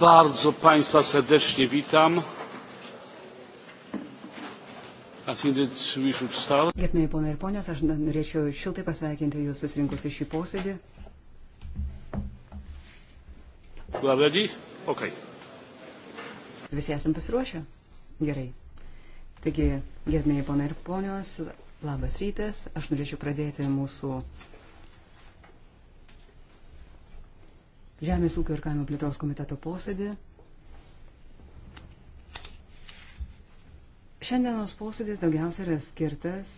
Bardzo Państwa serdecznie witam. Gerbėjai ponai ir ponios, aš norėčiau šiltai pasveikinti Jūs susirinkus į šį posėdį. Okay. Visi esam pasiruošę? Gerai. Taigi, gerbėjai ponai ir ponios, Labas rytas, aš norėčiau pradėti mūsų Žemės ūkio ir kaimo plėtros komiteto posėdį. Šiandienos posėdis daugiausia yra skirtas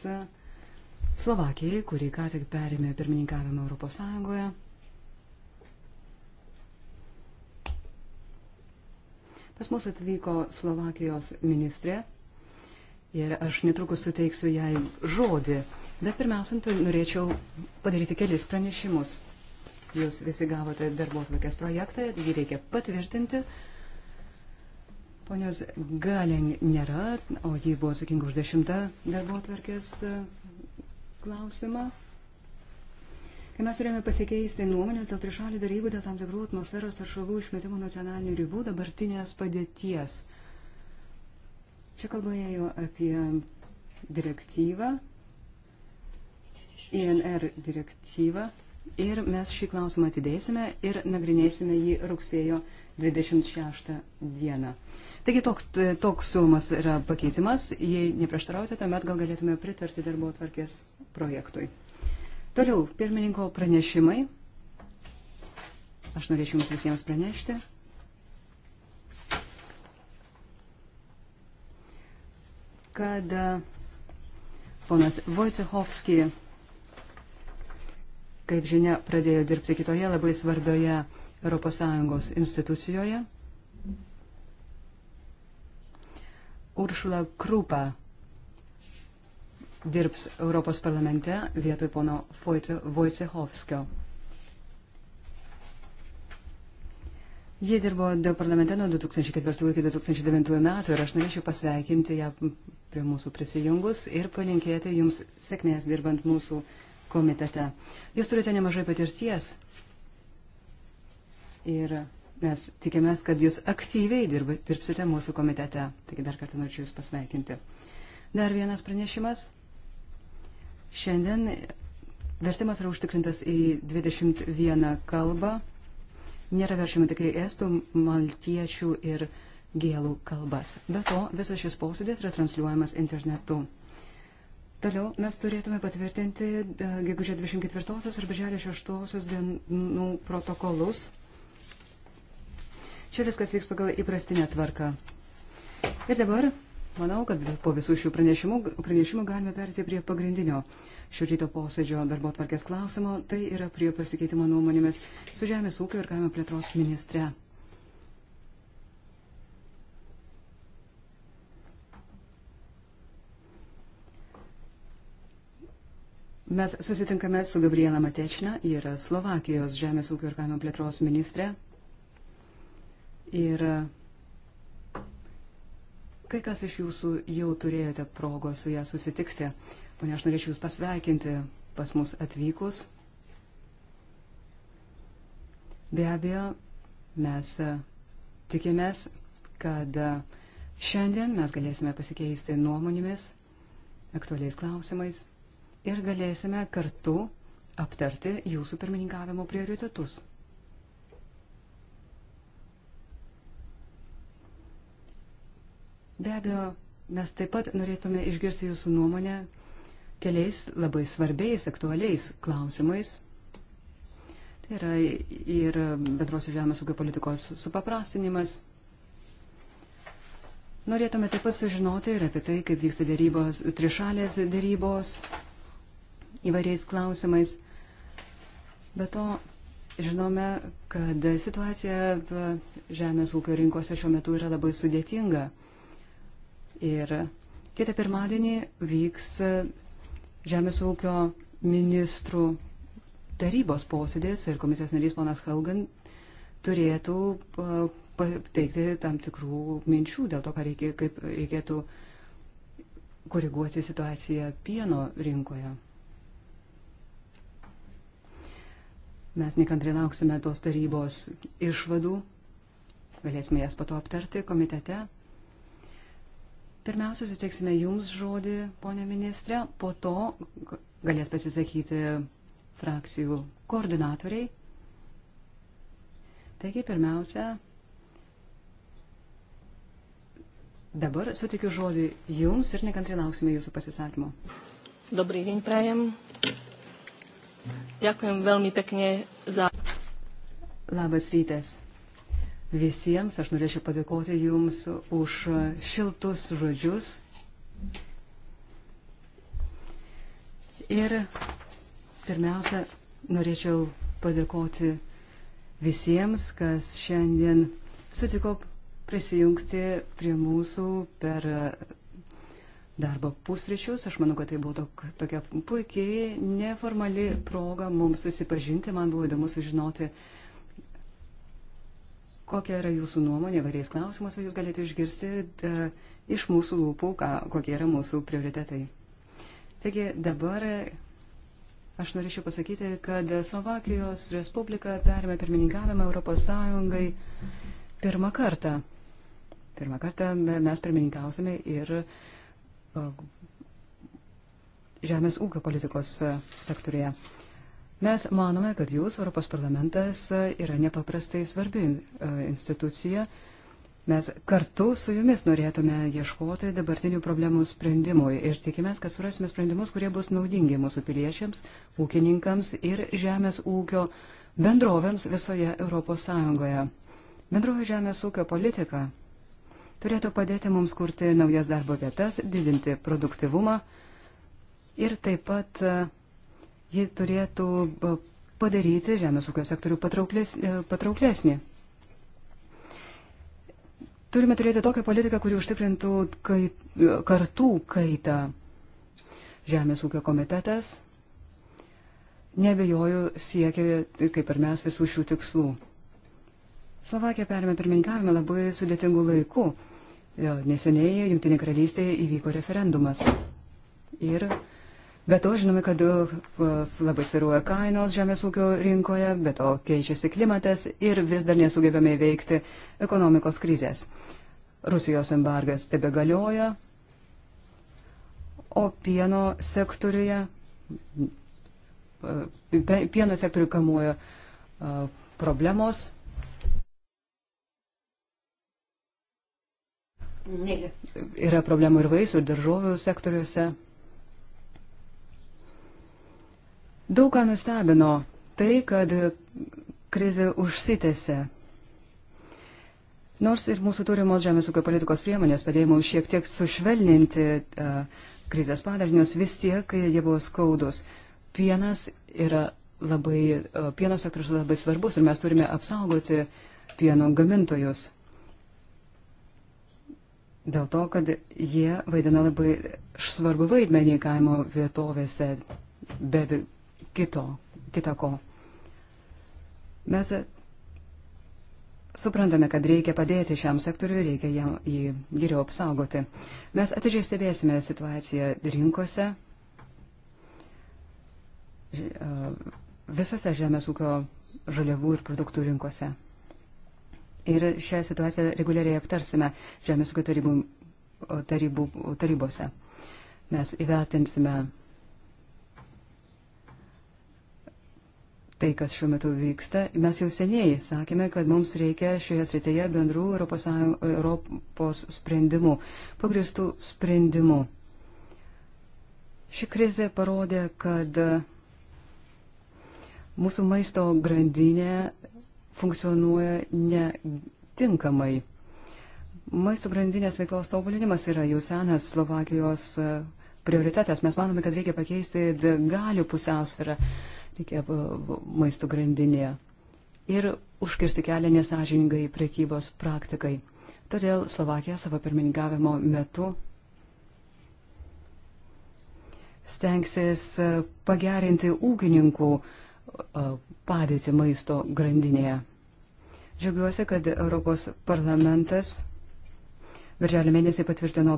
Slovakijai, kuri ką tik perėmė pirmininkavimą Europos Sąjungoje. Pas mus atvyko Slovakijos ministrė ir aš netrukus suteiksiu jai žodį. Bet pirmiausia, norėčiau padaryti kelis pranešimus. Jūs visi gavote darbo atvarkės projektą, jį reikia patvirtinti. Ponios Galin nėra, o ji buvo atsakinga už dešimtą darbo atvarkės e, klausimą. Kai mes turėjome pasikeisti nuomonės dėl trišalių darybų, dėl tam tikrų atmosferos taršalų išmetimo nacionalinių ribų dabartinės padėties. Čia kalba ėjo apie direktyvą, INR direktyvą. Ir mes šį klausimą atidėsime ir nagrinėsime jį rugsėjo 26 dieną. Taigi toks, toks siūlomas yra pakeitimas. Jei neprieštaraujate, tuomet gal galėtume pritarti darbo tvarkės projektui. Toliau, pirmininko pranešimai. Aš norėčiau jums visiems pranešti, kad e, ponas Vojcehovski, kaip žinia, pradėjo dirbti kitoje labai svarbioje ES institucijoje. Uršula Krupa dirbs Europos parlamente vietoj pono Vojcehovskio. Jie dirbo dėl parlamente nuo 2004 iki 2009 metų ir aš norėčiau pasveikinti ją prie mūsų prisijungus ir palinkėti Jums sėkmės dirbant mūsų komitete. Jūs turite nemažai patirties ir mes tikimės, kad Jūs aktyviai dirb, dirbsite mūsų komitete. Taigi dar kartą norėčiau Jūs pasveikinti. Dar vienas pranešimas. Šiandien vertimas yra užtikrintas į 21 kalbą. Nėra veršimų tik į estų, maltiečių ir gėlų kalbas. Be to, visas šis posėdis yra transliuojamas internetu. Toliau mes turėtume patvirtinti e, gegužė 24 ir birželio 6 dienų protokolus. Čia viskas vyks pagal įprastinę tvarką. Ir dabar, manau, kad po visų šių pranešimų, pranešimų galime perėti prie pagrindinio šio ryto posėdžio darbo tvarkės klausimo, tai yra prie pasikeitimo nuomonėmis su Žemės ūkio ir kaimo plėtros ministre. Mes susitinkame su Gabriela Matečna, ji yra Slovakijos žemės ūkio ir kaimo plėtros ministrė. Ir e, kai kas iš jūsų jau turėjote progo su ją susitikti. Pone, aš norėčiau jūs pasveikinti pas mus atvykus. Be abejo, mes e, tikimės, kad e, šiandien mes galėsime pasikeisti nuomonėmis, aktualiais klausimais ir galėsime kartu aptarti jūsų pirmininkavimo prioritetus. Be abejo, mes taip pat norėtume išgirsti jūsų nuomonę keliais labai svarbiais, aktualiais klausimais. Tai yra ir bendrosios žemės ūkio politikos supaprastinimas. Norėtume taip pat sužinoti ir apie tai, kaip vyksta dėrybos, trišalės dėrybos įvairiais klausimais. Be to, žinome, kad situacija e, žemės ūkio rinkose šiuo metu yra labai sudėtinga. Ir kitą pirmadienį vyks e, žemės ūkio ministrų tarybos posėdės ir komisijos narys ponas Haugan turėtų e, pateikti tam tikrų minčių dėl to, ką reikia, kaip reikėtų koreguoti situaciją pieno rinkoje. Mes nekantri lauksime tos tarybos išvadų, galėsime jas pato aptarti komitete. Pirmiausia, suteiksime Jums žodį, ponė ministrė, po to galės pasisakyti frakcijų koordinatoriai. Taigi, pirmiausia, dabar sutikiu žodį Jums ir nekantri lauksime Jūsų pasisakymo. Dobrý deň prajem. Ďakujem veľmi pekne za. Labas rytas. Visiems aš norėčiau padėkoti Jums už šiltus žodžius. Ir pirmiausia, norėčiau padėkoti visiems, kas šiandien sutiko prisijungti prie mūsų per darbo pusryčius. Aš manau, kad tai buvo tok, tokia puikiai neformali proga mums susipažinti. Man buvo įdomu sužinoti, kokia yra jūsų nuomonė variais klausimuose. Jūs galite išgirsti da, iš mūsų lūpų, ką, kokie yra mūsų prioritetai. Taigi dabar e, Aš norėčiau pasakyti, kad Slovakijos Respublika perėmė pirmininkavimą Europos Sąjungai pirmą kartą. Pirmą kartą mes pirmininkausime ir žemės ūkio politikos e, sektorėje. Mes manome, kad jūs, Europos parlamentas, e, yra nepaprastai svarbi e, institucija. Mes kartu su jumis norėtume ieškoti dabartinių problemų sprendimui ir tikimės, kad surasime sprendimus, kurie bus naudingi mūsų piliečiams, ūkininkams ir žemės ūkio bendrovėms visoje Europos Sąjungoje. Bendrojo žemės ūkio politika turėtų padėti mums kurti naujas darbo vietas, didinti produktivumą ir taip pat e, ji turėtų e, padaryti žemės ūkio sektorių patrauklės, e, patrauklesnį. Turime turėti tokią politiką, kuri užtikrintų kait, kartų kaitą. Žemės ūkio komitetas, nebejoju, siekia, kaip ir mes, visų šių tikslų. Slovakija perėmė pirmininkavimą labai sudėtingų laikų Neseniai Junktinė karalystė įvyko referendumas. Ir be to žinome, kad uh, labai sviruoja kainos žemės ūkio rinkoje, be to keičiasi klimatas ir vis dar nesugebėme įveikti ekonomikos krizės. Rusijos embargas tebe galioja, o pieno sektoriuje, uh, pieno sektorių kamuoja uh, problemos Yra problemų ir vaisių, ir daržovių sektoriuose. Daug ką nustebino tai, kad krizė užsitėse. Nors ir mūsų turimos žemės ūkio politikos priemonės padėjo mums šiek tiek sušvelninti uh, krizės padarinius, vis tiek, kai jie buvo skaudus. Pienas yra labai, uh, pieno sektorius labai svarbus ir mes turime apsaugoti pieno gamintojus dėl to, kad jie vaidina labai svarbu vaidmenį kaimo vietovėse, be kito, kita ko. Mes suprantame, kad reikia padėti šiam sektoriui, reikia jam, jį geriau apsaugoti. Mes atidžiai stebėsime situaciją rinkose, visose žemės ūkio žaliavų ir produktų rinkose ir šią situaciją reguliariai aptarsime Žemės ūkio tarybų, tarybų, tarybose. Mes įvertinsime tai, kas šiuo metu vyksta. Mes jau seniai sakėme, kad mums reikia šioje srityje bendrų Europos, Europos sprendimų, pagristų sprendimų. Ši krizė parodė, kad mūsų maisto grandinė funkcionuoja netinkamai. Maisto grandinės veiklos tobulinimas yra jau senas Slovakijos e, prioritetas. Mes manome, kad reikia pakeisti galių pusiausvyrą reikia maisto grandinėje ir užkirsti kelią nesažiningai prekybos praktikai. Todėl Slovakija savo pirmininkavimo metu stengsis e, pagerinti ūkininkų uh, padėtį maisto grandinėje. Džiaugiuosi, kad Europos parlamentas birželio mėnesį patvirtino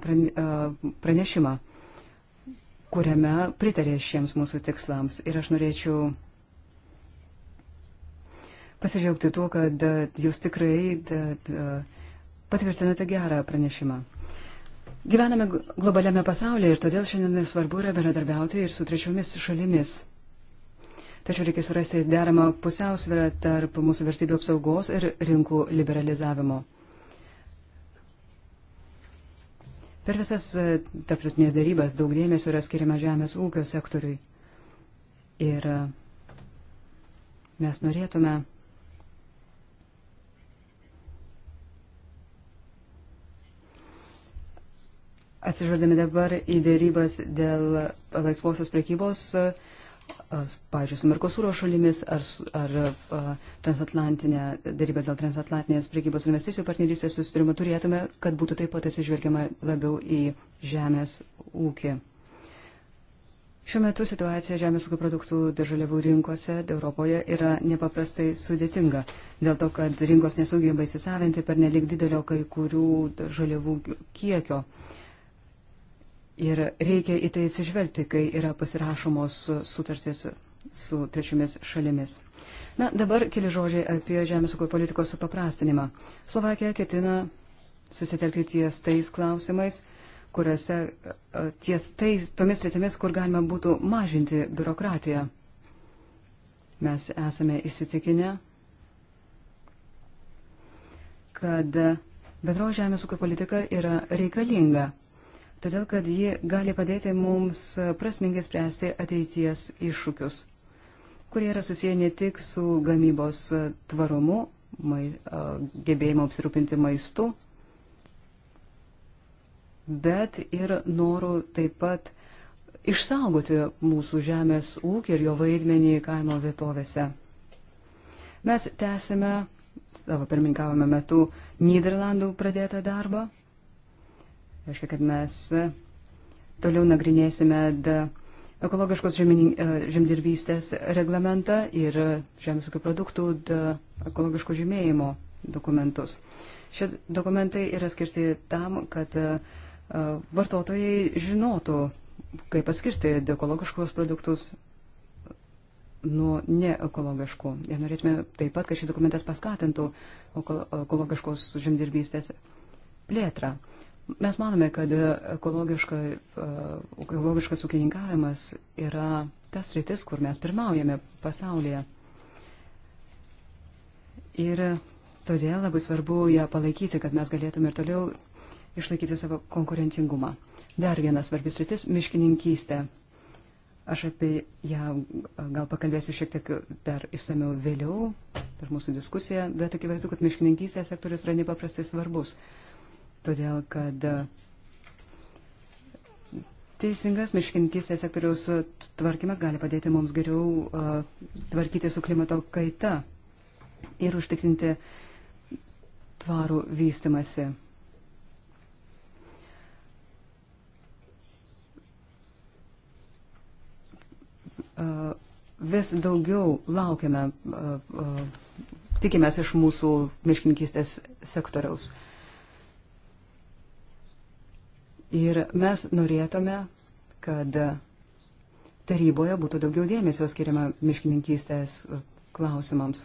pranešimą, kuriame pritarė šiems mūsų tikslams. Ir aš norėčiau pasidžiaugti tuo, kad jūs tikrai patvirtinote gerą pranešimą. Gyvename globaliame pasaulyje ir todėl šiandien svarbu yra bendradarbiauti ir su trečiomis šalimis. Tačiau reikia surasti deramą pusiausvyrą tarp mūsų vertybių apsaugos ir rinkų liberalizavimo. Per visas e, tarptautinės darybas daug dėmesio yra skiriama žemės ūkio sektoriui. Ir e, mes norėtume atsižvelgdami dabar į dėrybas dėl laisvosios prekybos, uh, pavyzdžiui, su Merkosūro šalimis ar, ar transatlantinė darybė dėl transatlantinės priekybos investicijų partnerystės sustarimo turėtume, kad būtų taip pat atsižvelgiama labiau į žemės ūkį. Šiuo metu situacija žemės ūkio produktų daržaliavų rinkose Europoje yra nepaprastai sudėtinga, dėl to, kad rinkos nesugeba įsisavinti per nelik didelio kai kurių žaliavų kiekio. Uh, Ir reikia į tai atsižvelgti, kai yra pasirašomos sutartys su trečiomis šalimis. Na, dabar keli žodžiai apie žemės ūkio politikos supaprastinimą. Slovakija ketina susitelkti ties tais klausimais, kuriuose e, ties tais, tomis rytimis, kur galima būtų mažinti biurokratiją. Mes esame įsitikinę, kad bendro žemės ūkio politika yra reikalinga todėl kad ji gali padėti mums prasmingai spręsti ateities iššūkius, kurie yra susiję ne tik su gamybos tvarumu, gebėjimu apsirūpinti maistu, bet ir noru taip pat išsaugoti mūsų žemės ūkį ir jo vaidmenį kaimo vietovėse. Mes tęsime savo pirmininkavome metu Niderlandų pradėtą darbą reiškia, kad mes e, toliau nagrinėsime ekologiškos e, žemdirbystės reglamentą ir e, žemės ūkio produktų ekologiško žymėjimo dokumentus. Šie dokumentai yra skirti tam, kad vartotojai žinotų, kaip atskirti ekologiškus produktus nuo neekologiškų. Ir norėtume taip pat, kad šis dokumentas paskatintų ekologiškos žemdirbystės plėtrą. Uh, Mes manome, kad ekologiška, e, ekologiškas ūkininkavimas yra tas rytis, kur mes pirmaujame pasaulyje. Ir todėl labai svarbu ją palaikyti, kad mes galėtume ir toliau išlaikyti savo konkurencingumą. Dar vienas svarbis rytis - miškininkystė. Aš apie ją e, gal pakalbėsiu šiek tiek dar išsamiau vėliau per mūsų diskusiją, bet akivaizdu, kad miškininkystės sektorius yra nepaprastai svarbus. Uh, todėl kad e, teisingas miškininkystės sektoriaus e, tvarkymas gali padėti mums geriau uh, e, tvarkyti su klimato kaita ir užtikrinti tvarų vystimasi. Uh, vis daugiau laukiame, uh, tikimės iš mūsų miškininkystės sektoriaus. Ir mes norėtume, kad taryboje būtų daugiau dėmesio skiriama miškininkystės klausimams.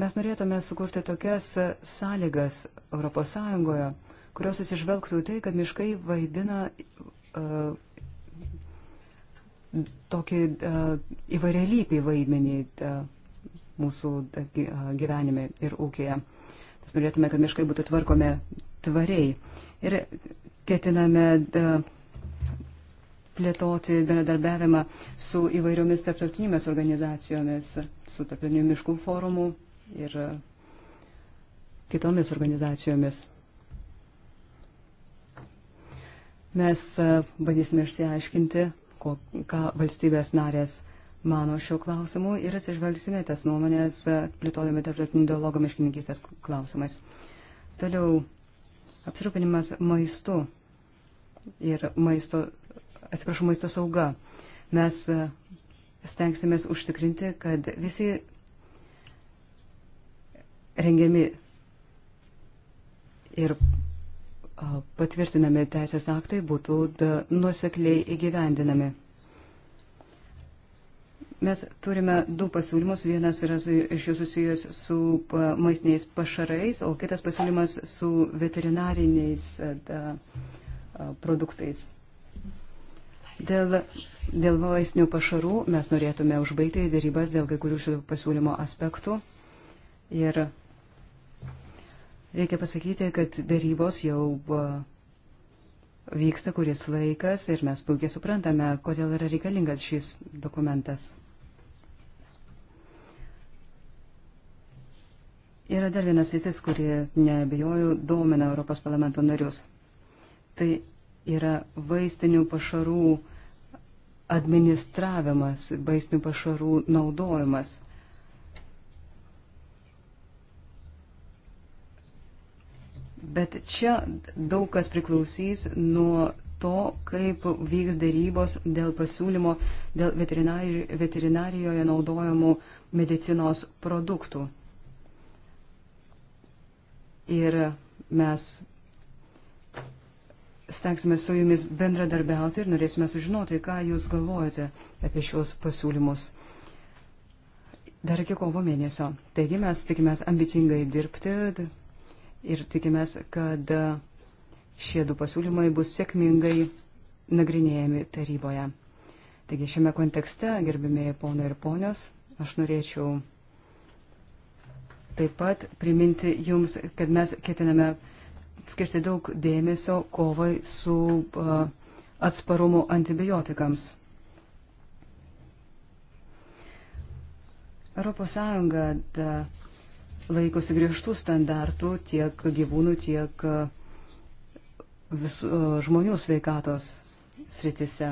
Mes norėtume sukurti tokias sąlygas ES, kurios atsižvelgtų tai, kad miškai vaidina uh, tokį uh, įvairialypį vaidmenį uh, mūsų uh, gyvenime ir ūkėje. Mes norėtume, kad miškai būtų tvarkomi tvariai. Ir ketiname e, plėtoti bendradarbiavimą su įvairiomis tarptautinėmis organizacijomis, su tarptautiniu miškų forumu ir e, kitomis organizacijomis. Mes e, bandysime išsiaiškinti, ką valstybės narės mano šiuo klausimu ir atsižvelgsime tas nuomonės, plėtodami tarptautinį dialogą miškininkystės klausimais. Toliau apsirūpinimas maistu ir maisto, atsiprašau, maisto sauga. Mes e, stengsimės užtikrinti, kad visi rengiami ir e, patvirtinami teisės aktai būtų nusekliai įgyvendinami. Mes turime du pasiūlymus. Vienas yra iš jų susijęs su maistiniais pašarais, o kitas pasiūlymas su veterinariniais da, produktais. Dėl, dėl vaistinių pašarų mes norėtume užbaigti dėrybas dėl kai kurių šių pasiūlymo aspektų. Ir reikia pasakyti, kad dėrybos jau vyksta kuris laikas ir mes puikiai suprantame, kodėl yra reikalingas šis dokumentas. Yra dar vienas rytis, kuri neabejoju domina Europos parlamento narius. Tai yra vaistinių pašarų administravimas, vaistinių pašarų naudojimas. Bet čia daug kas priklausys nuo to, kaip vyks dėrybos dėl pasiūlymo dėl veterinarijoje naudojamų medicinos produktų ir mes stengsime su jumis bendradarbiauti ir norėsime sužinoti, ką jūs galvojate apie šios pasiūlymus. Dar iki kovo mėnesio. Taigi mes tikimės ambicingai dirbti ir tikimės, kad šie du pasiūlymai bus sėkmingai nagrinėjami taryboje. Taigi šiame kontekste, gerbimieji ponai ir ponios, aš norėčiau taip pat priminti jums, kad mes ketiname skirti daug dėmesio kovai su atsparumu antibiotikams. ES laikosi griežtų standartų tiek gyvūnų, tiek visų žmonių sveikatos sritise.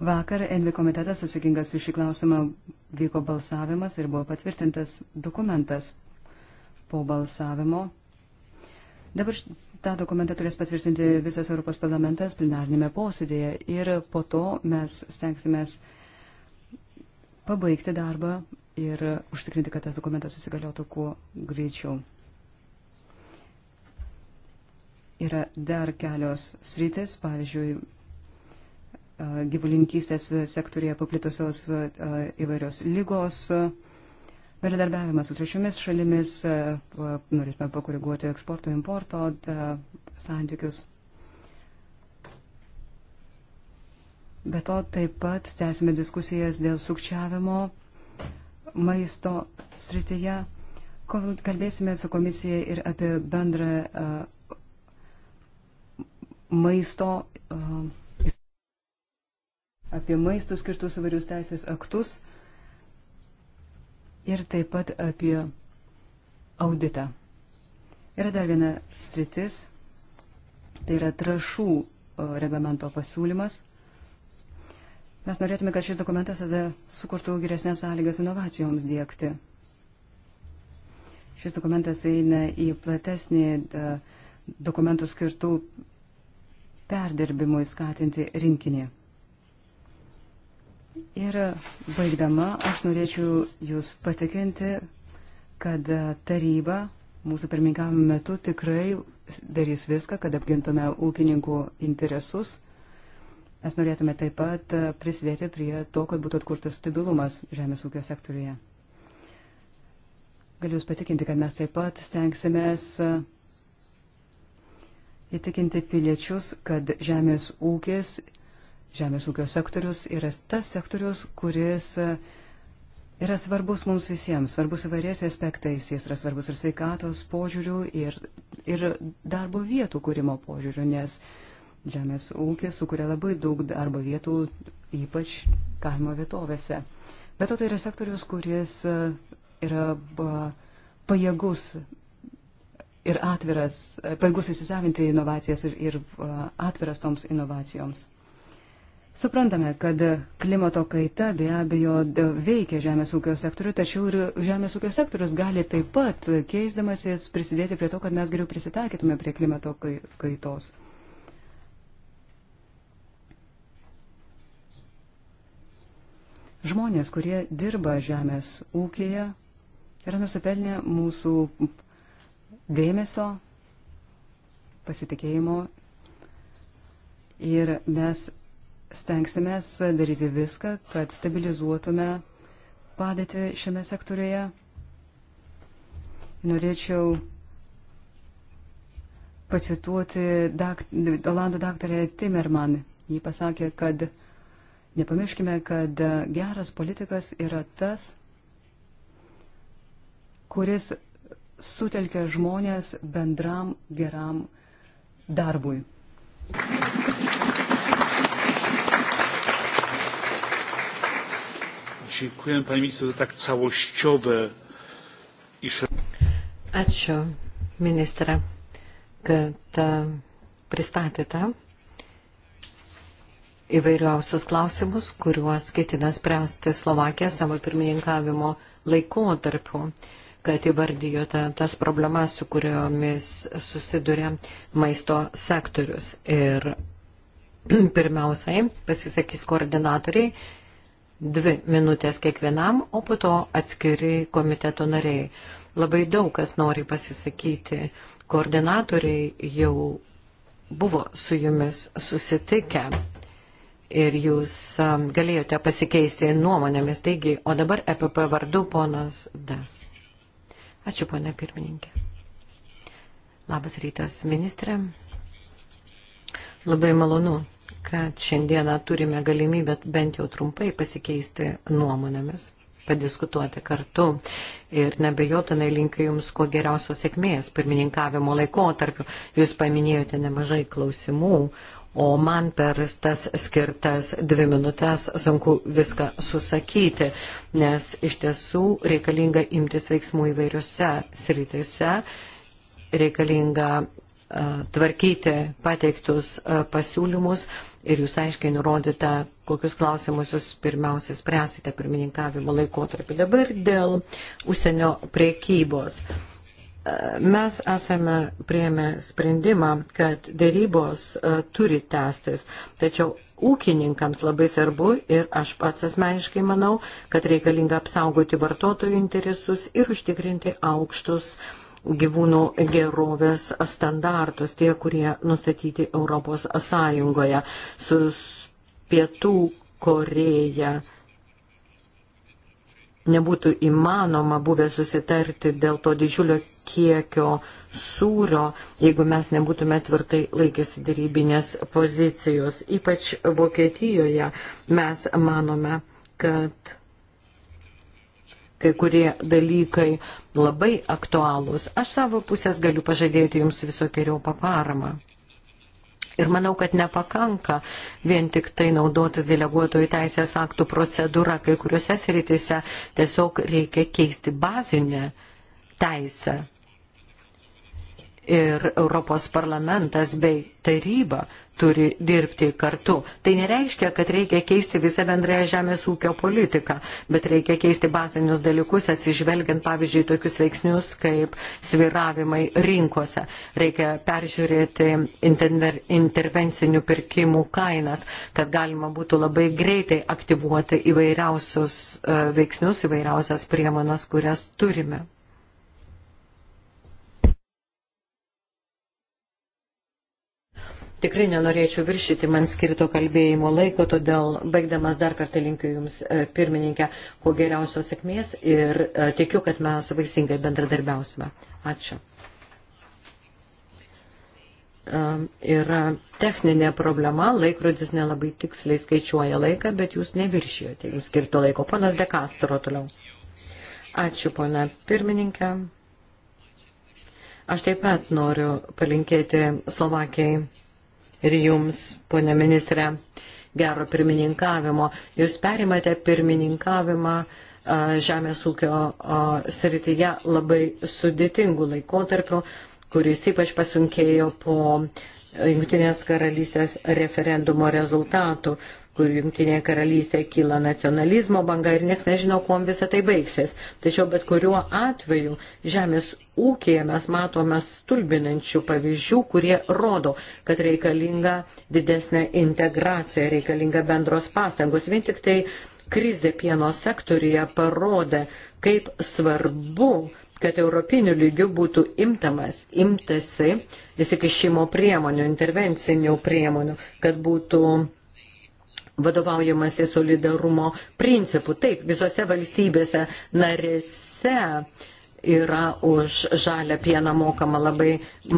Vakar Envi komitetas atsakingas už šį klausimą vyko balsavimas ir buvo patvirtintas dokumentas po balsavimo. Dabar tą dokumentą turės patvirtinti visas Europos parlamentas plenarnėme posėdėje ir po to mes stengsimės pabaigti darbą ir užtikrinti, kad tas dokumentas susigaliotų kuo greičiau. Yra dar kelios sritis, pavyzdžiui, gyvulinkystės sektorija paplitusios e, įvairios lygos. Bendradarbiavimas su trečiomis šalimis, e, norėtume pakoreguoti eksporto, importo e, santykius. Be to taip pat tęsime diskusijas dėl sukčiavimo maisto srityje. Kalbėsime su komisija ir apie bendrą maisto. Uh, apie maistų skirtus įvairius teisės aktus ir taip pat apie auditą. Yra dar viena sritis, tai yra trašų reglamento pasiūlymas. Mes norėtume, kad šis dokumentas tada sukurtų geresnės sąlygas inovacijoms dėkti. Šis dokumentas eina į platesnį dokumentų skirtų perdirbimui skatinti rinkinį. Ir baigdama, aš norėčiau Jūs patikinti, kad taryba mūsų pirmininkavimo metu tikrai darys viską, kad apgintume ūkininkų interesus. Mes norėtume taip pat prisidėti prie to, kad būtų atkurtas stabilumas žemės ūkio sektoriuje. Galiu Jūs patikinti, kad mes taip pat stengsimės įtikinti piliečius, kad žemės ūkis Žemės ūkio sektorius yra tas sektorius, kuris e, yra svarbus mums visiems, svarbus įvairiais aspektais, jis yra svarbus ir sveikatos požiūrių, ir, ir darbo vietų kūrimo požiūrių, nes žemės ūkis sukuria labai daug darbo vietų, ypač kaimo vietovėse. Bet to tai yra sektorius, kuris e, yra pajėgus ir atviras, e, pajėgus įsisavinti inovacijas ir, ir atviras toms inovacijoms. Suprantame, kad klimato kaita be abejo veikia žemės ūkio sektorių, tačiau ir žemės ūkio sektorius gali taip pat keisdamasis prisidėti prie to, kad mes geriau prisitaikytume prie klimato kaitos. Žmonės, kurie dirba žemės ūkėje, yra nusipelnę mūsų dėmesio, pasitikėjimo ir mes stengsime daryti viską, kad stabilizuotume padėtį šiame sektorėje. Norėčiau pacituoti dakt, Olandų daktarę Timerman. Ji pasakė, kad nepamirškime, kad geras politikas yra tas, kuris sutelkia žmonės bendram geram darbui. Thank you. Dziękuję Pani Minister za tak całościowe i Ačiū, ministra, kad e, pristatėte įvairiausius klausimus, kuriuos ketina spręsti Slovakija savo pirmininkavimo laikotarpiu, kad įvardijote tas problemas, su kuriomis susiduria maisto sektorius. Ir pirmiausiai pasisakys koordinatoriai dvi minutės kiekvienam, o po to atskiri komiteto nariai. Labai daug kas nori pasisakyti. Koordinatoriai jau buvo su jumis susitikę ir jūs um, galėjote pasikeisti nuomonėmis. Taigi, o dabar EPP vardu ponas Das. Ačiū, ponė pirmininkė. Labas rytas, ministrė. Labai malonu kad šiandieną turime galimybę bent jau trumpai pasikeisti nuomonėmis padiskutuoti kartu. Ir nebejotinai linkiu Jums kuo geriausios sėkmės pirmininkavimo laikotarpiu. Jūs paminėjote nemažai klausimų, o man per tas skirtas dvi minutės sunku viską susakyti, nes iš tiesų reikalinga imtis veiksmų įvairiose sritise, reikalinga tvarkyti pateiktus pasiūlymus ir jūs aiškiai nurodyta, kokius klausimus jūs pirmiausia spręsite pirmininkavimo laikotarpį. Dabar dėl užsienio priekybos. Mes esame prieėmę sprendimą, kad dėrybos turi tęstis, tačiau ūkininkams labai svarbu ir aš pats asmeniškai manau, kad reikalinga apsaugoti vartotojų interesus ir užtikrinti aukštus uh, gyvūnų gerovės standartus, tie, kurie nustatyti Europos Sąjungoje su Pietų Koreja nebūtų įmanoma buvę susitarti dėl to didžiulio kiekio sūrio, jeigu mes nebūtume tvirtai laikėsi dėrybinės pozicijos. Ypač Vokietijoje mes manome, kad kai kurie dalykai labai aktualūs. Aš savo pusės galiu pažadėti jums visokiojo paparamą. Ir manau, kad nepakanka vien tik tai naudotis deleguotojų teisės aktų procedūra, kai kuriuose sritise tiesiog reikia keisti bazinę teisę ir Europos parlamentas bei taryba turi dirbti kartu. Tai nereiškia, kad reikia keisti visą bendrąją žemės ūkio politiką, bet reikia keisti bazinius dalykus, atsižvelgiant, pavyzdžiui, tokius veiksnius kaip sviravimai rinkose. Reikia peržiūrėti intervencinių pirkimų kainas, kad galima būtų labai greitai aktyvuoti įvairiausius e, veiksnius, įvairiausias priemonas, kurias turime. Tikrai nenorėčiau viršyti man skirto kalbėjimo laiko, todėl baigdamas dar kartą linkiu Jums, e, pirmininkė, kuo geriausios sėkmės ir e, tikiu, kad mes vaisingai bendradarbiausime. Ačiū. E, yra techninė problema, laikrodis nelabai tiksliai skaičiuoja laiką, bet Jūs neviršijote Jums skirto laiko. Ponas Dekastro toliau. Ačiū, pona pirmininkė. Aš taip pat noriu palinkėti Slovakijai ir jums, ponė ministrė, gero pirmininkavimo. Jūs perimate pirmininkavimą žemės ūkio srityje labai sudėtingų laikotarpių, kuris ypač pasunkėjo po Junktinės karalystės referendumo rezultatų kur Junktinėje karalystėje kyla nacionalizmo banga ir nieks nežino, kuom visą tai baigsis. Tačiau bet kuriuo atveju žemės ūkėje mes matome stulbinančių pavyzdžių, kurie rodo, kad reikalinga didesnė integracija, reikalinga bendros pastangos. Vien tik tai krizė pieno sektorija parodė, kaip svarbu kad europinių lygių būtų imtamas, imtasi įsikišimo priemonių, intervencinių priemonių, kad būtų vadovaujamasi solidarumo principu. Taip, visose valstybėse narėse yra už žalę pieną mokama labai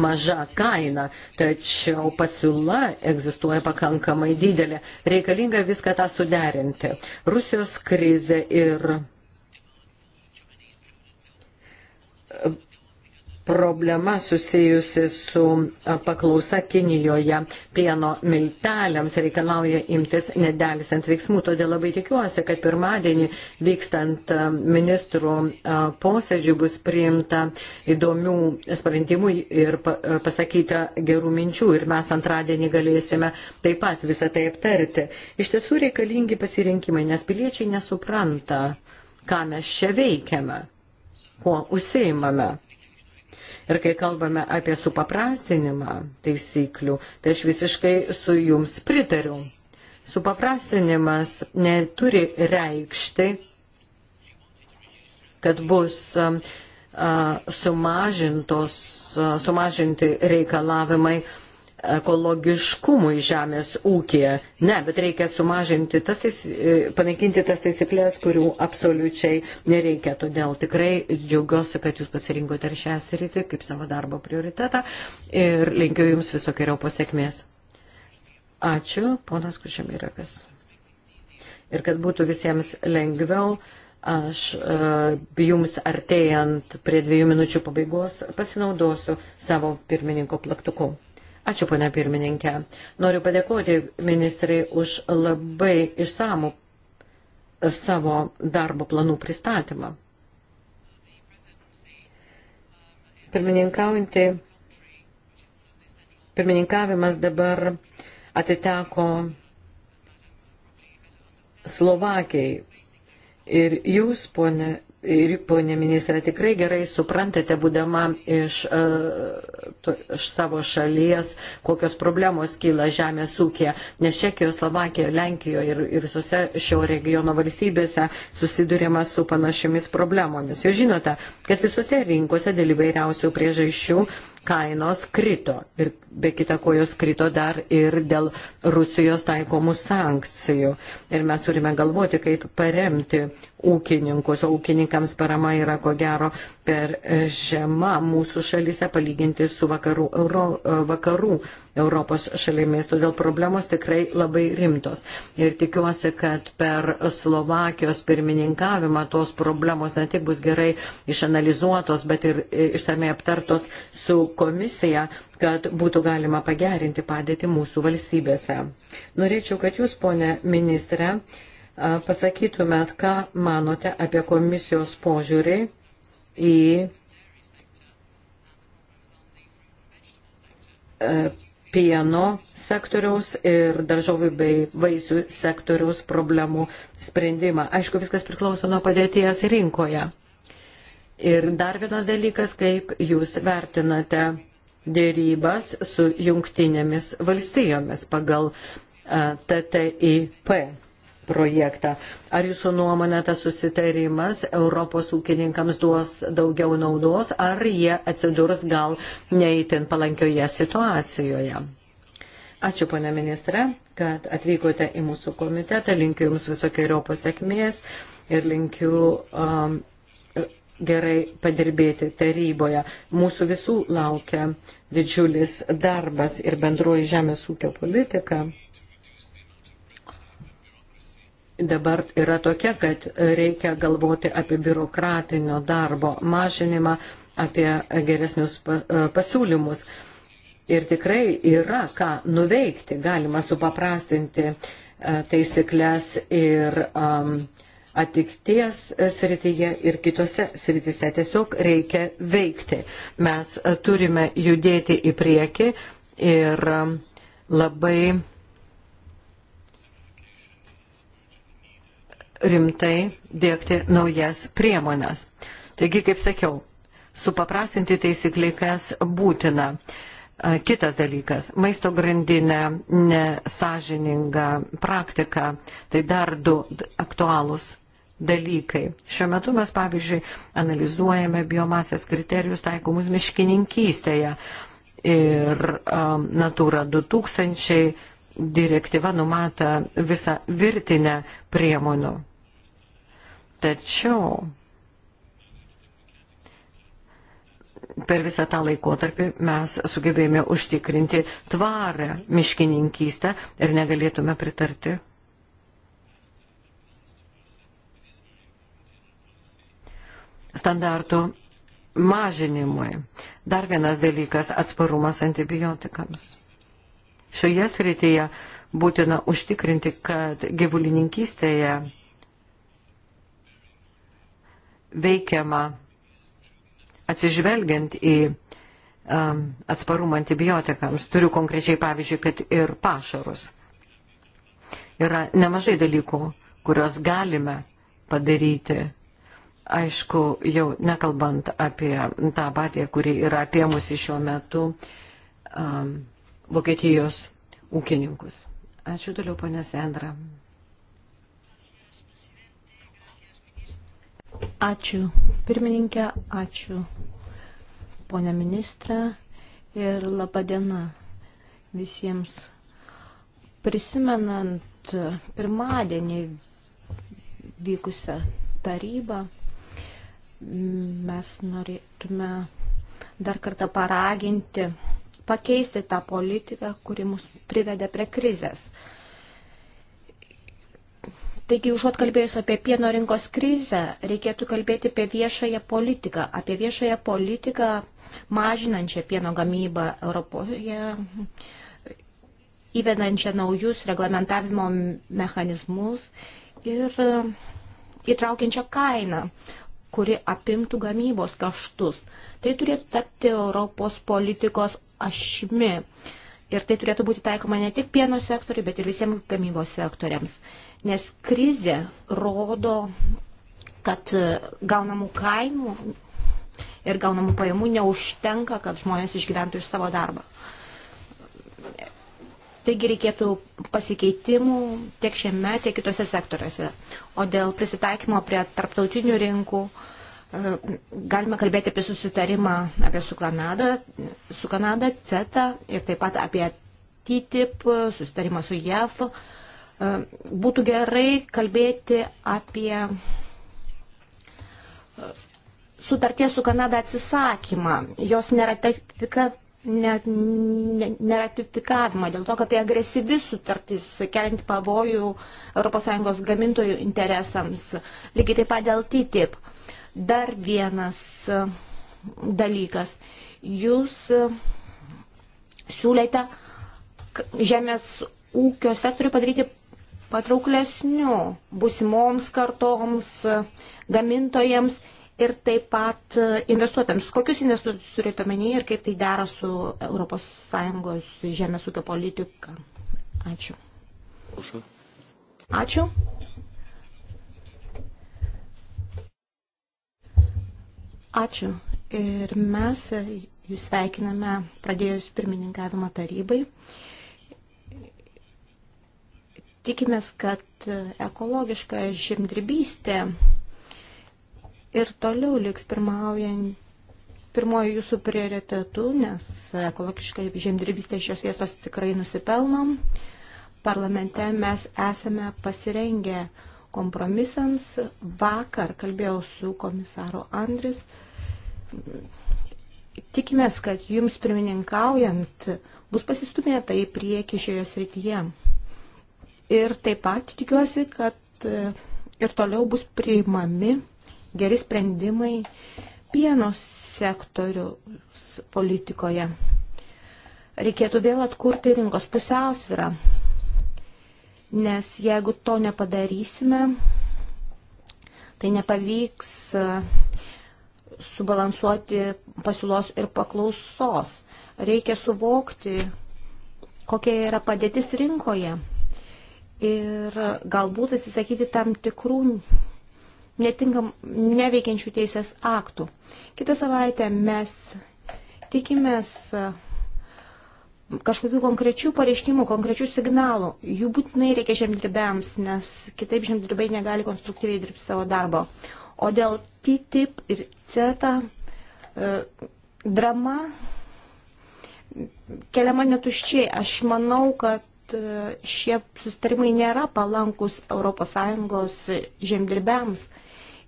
maža kaina, tačiau pasiūla egzistuoja pakankamai didelė. Reikalinga viską tą suderinti. Rusijos krizė ir problema susijusi su paklausa Kinijoje pieno milteliams reikalauja imtis nedelsiant veiksmų. Todėl labai tikiuosi, kad pirmadienį vykstant ministrų posėdžių bus priimta įdomių sprendimų ir pasakyta gerų minčių ir mes antradienį galėsime taip pat visą tai aptarti. Iš tiesų reikalingi pasirinkimai, nes piliečiai nesupranta, ką mes čia veikiame, kuo užsiimame Ir kai kalbame apie supaprastinimą taisyklių, tai aš visiškai su jums pritariu. Supaprastinimas neturi reikšti, kad bus um, uh, sumažintos, uh, sumažinti reikalavimai ekologiškumui žemės ūkėje. Ne, bet reikia sumažinti tas, tais, e, panaikinti tas taisyklės, kurių absoliučiai nereikia. Todėl tikrai džiaugiuosi, kad jūs pasirinkote ir šią sritį kaip savo darbo prioritetą ir linkiu jums visokiojo pasiekmės. Ačiū, ponas Kušemirakas. Ir kad būtų visiems lengviau, aš e, jums artėjant prie dviejų minučių pabaigos pasinaudosiu savo pirmininko plaktuku. Ačiū, ponia pirmininkė. Noriu padėkoti ministrai už labai išsamų savo darbo planų pristatymą. Pirmininkaujantį, pirmininkavimas dabar atiteko Slovakijai. Ir jūs, ponė ir ponė ministrė, tikrai gerai suprantate, būdama iš, e, to, iš savo šalies, kokios problemos kyla žemės ūkė, nes Čekijoje, Slovakijoje, Lenkijoje ir, ir visose šio regiono valstybėse susidurima su panašiomis problemomis. Jūs žinote, kad visose rinkose dėl įvairiausių priežasčių kainos krito ir be kita ko jos krito dar ir dėl Rusijos taikomų sankcijų. Ir mes turime galvoti, kaip paremti ūkininkus, o ūkininkams parama yra ko gero per žema mūsų šalyse palyginti su vakarų, euro, vakarų Europos šalimis. Todėl problemos tikrai labai rimtos. Ir tikiuosi, kad per Slovakijos pirmininkavimą tos problemos ne tik bus gerai išanalizuotos, bet ir e, išsamei aptartos su komisija, kad būtų galima pagerinti padėtį mūsų valstybėse. Norėčiau, kad jūs, ponė ministre, pasakytumėt, ką manote apie komisijos požiūrį į e, pieno sektoriaus ir daržovių bei vaisių sektoriaus problemų sprendimą. Aišku, viskas priklauso nuo padėties rinkoje. Ir dar vienas dalykas, kaip jūs vertinate dėrybas su jungtinėmis valstijomis pagal TTIP projektą. Ar jūsų nuomonė tas susitarimas Europos ūkininkams duos daugiau naudos, ar jie atsidurs gal neįtin palankioje situacijoje? Ačiū, pone ministre, kad atvykote į mūsų komitetą. Linkiu Jums visokiojopos sėkmės ir linkiu um, gerai padirbėti taryboje. Mūsų visų laukia didžiulis darbas ir bendroji žemės ūkio politika dabar yra tokia, kad reikia galvoti apie biurokratinio darbo mažinimą, apie geresnius e, pasiūlymus. Ir tikrai yra ką nuveikti, galima supaprastinti e, taisyklės ir um, atikties srityje ir kitose srityse. Tiesiog reikia veikti. Mes e, turime judėti į priekį ir labai rimtai dėkti naujas priemonės. Taigi, kaip sakiau, supaprastinti taisyklikas būtina. Kitas dalykas - maisto grandinė, nesažininga praktika. Tai dar du aktualūs dalykai. Šiuo metu mes, pavyzdžiui, analizuojame biomasės kriterijus taikomus miškininkystėje. Ir um, Natura 2000 direktyva numata visą virtinę priemonių. Tačiau per visą tą laikotarpį mes sugebėjome užtikrinti tvarę miškininkystę ir negalėtume pritarti. Standartų mažinimui. Dar vienas dalykas - atsparumas antibiotikams. Šioje srityje būtina užtikrinti, kad gyvulininkystėje veikiama atsižvelgiant į um, atsparumą antibiotikams. Turiu konkrečiai pavyzdžiui, kad ir pašarus. Yra nemažai dalykų, kuriuos galime padaryti. Aišku, jau nekalbant apie tą patį, kuri yra apie mus šiuo metu um, Vokietijos ūkininkus. Ačiū toliau, ponė Sendra. Ačiū pirmininkė, ačiū ponė ministrė ir laba diena visiems. Prisimenant pirmadienį vykusią tarybą, mes norėtume dar kartą paraginti, pakeisti tą politiką, kuri mus privedė prie krizės. Taigi, užuot kalbėjus apie pieno rinkos krizę, reikėtų kalbėti apie viešąją politiką, apie viešąją politiką mažinančią pieno gamybą Europoje, įvedančią naujus reglamentavimo mechanizmus ir įtraukiančią kainą, kuri apimtų gamybos kaštus. Tai turėtų tapti Europos politikos ašmi. Ir tai turėtų būti taikoma ne tik pieno sektoriui, bet ir visiems gamybos sektoriams nes krizė rodo, kad e, gaunamų kainų ir gaunamų pajamų neužtenka, kad žmonės išgyventų iš savo darbą. Taigi reikėtų pasikeitimų tiek šiame, tiek kitose sektoriuose. O dėl prisitaikymo prie tarptautinių rinkų e, galime kalbėti apie susitarimą apie su Kanada, su Kanada CETA ir taip pat apie TTIP, susitarimą su JAF. Būtų gerai kalbėti apie e, sutarties su Kanada atsisakymą, jos neratifika, neratifikavimą, dėl to, kad tai agresyvi sutartis, kelianti pavojų ES gamintojų interesams, lygiai taip pat dėl TTIP. Dar vienas e, dalykas. Jūs e, siūlėte žemės ūkio sektoriui padaryti patrauklesniu busimoms kartoms, gamintojams ir taip pat e, investuotams. Kokius investuotus turite omenyje ir kaip tai dera su ES žemės ūkio politika? Ačiū. Ačiū. Ačiū. Ir mes e, jūs sveikiname pradėjus pirmininkavimą tarybai. Tikimės, kad ekologiška žemdirbystė ir toliau liks pirmaujant pirmoji jūsų prioritetu, nes ekologiškai žemdirbystė šios vietos tikrai nusipelnom. Parlamente mes esame pasirengę kompromisams. Vakar kalbėjau su komisaro Andris. Tikimės, kad jums pirmininkaujant bus pasistumėta į priekį šioje srityje. Ir taip pat tikiuosi, kad e, ir toliau bus priimami geri sprendimai pieno sektorius politikoje. Reikėtų vėl atkurti rinkos pusiausvyrą, nes jeigu to nepadarysime, tai nepavyks e, subalansuoti pasiūlos ir paklausos. Reikia suvokti, kokia yra padėtis rinkoje ir galbūt atsisakyti tam tikrų netinkam, neveikiančių teisės aktų. Kitą savaitę mes tikimės e, kažkokių konkrečių pareiškimų, konkrečių signalų. Jų būtinai reikia žemdirbėms, nes kitaip žemdirbiai negali konstruktyviai dirbti savo darbo. O dėl TTIP ir CETA drama keliama netuščiai. Aš manau, kad E, šie sustarimai nėra palankus ES žemdirbiams.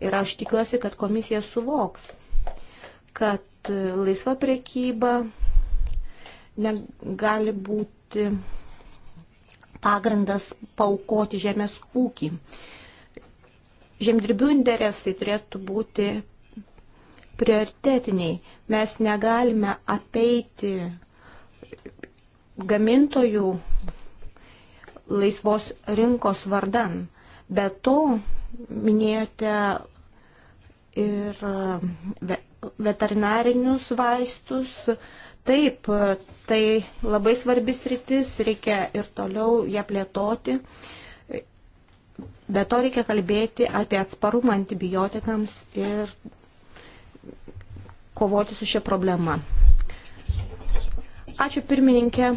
Ir aš tikiuosi, kad komisija suvoks, kad e, laisva priekyba negali būti pagrindas paukoti žemės ūkį. Žemdirbių interesai turėtų būti prioritetiniai. Mes negalime apeiti gamintojų laisvos rinkos vardan. Be to, minėjote ir veterinarinius vaistus. Taip, tai labai svarbis rytis, reikia ir toliau ją plėtoti. Be to reikia kalbėti apie atsparumą antibiotikams ir kovoti su šia problema. Ačiū pirmininkė.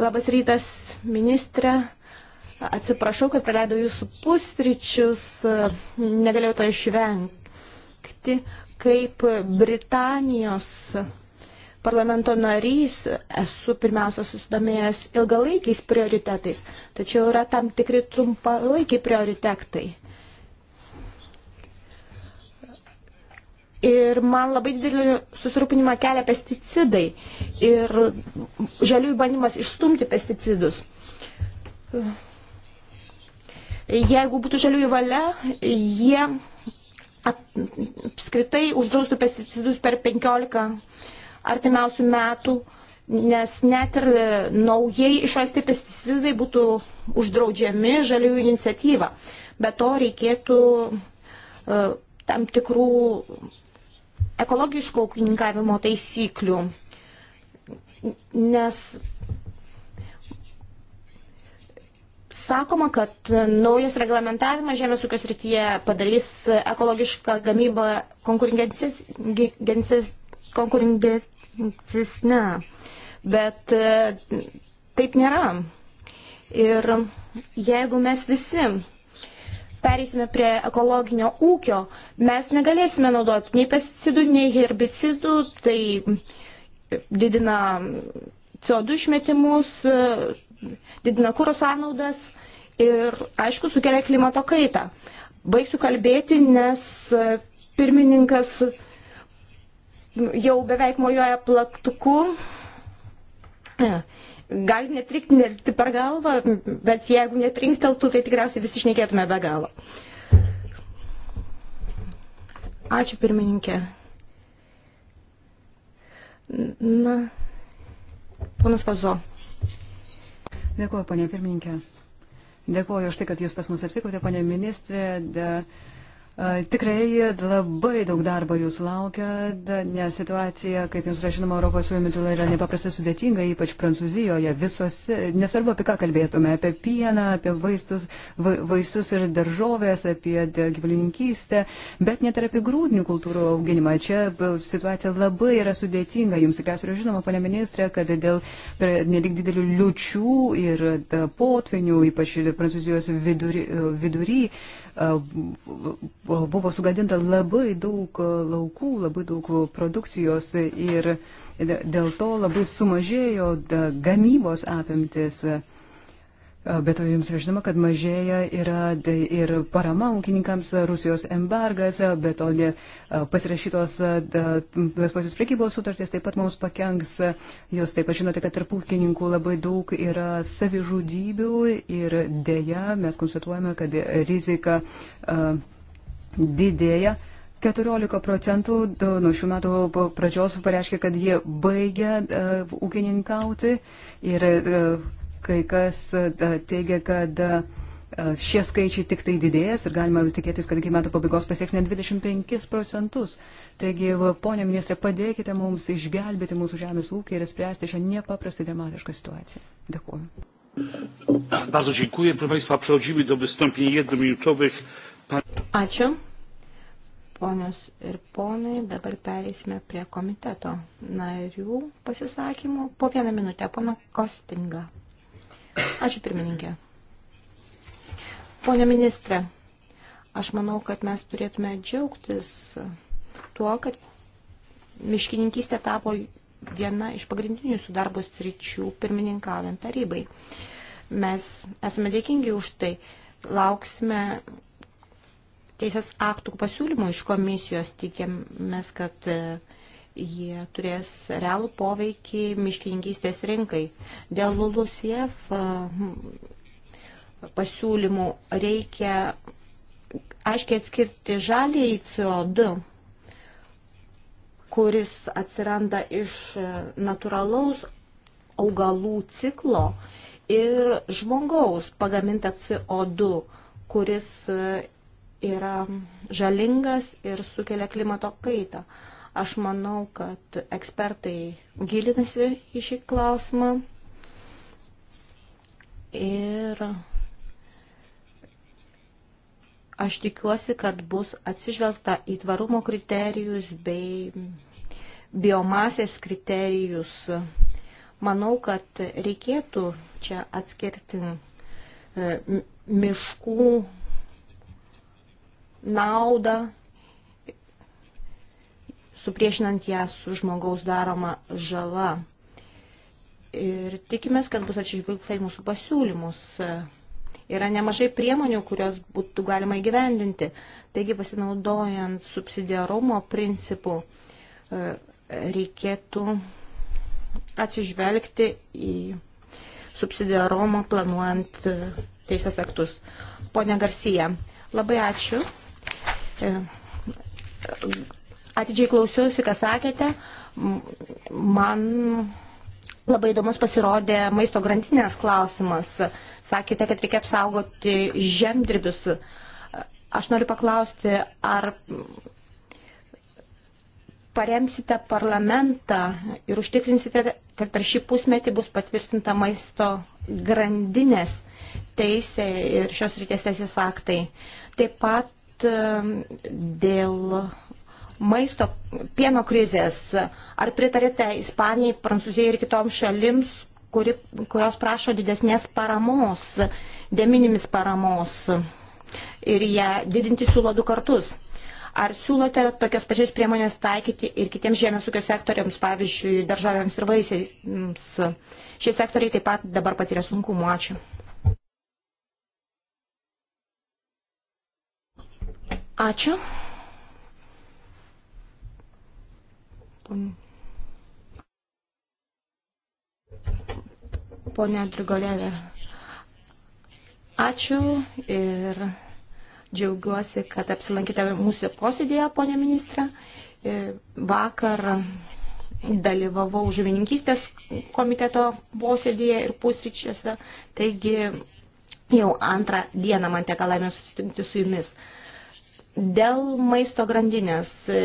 Labas rytas ministrė. Atsiprašau, kad praleidau jūsų pusryčius, negalėjau to išvengti. Kaip Britanijos parlamento narys esu pirmiausia susidomėjęs ilgalaikiais prioritetais, tačiau yra tam tikri trumpalaikiai prioritetai. Ir man labai didelį susirūpinimą kelia pesticidai ir žaliųjų bandymas išstumti pesticidus. Jeigu būtų žaliųjų valia, jie apskritai uždraustų pesticidus per 15 artimiausių metų, nes net ir naujai išrasti pesticidai būtų uždraudžiami žaliųjų iniciatyva. Be to reikėtų e, tam tikrų ekologiško ūkininkavimo taisyklių, nes sakoma, kad naujas reglamentavimas žemės ūkio srityje padarys ekologišką gamybą konkurencinę, bet e, taip nėra. Ir jeigu mes visi pereisime prie ekologinio ūkio, mes negalėsime naudoti nei pesticidų, nei herbicidų, tai didina CO2 išmetimus, didina kūro sąnaudas ir, aišku, sukelia klimato kaitą. Baigsiu kalbėti, nes pirmininkas jau beveik mojoja plaktuku gali netriknelti per galvą, bet jeigu netrinkteltų, tai tikriausiai visi šnekėtume be galo. Ačiū pirmininkė. Na, ponas Vazo. Dėkuoju, ponė pirmininkė. Dėkuoju už tai, kad jūs pas mus atvykote, ponė ministrė. De... Tikrai labai daug darbo jūs laukia, nes situacija, kaip jums yra žinoma, Europos Sąjungoje yra nepaprastai sudėtinga, ypač Prancūzijoje, visose, nesvarbu apie ką kalbėtume, apie pieną, apie vaistus, va, vaisius ir daržovės, apie gyvulininkystę, bet net ir apie grūdinių kultūrų auginimą. Čia situacija labai yra sudėtinga. Jums tikriausiai yra žinoma, pane ministrė, kad dėl nelik didelių liučių ir potvinių, ypač Prancūzijos vidury, vidury buvo sugadinta labai daug laukų, labai daug produkcijos ir dėl to labai sumažėjo gamybos apimtis. Bet to jums yra žinoma, kad mažėja yra ir parama ūkininkams, Rusijos embargas, bet to ne, pasirašytos laisvosios priekybos sutartys taip pat mums pakenks. Jūs taip pat žinote, kad tarp ūkininkų labai daug yra savižudybių ir dėja mes konstatuojame, kad rizika. Uh, didėja. 14 procentų nuo šių metų pradžios pareiškia, kad jie baigia uh, ūkininkauti ir uh, kai kas uh, teigia, kad uh, šie skaičiai tik tai didėjęs ir galima tikėtis, kad iki metų pabaigos pasieks net 25 procentus. Taigi, ponė ministrė, padėkite mums išgelbėti mūsų žemės ūkį ir spręsti šią nepaprastai dramatišką situaciją. Dėkuoju. Bardzo dziękuję. Proszę Państwa, przechodzimy do wystąpień jednominutowych. Ačiū. Ponios ir ponai, dabar pereisime prie komiteto narių pasisakymų. Po vieną minutę, pana Kostinga. Ačiū pirmininkė. Pone ministrė, aš manau, kad mes turėtume džiaugtis tuo, kad miškininkystė tapo viena iš pagrindinių jūsų darbo sričių pirmininkavim tarybai. Mes esame dėkingi už tai. Lauksime teisės aktų pasiūlymų iš komisijos. Tikėmės, kad e, jie turės realų poveikį miškininkystės rinkai. Dėl LULUSIEF e, pasiūlymų reikia aiškiai atskirti žaliai CO2, kuris atsiranda iš e, natūralaus augalų ciklo ir žmogaus pagamintą CO2, kuris yra žalingas ir sukelia klimato kaitą. Aš manau, kad ekspertai gilinasi į šį klausimą ir aš tikiuosi, kad bus atsižvelgta į tvarumo kriterijus bei biomasės kriterijus. Manau, kad reikėtų čia atskirti e, miškų naudą, supriešinant ją su žmogaus daroma žala. Ir tikimės, kad bus atšvilgta į mūsų pasiūlymus. Yra nemažai priemonių, kurios būtų galima įgyvendinti. Taigi, pasinaudojant subsidiarumo principų, reikėtų atsižvelgti į subsidiarumo planuojant teisės aktus. Pone Garcija, labai ačiū. E, atidžiai klausiausi, ką sakėte. Man labai įdomus pasirodė maisto grandinės klausimas. Sakėte, kad reikia apsaugoti žemdirbius. Aš noriu paklausti, ar paremsite parlamentą ir užtikrinsite, kad per šį pusmetį bus patvirtinta maisto grandinės teisė ir šios ryties teisės aktai. Taip pat pat dėl maisto pieno krizės. Ar pritarėte Ispanijai, Prancūzijai ir kitoms šalims, kuri, kurios prašo didesnės paramos, deminimis paramos ir ją didinti siūlo du kartus? Ar siūlote tokias pačias priemonės taikyti ir kitiems žemės ūkio sektoriams, pavyzdžiui, daržovėms ir vaisiams? Šie sektoriai taip pat dabar patiria sunkumų. Ačiū. Ačiū. Pone Drigolėlė, ačiū ir džiaugiuosi, kad apsilankėte mūsų posėdėje, ponė ministrė. Vakar dalyvavau žuvininkystės komiteto posėdėje ir pusryčiuose, taigi jau antrą dieną man teka laimė susitikti su jumis. Uh, Dėl maisto grandinės. E,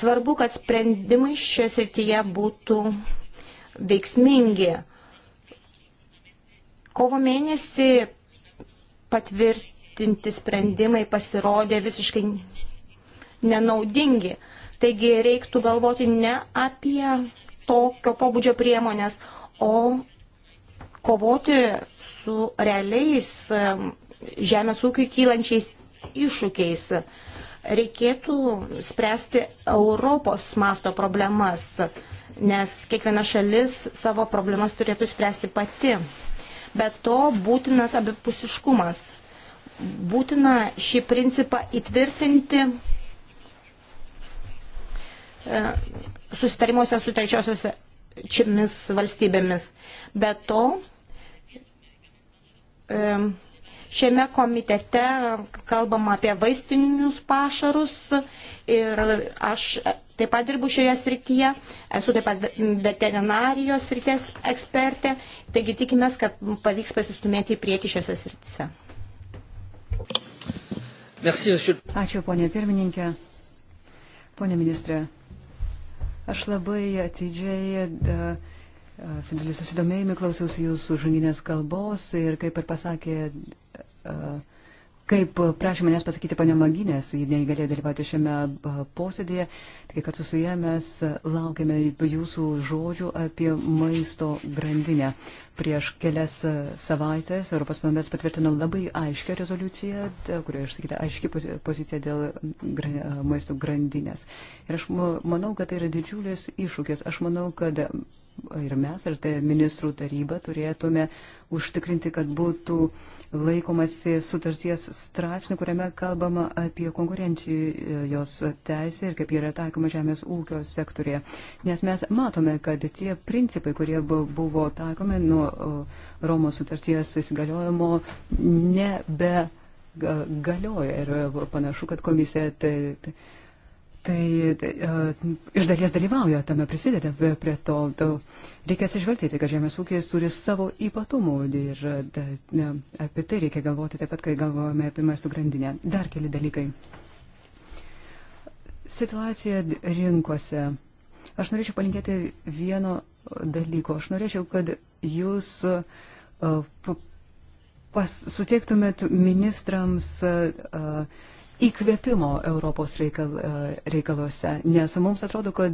svarbu, kad sprendimai šioje srityje būtų veiksmingi. Kovo mėnesį patvirtinti sprendimai pasirodė visiškai nenaudingi. Taigi reiktų galvoti ne apie tokio pobūdžio priemonės, o kovoti su realiais e, žemės ūkiui kylančiais iššūkiais. Reikėtų spręsti Europos masto problemas, nes kiekviena šalis savo problemas turėtų spręsti pati. Be to būtinas abipusiškumas. Būtina šį principą įtvirtinti e, susitarimuose su trečiosios valstybėmis. Be to, e, Šiame komitete kalbam apie vaistinius pašarus ir aš taip pat dirbu šioje srityje, esu taip pat veterinarijos srities ekspertė, taigi tikimės, kad pavyks pasistumėti į priekį šiose srityse. Ačiū, ponė pirmininkė. Pone ministrė, aš labai atidžiai e, e, su dideliu susidomėjimu klausiausi jūsų žanginės kalbos ir kaip ir pasakė Kaip prašė manęs pasakyti panė Maginės, ji negalėjo dalyvauti šiame posėdėje, tik kartu su ją mes laukiame jūsų žodžių apie maisto grandinę. Prieš kelias e, savaitės Europos parlamentas patvirtino labai aiškę rezoliuciją, kurioje išsakyta aiški pozicija dėl e, maisto grandinės. Ir aš manau, kad tai yra didžiulis iššūkis. Aš manau, kad e, ir mes, ir tai ministrų taryba turėtume užtikrinti, kad būtų laikomasi sutarties straipsnių, kuriame kalbama apie konkurencijos teisę ir kaip yra taikoma žemės ūkio sektorėje. Nes mes matome, kad tie principai, kurie buvo taikomi nuo Romos sutarties įsigaliojimo nebe galioja. Ir panašu, kad komisija tai, tai, tai, tai iš dalies dalyvauja tame, prisideda prie to. to reikia atsižvelgti, tai, kad žemės ūkis turi savo ypatumų ir da, ne, apie tai reikia galvoti taip pat, kai galvojame apie maistų grandinę. Dar keli dalykai. Situacija rinkose. Aš norėčiau palinkėti vieno dalyko. Aš norėčiau, kad jūs e, pas, suteiktumėt ministrams e, e, įkvėpimo Europos reikal, reikaluose, nes mums atrodo, kad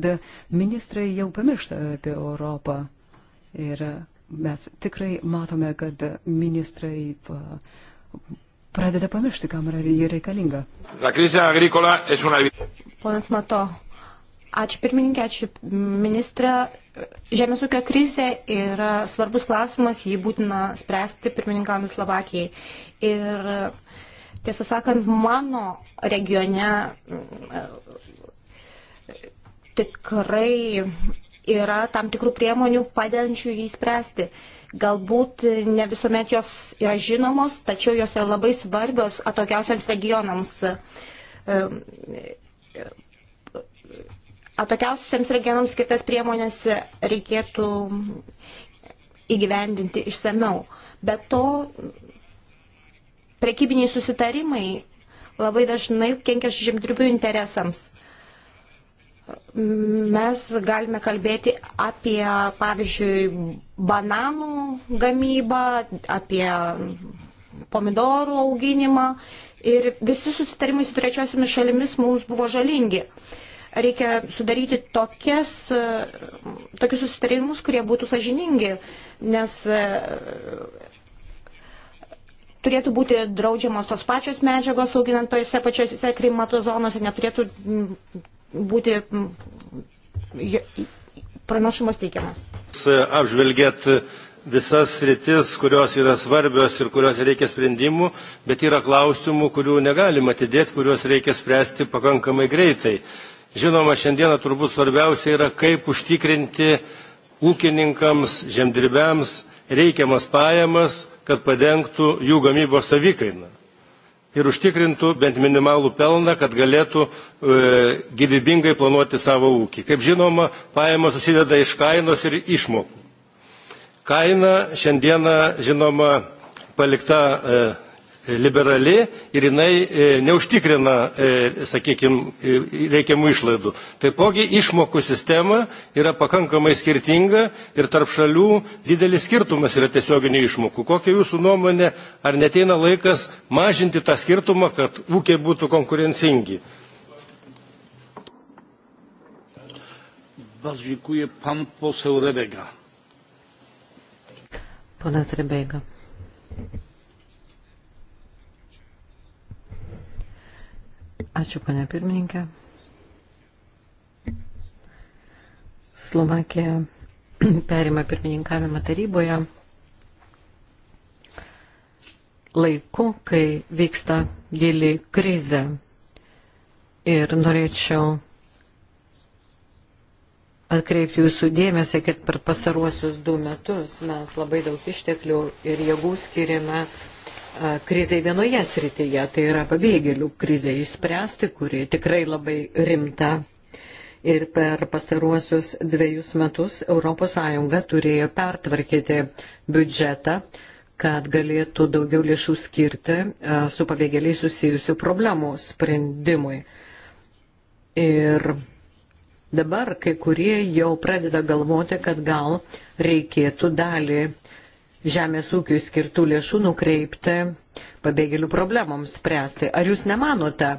ministrai jau pamiršta apie Europą. Ir mes tikrai matome, kad ministrai pradeda pamiršti, kam yra jie reikalinga. Ponas Mato, ačiū pirmininkė, ačiū ministrė. Žemės ūkio krizė yra svarbus klausimas, jį būtina spręsti pirmininkavant Slovakijai. Ir tiesą sakant, mano regione mm, tikrai yra tam tikrų priemonių padedančių jį spręsti. Galbūt ne visuomet jos yra žinomos, tačiau jos yra labai svarbios atokiausiams regionams ehm, atokiausiams regionams skirtas priemonės reikėtų įgyvendinti išsameu. Be to, prekybiniai susitarimai labai dažnai kenkia žemdirbių interesams. Mes galime kalbėti apie, pavyzdžiui, bananų gamybą, apie pomidorų auginimą ir visi susitarimai su trečiosiomis šalimis mums buvo žalingi. Uh, Reikia sudaryti tokias, e, tokius susitarimus, kurie būtų sažiningi, nes e, turėtų būti draudžiamos tos pačios medžiagos auginant tojose pačiose klimato zonose, neturėtų būti pranašumas teikiamas. E, apžvelgėt visas rytis, kurios yra svarbios ir kurios reikia sprendimų, bet yra klausimų, kurių negalima atidėti, kuriuos reikia spręsti pakankamai greitai. Žinoma, šiandieną turbūt svarbiausia yra, kaip užtikrinti ūkininkams, žemdirbiams reikiamas pajamas, kad padengtų jų gamybos savikainą ir užtikrintų bent minimalų pelną, kad galėtų e, gyvybingai planuoti savo ūkį. Kaip žinoma, pajamos susideda iš kainos ir išmokų. Kaina šiandieną, žinoma, palikta e, liberali ir jinai e, neužtikrina, e, sakykime, reikiamų išlaidų. Taipogi išmokų sistema yra pakankamai skirtinga ir tarp šalių didelis skirtumas yra tiesioginių išmokų. Kokia jūsų nuomonė, ar neteina laikas mažinti tą skirtumą, kad ūkiai būtų konkurencingi? Bardzo dziękuję. Pan poseł Rebega. Ponas Rebega. Ačiū, ponia pirmininkė. Slovakija perima pirmininkavimą taryboje laiku, kai vyksta gili krizė. Ir norėčiau atkreipti jūsų dėmesį, kad per pastaruosius du metus mes labai daug išteklių ir jėgų skiriame krizai vienoje srityje, tai yra pabėgėlių krizai išspręsti, kuri tikrai labai rimta. Ir per pastaruosius dviejus metus ES turėjo pertvarkyti biudžetą, kad galėtų daugiau lėšų skirti su pabėgėliai susijusių problemų sprendimui. Ir dabar kai kurie jau pradeda galvoti, kad gal reikėtų dalį žemės ūkiui skirtų lėšų nukreipti pabėgėlių problemoms spręsti. Ar jūs nemanote,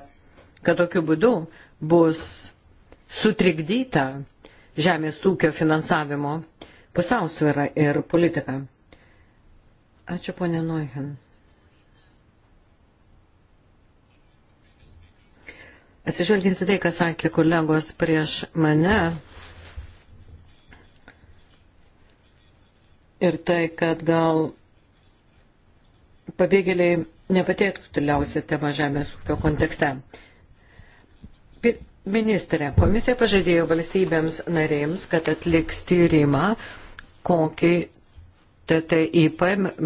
kad tokiu būdu bus sutrikdyta žemės ūkio finansavimo pusiausvėra ir politika? Ačiū, ponė Neuhin. Atsižvelginti tai, ką sakė kolegos prieš mane, ir tai, kad gal pabėgėliai nepatėtų toliausia tema žemės ūkio kontekste. Ministrė, komisija pažadėjo valstybėms narėms, kad atliks tyrimą, kokį TTIP,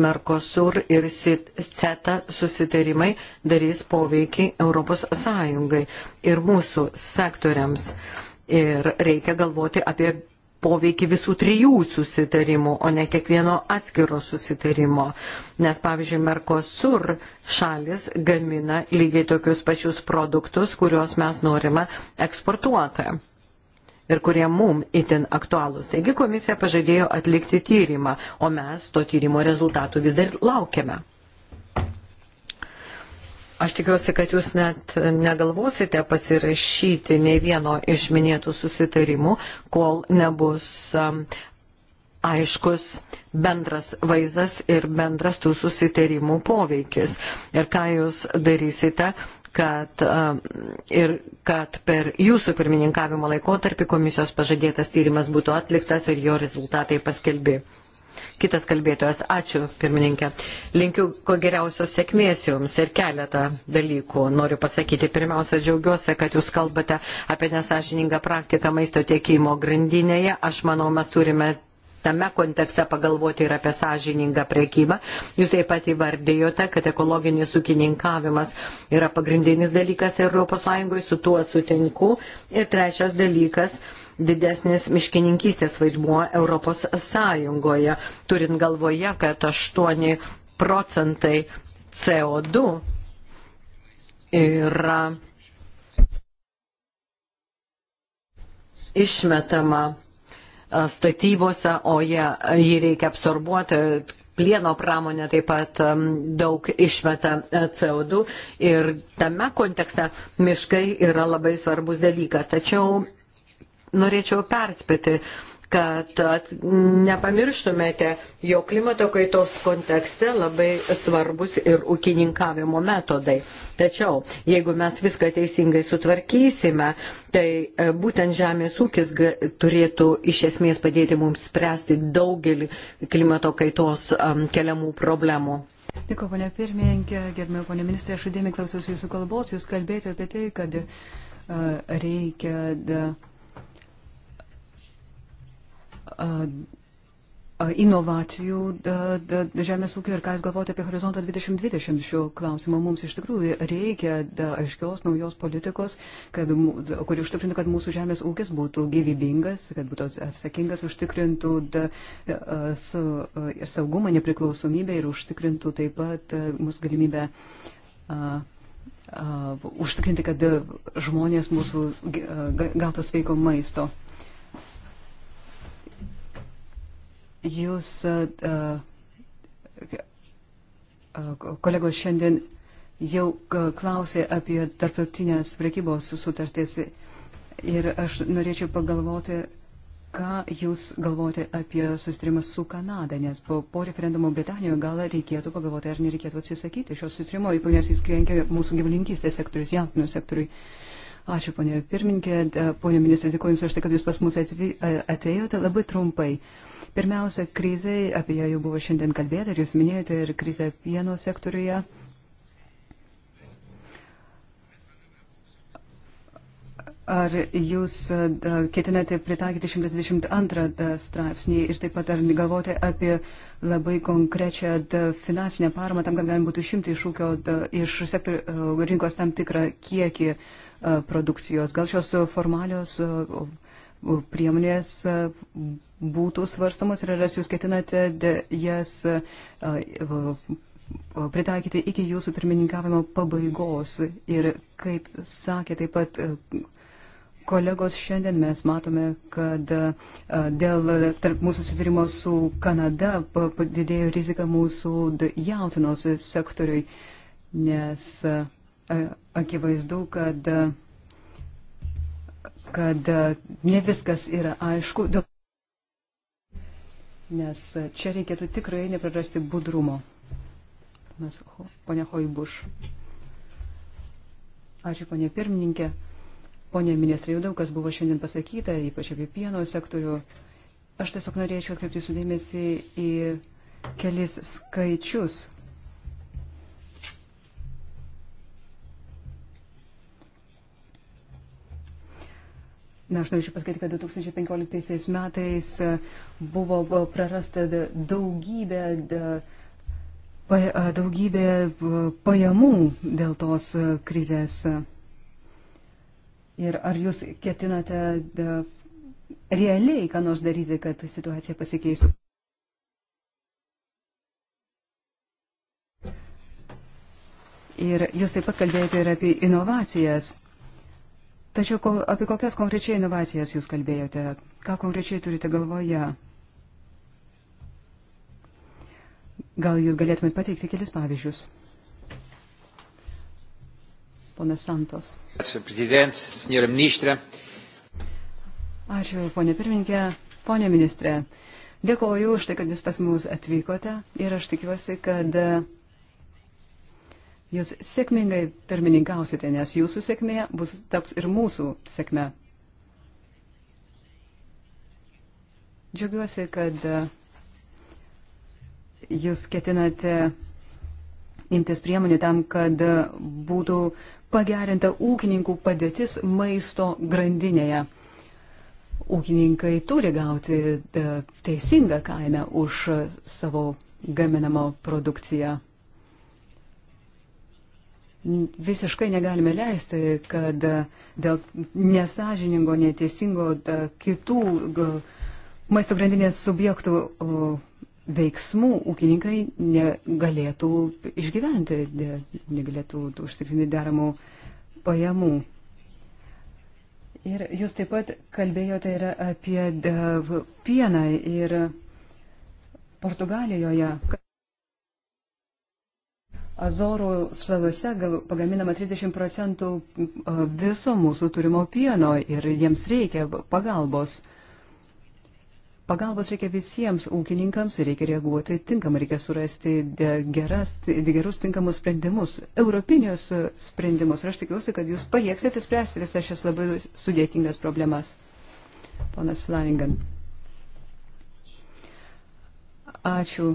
Mercosur ir CETA susitarimai darys poveikį ES ir mūsų sektoriams. Ir reikia galvoti apie poveikį visų trijų susitarimų, o ne kiekvieno atskiro susitarimo. Nes, pavyzdžiui, Mercosur šalis gamina lygiai tokius pačius produktus, kuriuos mes norime eksportuoti ir kurie mum itin aktualūs. Taigi komisija pažadėjo atlikti tyrimą, o mes to tyrimo rezultatų vis dar laukiame. Aš tikiuosi, kad jūs net negalvosite pasirašyti ne vieno iš minėtų susitarimų, kol nebus um, aiškus bendras vaizdas ir bendras tų susitarimų poveikis. Ir ką jūs darysite, kad, um, ir kad per jūsų pirmininkavimo laikotarpį komisijos pažadėtas tyrimas būtų atliktas ir jo rezultatai paskelbi. Kitas kalbėtojas, ačiū pirmininkė. Linkiu ko geriausios sėkmės jums ir keletą dalykų noriu pasakyti. Pirmiausia, džiaugiuosi, kad jūs kalbate apie nesažiningą praktiką maisto tiekimo grandinėje. Aš manau, mes turime tame kontekste pagalvoti ir apie sąžiningą priekybą. Jūs taip pat įvardėjote, kad ekologinis ūkininkavimas yra pagrindinis dalykas ES, su tuo sutinku. Ir trečias dalykas didesnis miškininkystės vaidmuo Europos Sąjungoje, turint galvoje, kad 8 procentai CO2 yra išmetama e, statybose, o jie, jį reikia absorbuoti. Plieno pramonė taip pat e, daug išmeta e, CO2 ir tame kontekste miškai yra labai svarbus dalykas. Tačiau norėčiau perspėti, kad nepamirštumėte, jo klimato kaitos kontekste labai svarbus ir ūkininkavimo metodai. Tačiau, jeigu mes viską teisingai sutvarkysime, tai e, būtent žemės ūkis turėtų iš esmės padėti mums spręsti daugelį klimato kaitos keliamų problemų. Dėkuoju, ponė pirmininkė, gerbėjau, ponė ministrė, aš įdėmiai klausiausi jūsų kalbos, jūs kalbėjote apie tai, kad uh, reikia. Uh, inovacijų žemės ūkio ir ką jūs galvojate apie horizontą 2020 šiuo klausimu. Mums iš tikrųjų reikia da, aiškios naujos politikos, kad, kuri užtikrintų, kad mūsų žemės ūkis būtų gyvybingas, kad būtų atsakingas, užtikrintų da, sa, saugumą, nepriklausomybę ir užtikrintų taip pat mūsų galimybę. A, a, užtikrinti, kad žmonės mūsų gautų sveiko maisto. Jūs, kolegos, šiandien jau klausė apie tarptautinės prekybos sutartys ir aš norėčiau pagalvoti, ką jūs galvojate apie sustarimą su Kanada, nes po, po referendumo Britanijoje gal reikėtų pagalvoti, ar nereikėtų atsisakyti šio sustarimo, ypač nes jis kenkia mūsų gyvulinkystės sektorius, jautinių sektoriui. Ačiū, ponė pirmininkė, ponė ministrė, dėkuoju Jums už tai, kad Jūs pas mus atvi, atėjote labai trumpai. Uh, Pirmiausia, krizai, apie ją jau buvo šiandien kalbėta ir jūs minėjote ir krizę pieno sektoriuje. Ar jūs e, ketinate pritaikyti 122 e, straipsnį ir taip pat ar galvoti apie labai konkrečią e, finansinę paramą tam, kad galima būtų išimti iš ūkio, iš sektorių rinkos tam tikrą kiekį produkcijos? Gal šios formalios priemonės būtų svarstamos ir ar jūs ketinate jas pritaikyti iki jūsų pirmininkavimo pabaigos. Ir kaip sakė taip pat kolegos, šiandien mes matome, kad dėl tarp mūsų susitarimo su Kanada padidėjo rizika mūsų jautinos sektoriui, nes akivaizdu, kad kad ne viskas yra aišku. Dėl nes čia reikėtų tikrai neprarasti budrumo. Pone Hoibuš. Ačiū, ponė pirmininkė. Pone ministrė, jau daug kas buvo šiandien pasakyta, ypač apie pieno sektorių. Aš tiesiog norėčiau atkreipti sudėmėsi į kelis skaičius, Na, aš norėčiau pasakyti, kad 2015 metais e, buvo e, prarasta daugybė, e, daugybė pajamų dėl tos krizės. Ir ar jūs ketinate realiai ką nors daryti, kad situacija pasikeistų? Ir jūs taip pat kalbėjote ir apie inovacijas. Tačiau apie kokias konkrečiai inovacijas jūs kalbėjote? Ką konkrečiai turite galvoje? Gal jūs galėtumėt pateikti kelis pavyzdžius? Ponas Santos. Ačiū, ponė pirmininkė. Pone ministrė, dėkoju už tai, kad jūs pas mus atvykote ir aš tikiuosi, kad Jūs sėkmingai pirmininkausite, nes jūsų sėkmė bus, taps ir mūsų sėkmė. Džiaugiuosi, kad e, jūs ketinate imtis priemonių tam, kad e, būtų pagerinta ūkininkų padėtis maisto grandinėje. Ūkininkai turi gauti e, teisingą kainą už savo gaminamą produkciją visiškai negalime leisti, kad dėl nesažiningo, neteisingo kitų maisto grandinės subjektų veiksmų ūkininkai negalėtų išgyventi, negalėtų užtikrinti deramų pajamų. Ir jūs taip pat kalbėjote ir apie pieną ir Portugalijoje. Azorų salose pagaminama 30 procentų viso mūsų turimo pieno ir jiems reikia pagalbos. Pagalbos reikia visiems ūkininkams ir reikia reaguoti tinkamai, reikia surasti geras, gerus tinkamus sprendimus, europinius sprendimus. Ir aš tikiuosi, kad jūs pajėgsite spręsti visas šias labai sudėtingas problemas. Ponas Flanagan. Ačiū.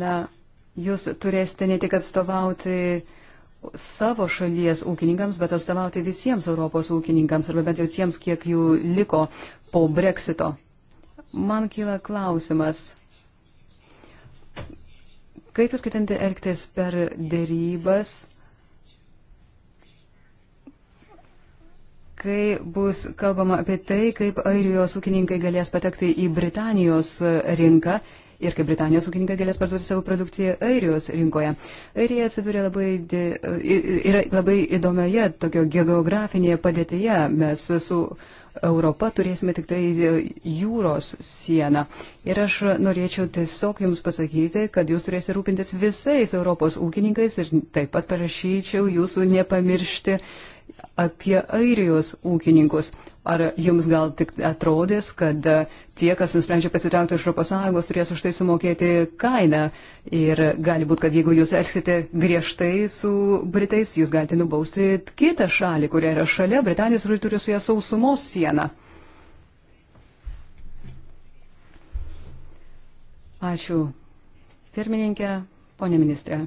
Na, jūs turėsite ne tik atstovauti savo šalies ūkininkams, bet atstovauti visiems Europos ūkininkams, arba bent jau tiems, kiek jų liko po breksito. Man kyla klausimas, kaip jūs ketinate elgtis per dėrybas, kai bus kalbama apie tai, kaip airijos ūkininkai galės patekti į Britanijos rinką ir kaip Britanijos ūkininkai galės parduoti savo produkciją Airijos rinkoje. Airija atsiduria labai, yra labai įdomioje tokio geografinėje padėtyje. Mes su Europa turėsime tik tai e, jūros sieną. Ir aš norėčiau tiesiog Jums pasakyti, kad Jūs turėsite rūpintis visais Europos ūkininkais ir taip pat parašyčiau Jūsų nepamiršti apie Airijos ūkininkus. Ar jums gal tik atrodys, kad tie, kas nusprendžia pasitraukti iš ES, turės už tai sumokėti kainą? Ir gali būti, kad jeigu jūs elgsite griežtai su Britais, jūs galite nubausti kitą šalį, kuria yra šalia Britanijos ir turi su ją sausumos sieną. Ačiū. Pirmininkė, ponė ministrė.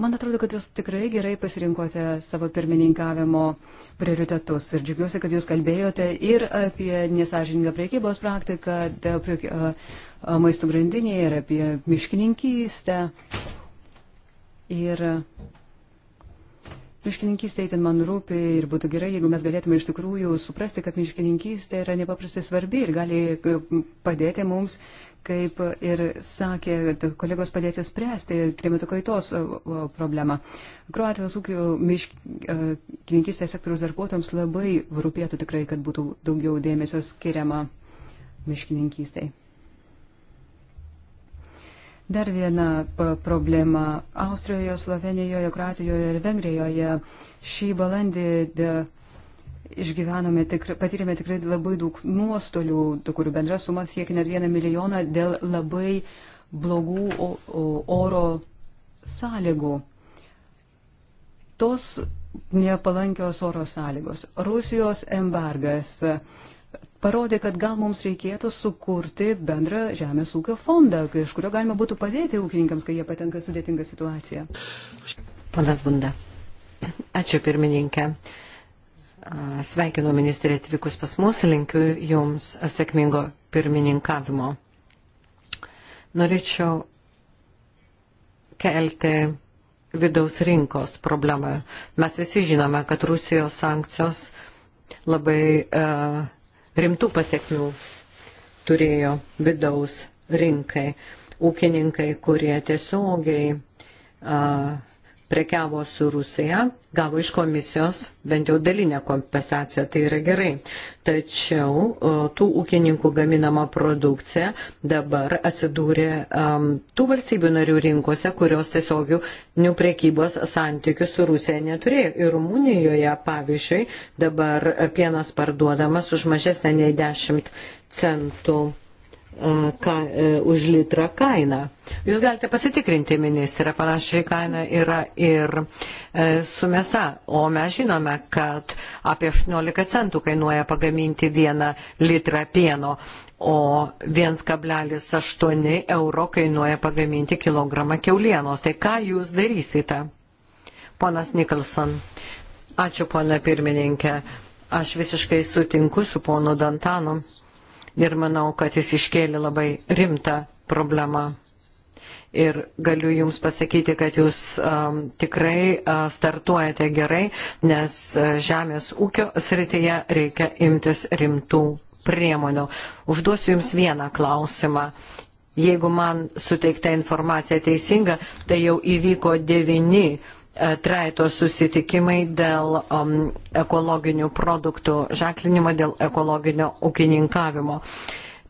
Man atrodo, kad jūs tikrai gerai pasirinkote savo pirmininkavimo prioritetus ir džiugiuosi, kad jūs kalbėjote ir apie nesažiningą priekybos praktiką, maisto grandinėje ir apie miškininkystę. Ir miškininkystė įtin man rūpi ir būtų gerai, jeigu mes galėtume iš tikrųjų suprasti, kad miškininkystė yra nepaprastai svarbi ir gali e, padėti mums kaip ir sakė kolegos padėti spręsti klimato kaitos problemą. Kroatijos ūkio miškininkistės sektoriaus darbuotojams labai rūpėtų tikrai, kad būtų daugiau dėmesio skiriama miškininkistai. Dar viena problema. Austrijoje, Slovenijoje, Kroatijoje ir Vengrijoje šį balandį išgyvenome, tikrai, patyrėme tikrai labai daug nuostolių, kurių bendra suma siekia net vieną milijoną dėl labai blogų oro sąlygų. Tos nepalankios oro sąlygos, Rusijos embargas parodė, kad gal mums reikėtų sukurti bendrą žemės ūkio fondą, iš kurio galima būtų padėti ūkininkams, kai jie patenka sudėtingą situaciją. Ponas Bunda. Ačiū pirmininkė. Sveikinu ministrė atvykus pas mus, linkiu Jums sėkmingo pirmininkavimo. Norėčiau kelti vidaus rinkos problemą. Mes visi žinome, kad Rusijos sankcijos labai uh, rimtų pasiekmių turėjo vidaus rinkai. Ūkininkai, kurie tiesiogiai uh, prekiavo su Rusija, gavo iš komisijos bent jau dalinę kompensaciją, tai yra gerai. Tačiau e, tų ūkininkų gaminama produkcija dabar atsidūrė um, tų valstybių narių rinkose, kurios tiesioginių priekybos santykių su Rusija neturėjo. Ir Rumunijoje, pavyzdžiui, dabar pienas parduodamas už mažesnę nei 10 centų ką, e, už litrą kainą. Jūs galite pasitikrinti ministrą, panašiai kaina yra ir e, su mėsa, o mes žinome, kad apie 18 centų kainuoja pagaminti vieną litrą pieno, o 1,8 euro kainuoja pagaminti kilogramą keulienos. Tai ką jūs darysite? Ponas Nikolson. Ačiū, pone pirmininkė. Aš visiškai sutinku su ponu Dantanu ir manau, kad jis iškėlė labai rimtą problemą. Ir galiu Jums pasakyti, kad Jūs um, tikrai uh, startuojate gerai, nes uh, žemės ūkio srityje reikia imtis rimtų priemonių. Užduosiu Jums vieną klausimą. Jeigu man suteikta informacija teisinga, tai jau įvyko devini E, treito susitikimai dėl um, ekologinių produktų ženklinimo, dėl ekologinio ūkininkavimo,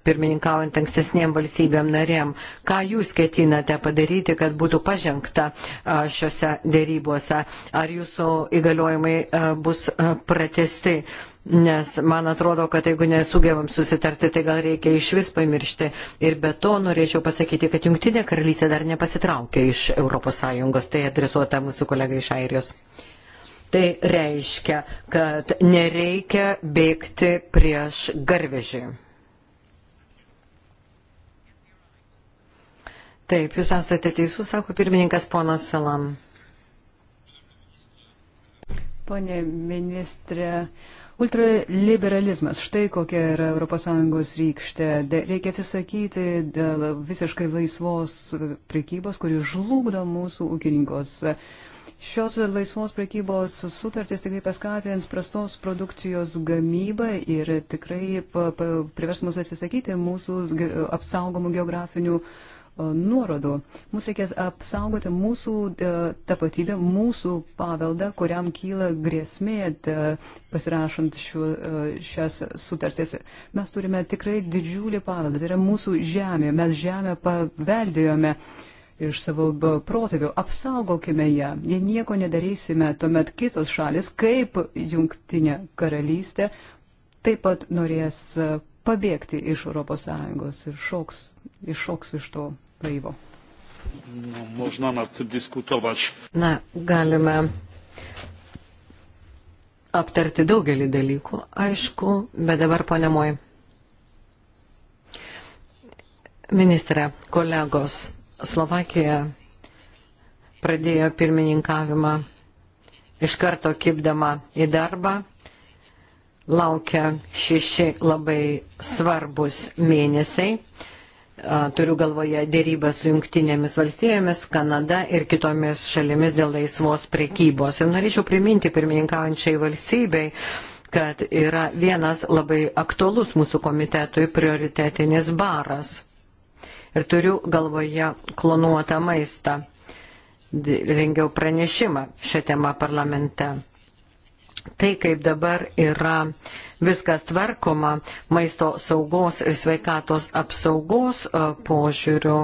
pirmininkaujant ankstesniem valstybėm narėm. Ką jūs ketinate padaryti, kad būtų pažengta uh, e, šiuose dėrybose? Ar jūsų įgaliojimai uh, bus uh, pratesti? Uh, nes man atrodo, kad jeigu nesugebam susitarti, tai gal reikia iš vis pamiršti. Ir be to norėčiau pasakyti, kad Junktinė karalystė dar nepasitraukė iš ES, tai adresuota mūsų kolega iš Airijos. Tai reiškia, kad nereikia bėgti prieš garvežį. Taip, jūs esate teisus, sako pirmininkas ponas Filam. Pone ministrė, uh, Ultraliberalizmas, štai kokia yra ES rykštė. Reikia atsisakyti visiškai laisvos prekybos, kuri žlugdo mūsų ūkininkos. Šios laisvos prekybos sutartys tikrai paskatins prastos produkcijos gamybą ir tikrai privers mus atsisakyti mūsų apsaugomų geografinių uh, nuorodų. Mums reikės apsaugoti mūsų e, tapatybę, mūsų paveldą, kuriam kyla grėsmė e, pasirašant šiu, e, šias sutartis. Mes turime tikrai didžiulį paveldą, tai yra mūsų žemė, mes žemę paveldėjome. Iš savo protėvių apsaugokime ją. Jei nieko nedarysime, tuomet kitos šalis, kaip Junktinė karalystė, taip pat norės pabėgti iš ES ir šoks, iššoks iš to laivo. Na, galime aptarti daugelį dalykų, aišku, bet dabar ponemoji. Ministrė, kolegos, Slovakija pradėjo pirmininkavimą iš karto kipdama į darbą. Laukia šeši labai svarbus mėnesiai turiu galvoje dėrybą su jungtinėmis valstybėmis, Kanada ir kitomis šalimis dėl laisvos prekybos. Ir norėčiau priminti pirmininkaujančiai valstybei, kad yra vienas labai aktualus mūsų komitetui prioritetinis baras. Ir turiu galvoje klonuotą maistą. Rengiau pranešimą šią temą parlamente. Tai kaip dabar yra uh, viskas tvarkoma maisto saugos ir sveikatos apsaugos e, požiūrių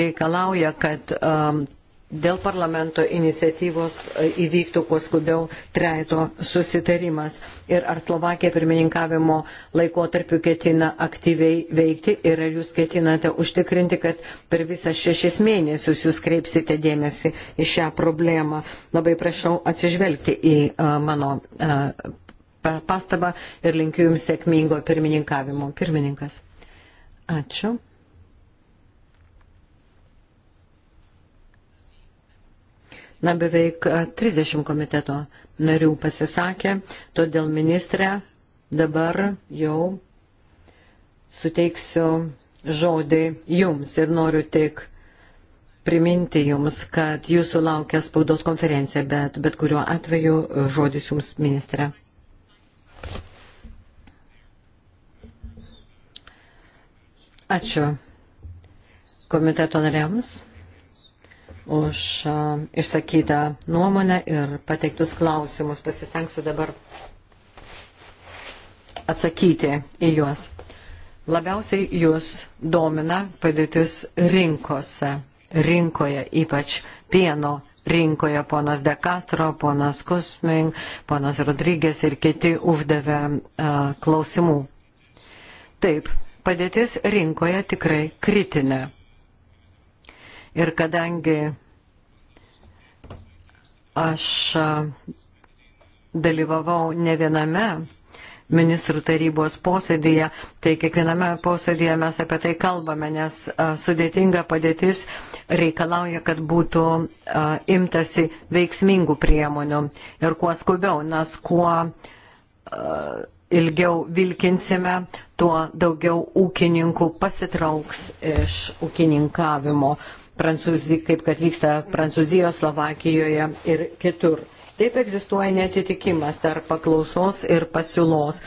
reikalauja, kad um, dėl parlamento iniciatyvos e, įvyktų kuo skubiau treito susitarimas. Ir ar Slovakija pirmininkavimo laikotarpiu ketina aktyviai veikti ir ar jūs ketinate užtikrinti, kad per visą šešis mėnesius jūs kreipsite dėmesį į šią problemą. Labai prašau atsižvelgti į uh, mano uh, pastabą ir linkiu jums sėkmingo pirmininkavimo. Pirmininkas. Ačiū. na, beveik 30 komiteto narių pasisakė, todėl ministrė dabar jau suteiksiu žodį jums ir noriu tik priminti jums, kad jūsų laukia spaudos konferencija, bet bet kuriuo atveju žodis jums ministrė. Ačiū komiteto nariams už išsakytą nuomonę ir pateiktus klausimus. Pasistengsiu dabar atsakyti į juos. Labiausiai jūs domina padėtis rinkose, rinkoje, ypač pieno rinkoje. Ponas De Castro, ponas Kusming, ponas Rodrygės ir kiti uždavė a, klausimų. Taip, padėtis rinkoje tikrai kritinė. Ir kadangi aš dalyvavau ne viename ministrų tarybos posėdėje, tai kiekviename posėdėje mes apie tai kalbame, nes sudėtinga padėtis reikalauja, kad būtų imtasi veiksmingų priemonių ir kuo skubiau, nes kuo ilgiau vilkinsime, tuo daugiau ūkininkų pasitrauks iš ūkininkavimo. Prancūzi, kaip kad vyksta Prancūzijoje, Slovakijoje ir kitur. Taip egzistuoja netitikimas tarp paklausos ir pasiūlos.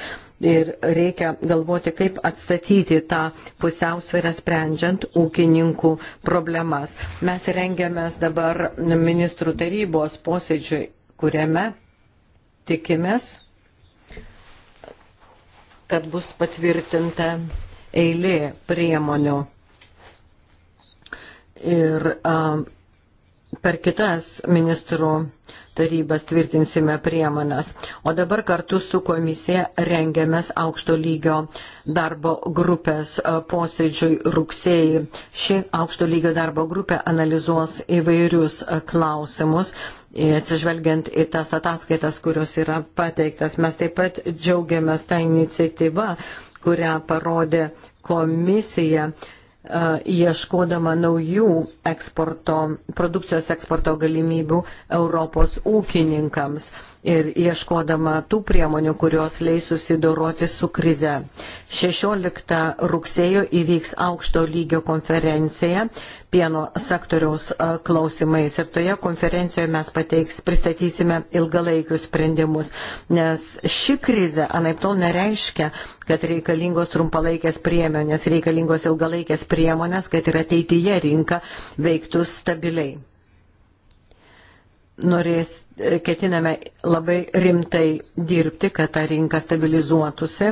Ir reikia galvoti, kaip atstatyti tą pusiausvyrą sprendžiant ūkininkų problemas. Mes rengiamės dabar ministrų tarybos posėdžiui, kuriame tikimės, kad bus patvirtinta eilė priemonių ir per kitas ministrų tarybas tvirtinsime priemonės. O dabar kartu su komisija rengiamės aukšto lygio darbo grupės posėdžiui rugsėjai. Ši aukšto lygio darbo grupė analizuos įvairius klausimus, atsižvelgiant į tas ataskaitas, kurios yra pateiktas. Mes taip pat džiaugiamės tą iniciatyvą, kurią parodė komisija ieškodama naujų eksporto, produkcijos eksporto galimybių Europos ūkininkams ir ieškodama tų priemonių, kurios leis susidoroti su krize. 16 rugsėjo įvyks aukšto lygio konferencija pieno sektoriaus klausimais. Ir toje konferencijoje mes pateiks, pristatysime ilgalaikius sprendimus, nes ši krizė anaip tol nereiškia, kad reikalingos trumpalaikės priemonės, reikalingos ilgalaikės priemonės, kad ir ateityje rinka veiktų stabiliai norės, e, ketiname labai rimtai dirbti, kad ta rinka stabilizuotųsi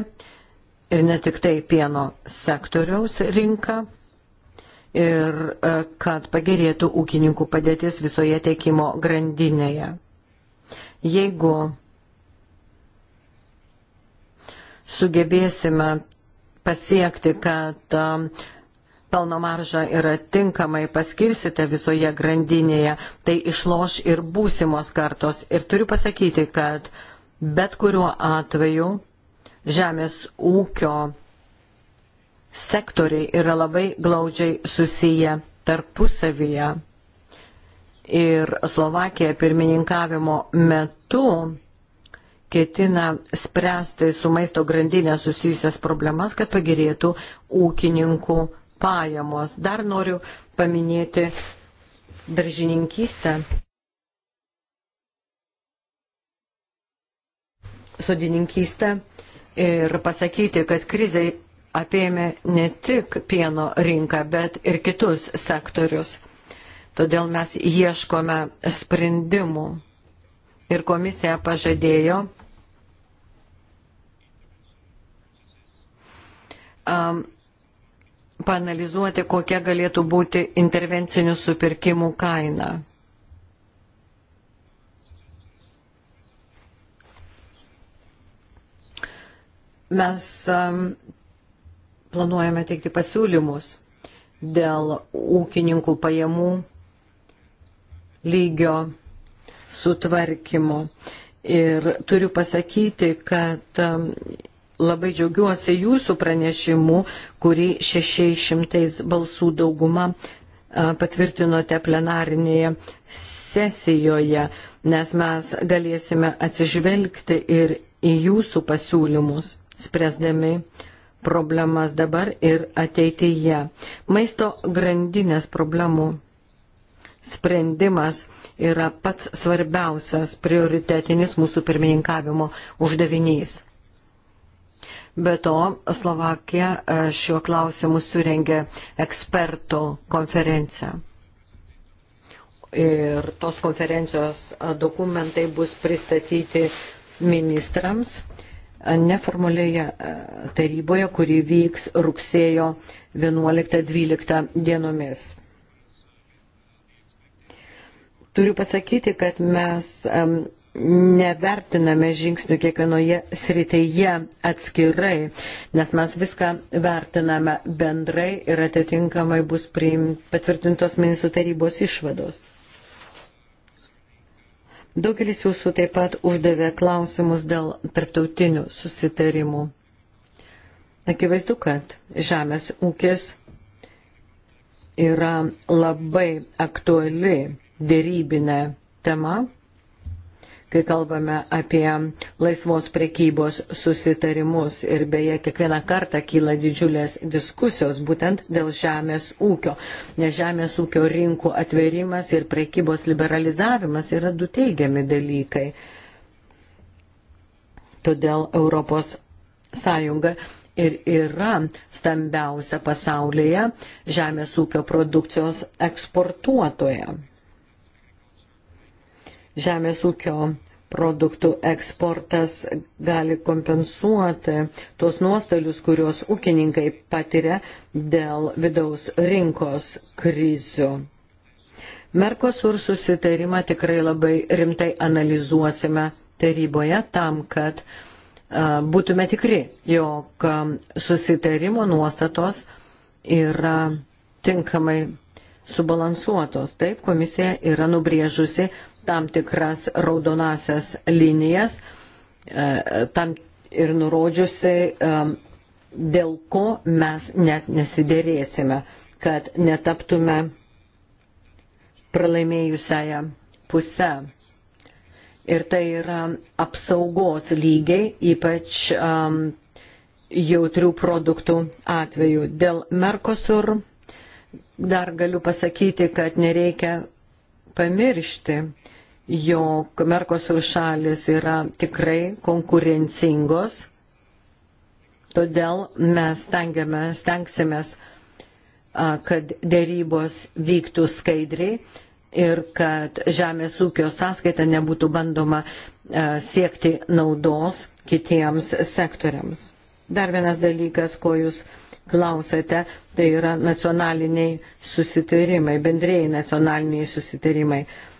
ir ne tik tai pieno sektoriaus rinka, ir e, kad pagerėtų ūkininkų padėtis visoje tiekimo grandinėje. Jeigu sugebėsime pasiekti, kad e, pelno marža yra tinkamai paskirsite visoje grandinėje, tai išloš ir būsimos kartos. Ir turiu pasakyti, kad bet kuriuo atveju žemės ūkio sektoriai yra labai glaudžiai susiję tarpusavyje. Ir Slovakija pirmininkavimo metu ketina spręsti su maisto grandinė susijusias problemas, kad pagerėtų ūkininkų pajamos. Dar noriu paminėti daržininkystę. Sodininkystę ir pasakyti, kad krizai apėmė ne tik pieno rinką, bet ir kitus sektorius. Todėl mes ieškome sprendimų. Ir komisija pažadėjo um, panalizuoti, kokia galėtų būti intervencinių supirkimų kaina. Mes um, planuojame teikti pasiūlymus dėl ūkininkų pajamų lygio sutvarkymo. Ir turiu pasakyti, kad um, labai džiaugiuosi jūsų pranešimu, kurį 600 balsų dauguma uh, patvirtinote plenarinėje sesijoje, nes mes galėsime atsižvelgti ir į jūsų pasiūlymus, spręsdami problemas dabar ir ateityje. Maisto grandinės problemų sprendimas yra pats svarbiausias prioritetinis mūsų pirmininkavimo uždavinys. Be to, Slovakija e, šiuo klausimu surengė ekspertų konferenciją. Ir tos konferencijos e, dokumentai bus pristatyti ministrams neformalėje e, taryboje, kuri vyks rugsėjo 11-12 dienomis. Turiu pasakyti, kad mes nevertiname žingsnių kiekvienoje srityje atskirai, nes mes viską vertiname bendrai ir atitinkamai bus patvirtintos ministrų tarybos išvados. Daugelis jūsų taip pat uždavė klausimus dėl tarptautinių susitarimų. Akivaizdu, kad žemės ūkis yra labai aktuali dėrybinė tema kai kalbame apie laisvos prekybos susitarimus ir beje kiekvieną kartą kyla didžiulės diskusijos būtent dėl žemės ūkio, nes žemės ūkio rinkų atverimas ir prekybos liberalizavimas yra du teigiami dalykai. Todėl Europos Sąjunga ir yra stambiausia pasaulyje žemės ūkio produkcijos eksportuotoja žemės ūkio produktų eksportas gali kompensuoti tuos nuostolius, kuriuos ūkininkai patiria dėl vidaus rinkos krizių. Merkosur susitarimą tikrai labai rimtai analizuosime taryboje tam, kad būtume tikri, jog susitarimo nuostatos yra tinkamai subalansuotos. Taip, komisija yra nubrėžusi tam tikras raudonasias linijas e, tam ir nurodžiusi, e, dėl ko mes net nesidėrėsime, kad netaptume pralaimėjusiaja puse. Ir tai yra apsaugos lygiai, ypač um, jautrių produktų atveju. Dėl Merkosur dar galiu pasakyti, kad nereikia pamiršti, jog Merkosur šalis yra tikrai konkurencingos, todėl mes stengsimės, kad dėrybos vyktų skaidriai ir kad žemės ūkio sąskaita nebūtų bandoma siekti naudos kitiems sektoriams. Dar vienas dalykas, ko jūs klausėte, tai yra nacionaliniai susitarimai, bendrėjai nacionaliniai susitarimai. Uh,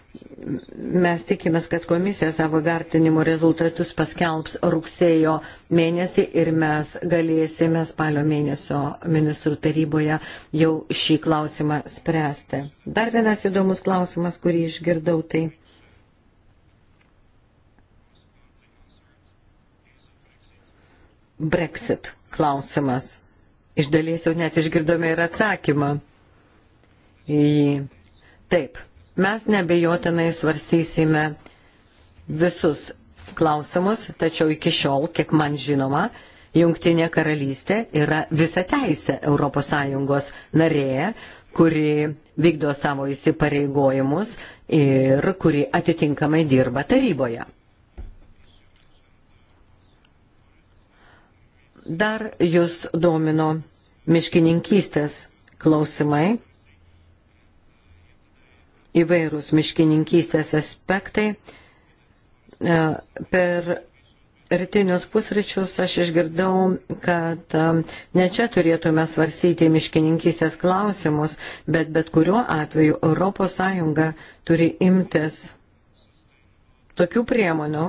Mes tikimės, kad komisija savo vertinimo rezultatus paskelbs rugsėjo mėnesį ir mes galėsime spalio mėnesio ministrų taryboje jau šį klausimą spręsti. Dar vienas įdomus klausimas, kurį išgirdau, tai. Brexit klausimas. Iš dalies jau net išgirdome ir atsakymą į jį. Taip, Mes nebejotinai svarstysime visus klausimus, tačiau iki šiol, kiek man žinoma, Jungtinė karalystė yra visa teisė ES narė, kuri vykdo savo įsipareigojimus ir kuri atitinkamai dirba taryboje. Dar jūs domino miškininkystės klausimai įvairūs miškininkystės aspektai. E, per rytinius pusryčius aš išgirdau, kad e, ne čia turėtume svarsyti miškininkystės klausimus, bet bet kuriuo atveju ES turi imtis tokių priemonių,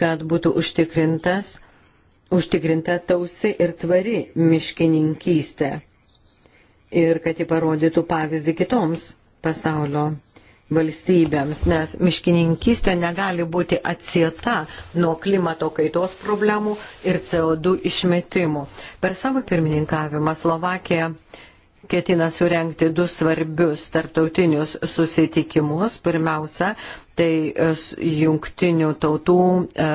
kad būtų užtikrintas, užtikrinta tausi ir tvari miškininkystė ir kad ji parodytų pavyzdį kitoms pasaulio valstybėms, nes miškininkystė negali būti atsieta nuo klimato kaitos problemų ir CO2 išmetimų. Per savo pirmininkavimą Slovakija ketina surenkti du svarbius tarptautinius susitikimus. Pirmiausia, tai e, jungtinių tautų e,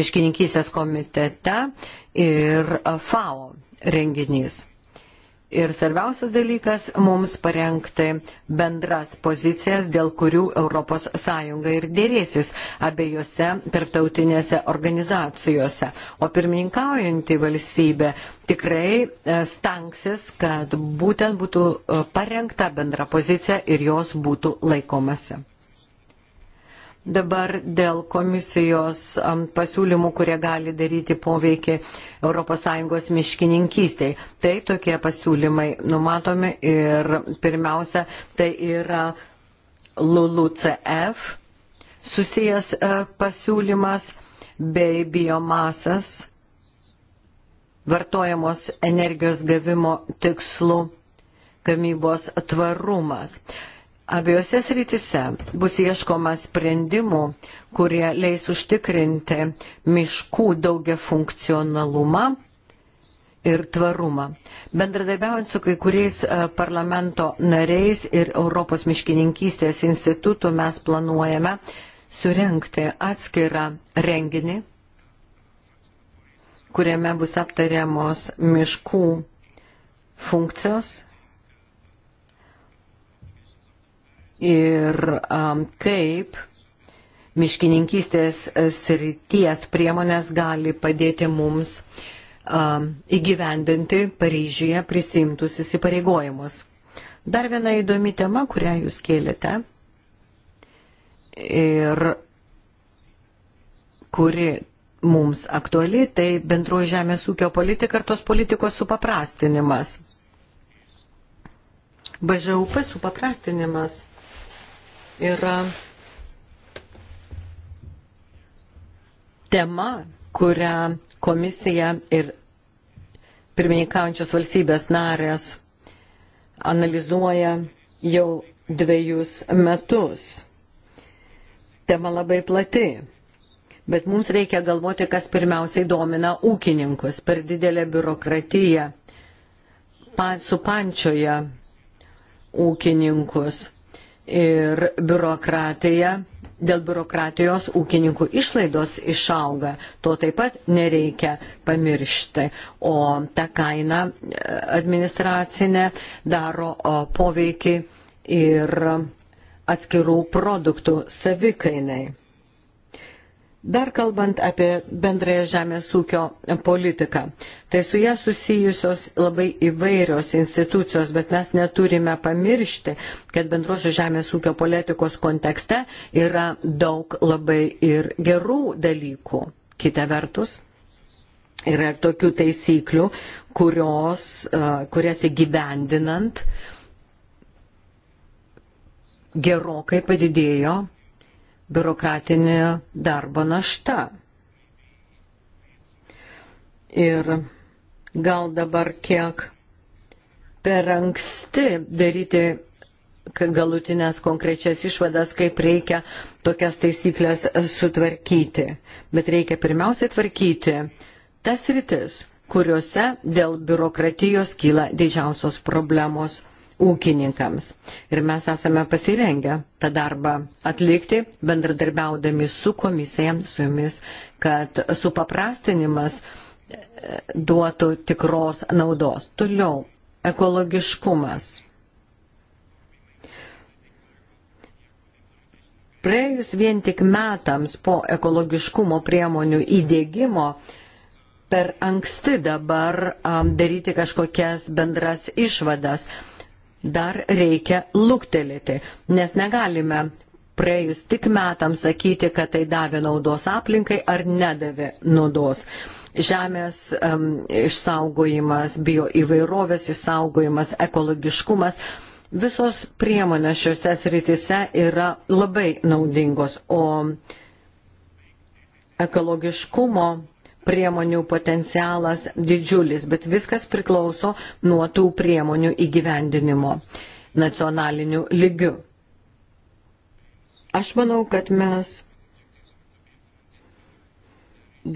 miškininkysės komitete ir e, FAO renginys. Ir svarbiausias dalykas - mums parengti bendras pozicijas, dėl kurių ES ir dėrėsis abiejose tarptautinėse organizacijose. O pirmininkaujanti valstybė tikrai e, stengsis, kad būtent būtų e, parengta bendra pozicija ir jos būtų laikomasi. Dabar dėl komisijos pasiūlymų, kurie gali daryti poveikį ES miškininkystėj. Tai tokie pasiūlymai numatomi ir pirmiausia, tai yra LULUCF susijęs e, pasiūlymas bei biomasas vartojamos energijos gavimo tikslų gamybos tvarumas. Abiejose srityse bus ieškoma sprendimų, kurie leis užtikrinti miškų daugia funkcionalumą ir tvarumą. Bendradarbiaujant su kai kuriais e, parlamento nariais ir Europos miškininkystės institutų mes planuojame surenkti atskirą renginį, kuriame bus aptariamos miškų funkcijos ir um, kaip miškininkystės srities priemonės gali padėti mums um, įgyvendinti Paryžiuje prisimtus įsipareigojimus. Dar viena įdomi tema, kurią jūs kėlėte ir kuri mums aktuali, tai bendroji žemės ūkio politika ir tos politikos supaprastinimas. BŽUP supaprastinimas yra tema, kurią komisija ir pirmininkaujančios valstybės narės analizuoja jau dviejus metus. Tema labai plati, bet mums reikia galvoti, kas pirmiausiai domina ūkininkus per didelę biurokratiją, supančioje ūkininkus ir biurokratija. Dėl biurokratijos ūkininkų išlaidos išauga, to taip pat nereikia pamiršti. O ta kaina e, administracinė daro poveikį ir atskirų produktų savikainai. Dar kalbant apie bendrąją žemės ūkio politiką, tai su ją susijusios labai įvairios institucijos, bet mes neturime pamiršti, kad bendrosios žemės ūkio politikos kontekste yra daug labai ir gerų dalykų. Kita vertus, yra ir tokių taisyklių, kurios, kurias įgyvendinant gerokai padidėjo biurokratinė darbo našta. Ir gal dabar kiek per anksti daryti galutinės konkrečias išvadas, kaip reikia tokias taisyklės sutvarkyti. Bet reikia pirmiausiai tvarkyti tas rytis, kuriuose dėl biurokratijos kyla didžiausios problemos ūkininkams. Ir mes esame pasirengę tą darbą atlikti, bendradarbiaudami su komisija, su jumis, kad supaprastinimas e, duotų tikros naudos. Toliau, ekologiškumas. Praėjus vien tik metams po ekologiškumo priemonių įdėgymo, per anksti dabar um, daryti kažkokias bendras išvadas dar reikia luktelėti, nes negalime praėjus tik metams sakyti, kad tai davė naudos aplinkai ar nedavė naudos. Žemės um, išsaugojimas, bioįvairovės išsaugojimas, ekologiškumas, visos priemonės šiuose srityse yra labai naudingos, o ekologiškumo priemonių potencialas didžiulis, bet viskas priklauso nuo tų priemonių įgyvendinimo nacionaliniu lygiu. Aš manau, kad mes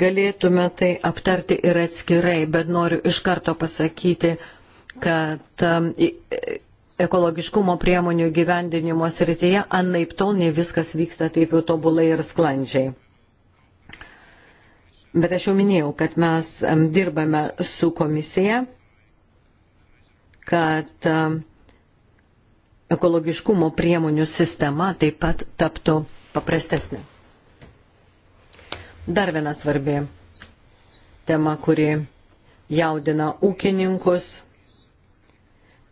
galėtume tai aptarti ir atskirai, bet noriu iš karto pasakyti, kad um, e, ekologiškumo priemonių gyvendinimo srityje annaip tol ne viskas vyksta taip jau tobulai ir sklandžiai. Bet aš jau minėjau, kad mes dirbame su komisija, kad ekologiškumo priemonių sistema taip pat taptų paprastesnė. Dar viena svarbi tema, kuri jaudina ūkininkus,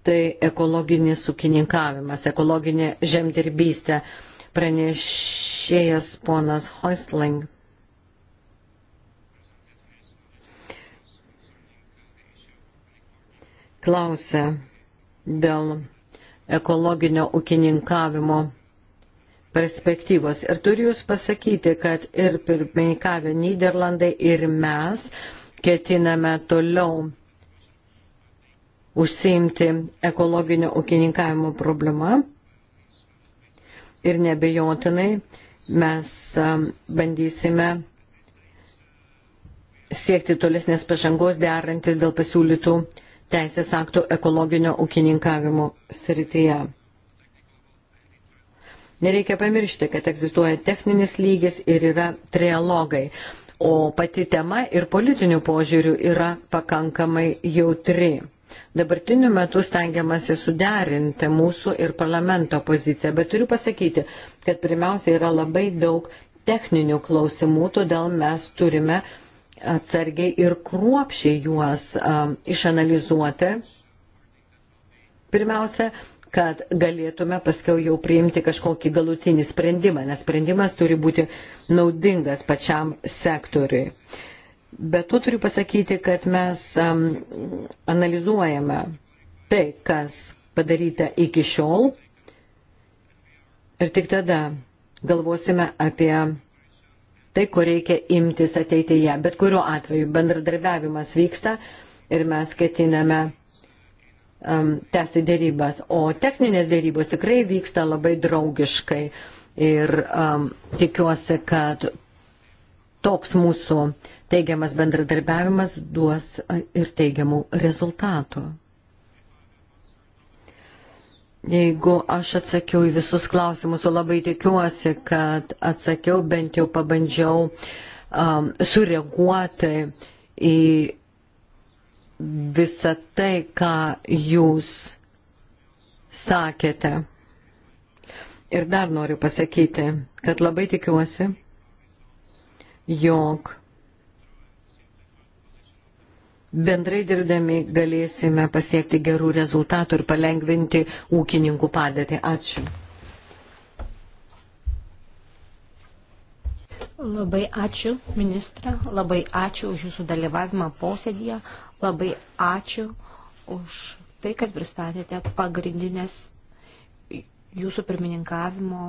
tai ekologinis ūkininkavimas, ekologinė žemdirbystė. Pranešėjas ponas Hoistling klausė dėl ekologinio ūkininkavimo perspektyvos. Ir turiu Jūs pasakyti, kad ir pirmininkavę Niderlandai, ir mes ketiname toliau užsiimti ekologinio ūkininkavimo problema. Ir nebejotinai mes um, bandysime siekti tolesnės pažangos derantis dėl pasiūlytų teisės aktų ekologinio ūkininkavimo srityje. Nereikia pamiršti, kad egzistuoja techninis lygis ir yra trialogai, o pati tema ir politinių požiūrių yra pakankamai jautri. Dabartiniu metu stengiamasi suderinti mūsų ir parlamento poziciją, bet turiu pasakyti, kad pirmiausia yra labai daug techninių klausimų, todėl mes turime uh, atsargiai ir kruopšiai juos um, išanalizuoti. Pirmiausia, kad galėtume paskiau jau priimti kažkokį galutinį sprendimą, nes sprendimas turi būti naudingas pačiam sektoriui. Bet tu turiu pasakyti, kad mes um, analizuojame tai, kas padaryta iki šiol ir tik tada galvosime apie tai, ko reikia imtis ateityje. Bet kuriuo atveju bendradarbiavimas vyksta ir mes ketiname um, tęsti dėrybas. O techninės dėrybos tikrai vyksta labai draugiškai ir um, tikiuosi, kad toks mūsų teigiamas bendradarbiavimas duos uh, ir teigiamų rezultatų jeigu aš atsakiau į visus klausimus, o labai tikiuosi, kad atsakiau, bent jau pabandžiau um, sureaguoti į visą tai, ką jūs sakėte. Ir dar noriu pasakyti, kad labai tikiuosi, jog bendrai dirbdami galėsime pasiekti gerų rezultatų ir palengvinti ūkininkų padėtį. Ačiū. Labai ačiū, ministra, labai ačiū už jūsų dalyvavimą posėdėje, labai ačiū už tai, kad pristatėte pagrindinės jūsų pirmininkavimo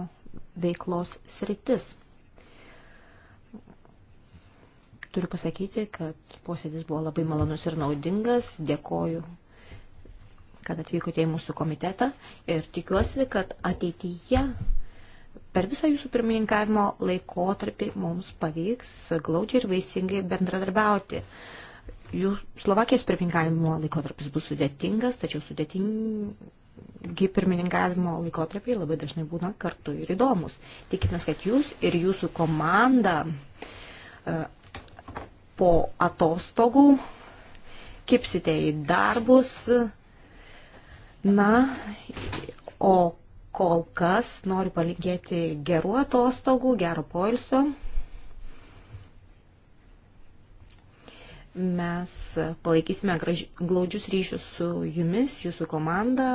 veiklos sritis. Turiu pasakyti, kad posėdis buvo labai malonus ir naudingas. Dėkoju, kad atvykote į mūsų komitetą ir tikiuosi, kad ateityje per visą jūsų pirmininkavimo laikotarpį mums pavyks glaudžiai ir vaisingai bendradarbiauti. Jų Slovakijos pirmininkavimo laikotarpis bus sudėtingas, tačiau sudėtingi pirmininkavimo laikotarpiai labai dažnai būna kartu ir įdomus. Tikimės, kad jūs ir jūsų komanda po atostogų, kipsite į darbus. Na, o kol kas noriu palinkėti gerų atostogų, gero poilsio. Mes palaikysime graž... glaudžius ryšius su jumis, jūsų komanda.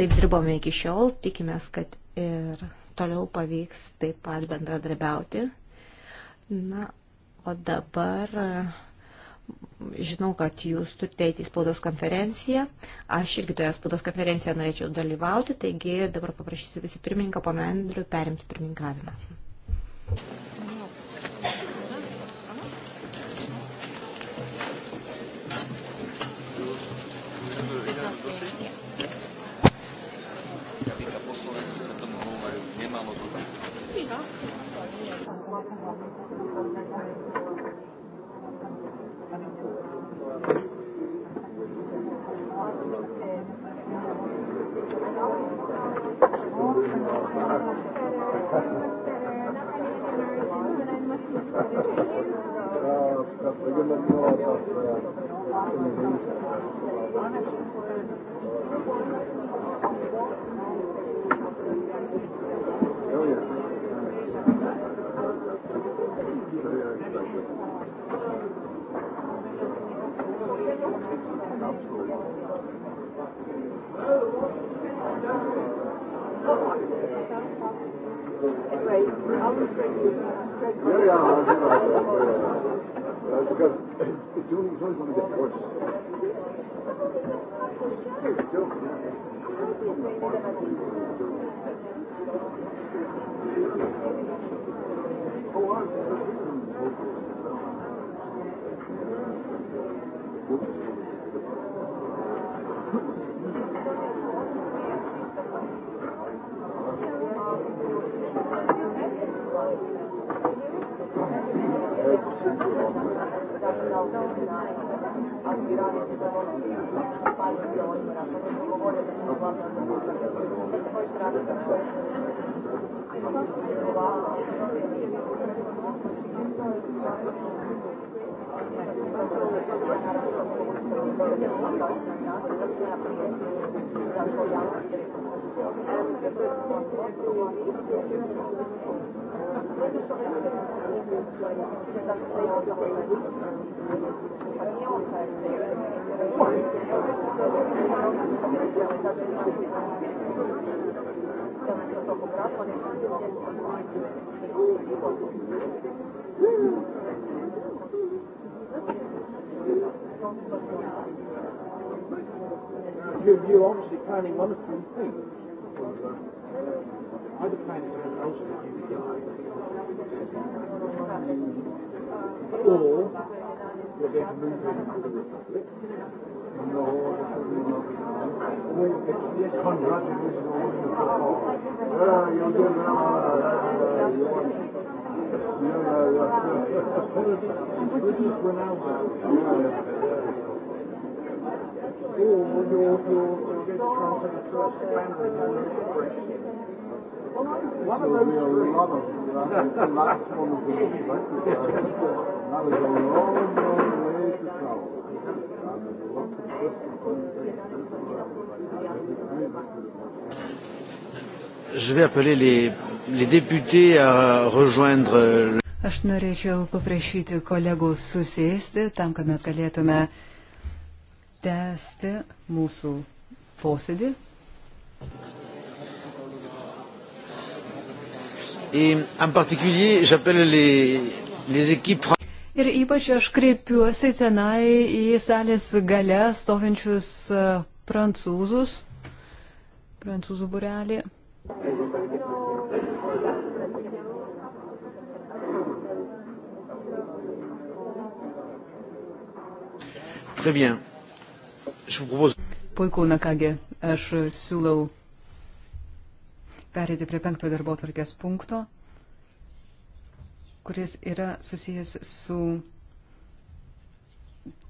Taip dirbome iki šiol, tikimės, kad ir toliau pavyks taip pat bendradarbiauti. Na, O dabar e, žinau, kad jūs turite eiti į spaudos konferenciją. Aš irgi toje spaudos konferencijoje norėčiau dalyvauti, taigi dabar paprašysiu visi pirmininką, pana Andriu, perimti pirmininkavimą. Thank you. One of those three. The last one was the best. That was a long, long way to travel. And there's a lot of Je vais appeler les, les députés à rejoindre le... Aš norėčiau paprašyti kolegų susėsti tam, kad mes galėtume tęsti mūsų posėdį. Ir ypač aš kreipiuosi tenai į salės gale stovinčius e, prancūzus, prancūzų burelį. Très bien. Je vous propose. Puiku, na kągi, aš siūlau perėti prie penkto darbo tvarkės punkto, kuris yra susijęs su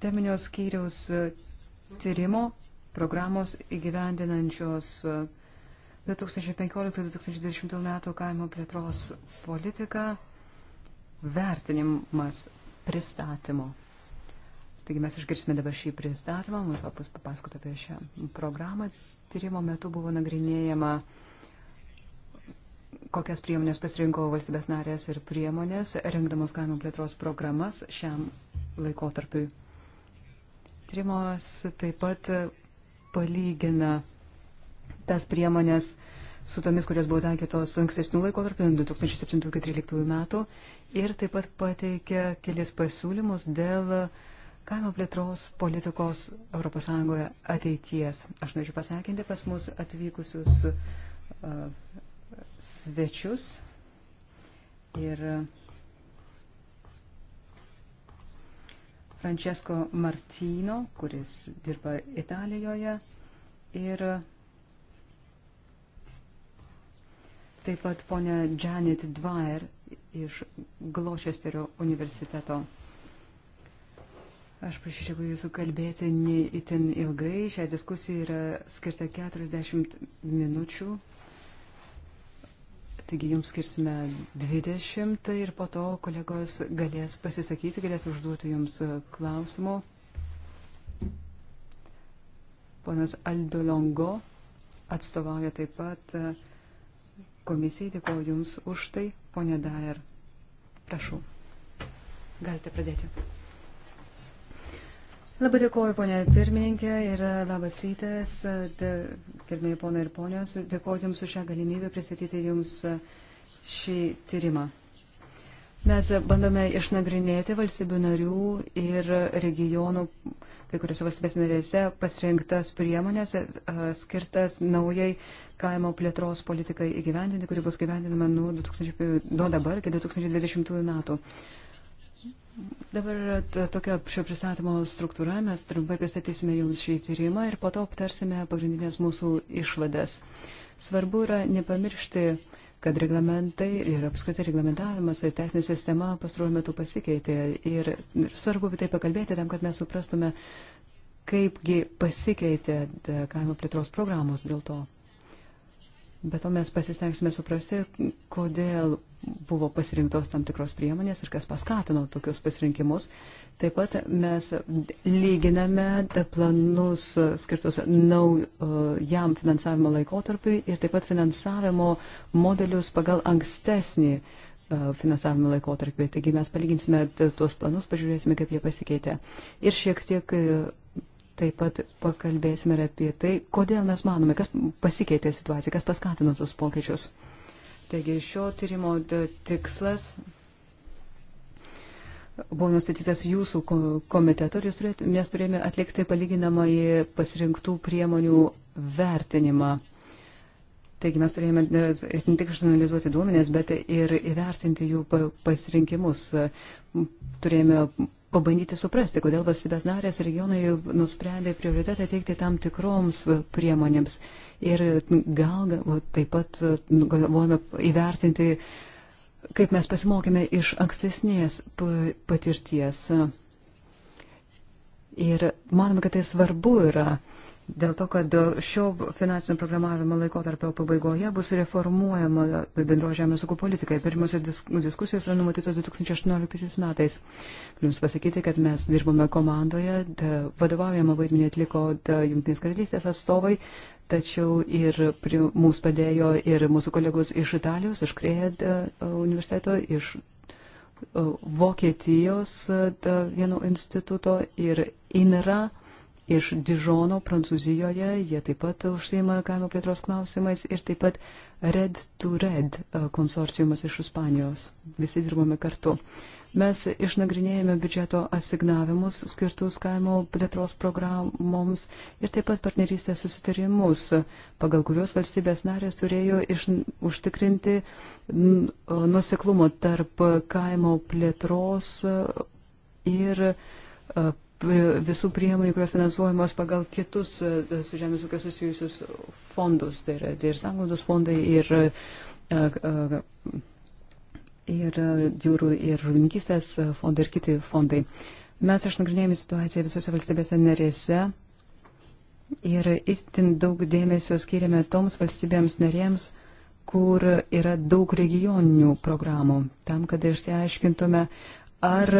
teminio skyriaus tyrimo programos įgyvendinančios uh, 2015-2020 metų kaimo plėtros politika vertinimas pristatymo. Taigi mes išgirsime dabar šį pristatymą, mums opus papasakot apie šią programą. Tyrimo metu buvo nagrinėjama, kokias priemonės pasirinko valstybės narės ir priemonės, rengdamos kaimo plėtros programas šiam laikotarpiui. Tyrimas taip pat palygina tas priemonės su tomis, kurios buvo taikytos ankstesnių laikotarpių, 2007-2013 metų, ir taip pat pateikė kelis pasiūlymus dėl kaimo plėtros politikos ES ateities. Aš norėčiau pasakinti pas mus atvykusius uh, svečius ir Francesco Martino, kuris dirba Italijoje, ir uh, Taip pat ponia Janet Dwyer iš Gloucesterio universiteto. Aš prašyčiau jūsų kalbėti ne itin ilgai. Šią diskusiją yra skirta 40 minučių. Taigi jums skirsime 20 ir po to kolegos galės pasisakyti, galės užduoti jums klausimų. Ponas Aldolongo atstovauja taip pat uh, komisijai, dėkoju Jums už tai, ponė Dair. Prašau, galite pradėti. Labai dėkoju, ponė pirmininkė, ir labas rytas, gerbėjai ponai ir ponios, dėkoju Jums už šią galimybę pristatyti Jums šį tyrimą. Mes bandome išnagrinėti valstybių narių ir regionų uh, kai kuriuose valstybės narėse pasirinktas priemonės e, skirtas naujai kaimo plėtros politikai įgyvendinti, kuri bus gyvendinama nuo, 2000, nuo dabar iki 2020 metų. Dabar tokia šio pristatymo struktūra, mes trumpai pristatysime Jums šį tyrimą ir po to aptarsime pagrindinės mūsų išvadas. Svarbu yra nepamiršti kad reglamentai ir apskritai reglamentavimas ir teisinė sistema pastaruoju metu pasikeitė. Ir, ir svarbu tai pakalbėti tam, kad mes suprastume, kaipgi pasikeitė e, kaimo plėtros programos dėl to. Bet to mes pasistengsime suprasti, kodėl buvo pasirinktos tam tikros priemonės ir kas paskatino tokius pasirinkimus. Taip pat mes lyginame planus skirtus naujam e, finansavimo laikotarpiui ir taip pat finansavimo modelius pagal ankstesnį e, finansavimo laikotarpį. Taigi mes palyginsime tuos planus, pažiūrėsime, kaip jie pasikeitė. Ir šiek tiek e, Taip pat pakalbėsime ir apie tai, kodėl mes manome, kas pasikeitė situaciją, kas paskatino tos pokyčius. Taigi šio tyrimo tikslas buvo nustatytas jūsų komiteto ir jūs turėt, mes turėjome atlikti palyginamąjį pasirinktų priemonių vertinimą. Taigi mes turėjome e, ne tik išanalizuoti duomenės, bet ir įvertinti jų pasirinkimus. Turėjome pabandyti suprasti, kodėl valstybės narės regionai nusprendė prioritetą teikti tam tikroms priemonėms. Ir gal taip pat nu, galvojame įvertinti, kaip mes pasimokėme iš ankstesnės patirties. Ir manome, kad tai svarbu yra Dėl to, kad šio finansinio programavimo laikotarpio pabaigoje bus reformuojama bendro žemės ūkio politika. Pirmosios diskusijos yra numatytos 2018 metais. Jums pasakyti, kad mes dirbome komandoje, vadovaujama vaidmenį atliko Junktinės karalystės atstovai, tačiau ir prie, mums padėjo ir mūsų kolegos iš Italijos, iš Krėd universiteto, iš Vokietijos vieno instituto ir INRA iš Dižono, Prancūzijoje. Jie taip pat užsima kaimo plėtros klausimais ir taip pat Red to Red e, konsorciumas iš Ispanijos. Visi dirbome kartu. Mes išnagrinėjame biudžeto asignavimus skirtus kaimo plėtros programoms ir taip pat partnerystės susitarimus, pagal kuriuos valstybės narės turėjo iš, užtikrinti nuseklumo tarp kaimo plėtros ir e, visų priemonių, kurios finansuojamos pagal kitus e, su žemės ūkio susijusius fondus, tai yra tai ir sanglaudos fondai, ir, e, e, ir jūrų, ir žuvininkystės fondai, ir kiti fondai. Mes išnagrinėjame situaciją visose valstybėse narėse ir itin daug dėmesio skiriame toms valstybėms narėms, kur yra daug regioninių programų, tam, kad išsiaiškintume, ar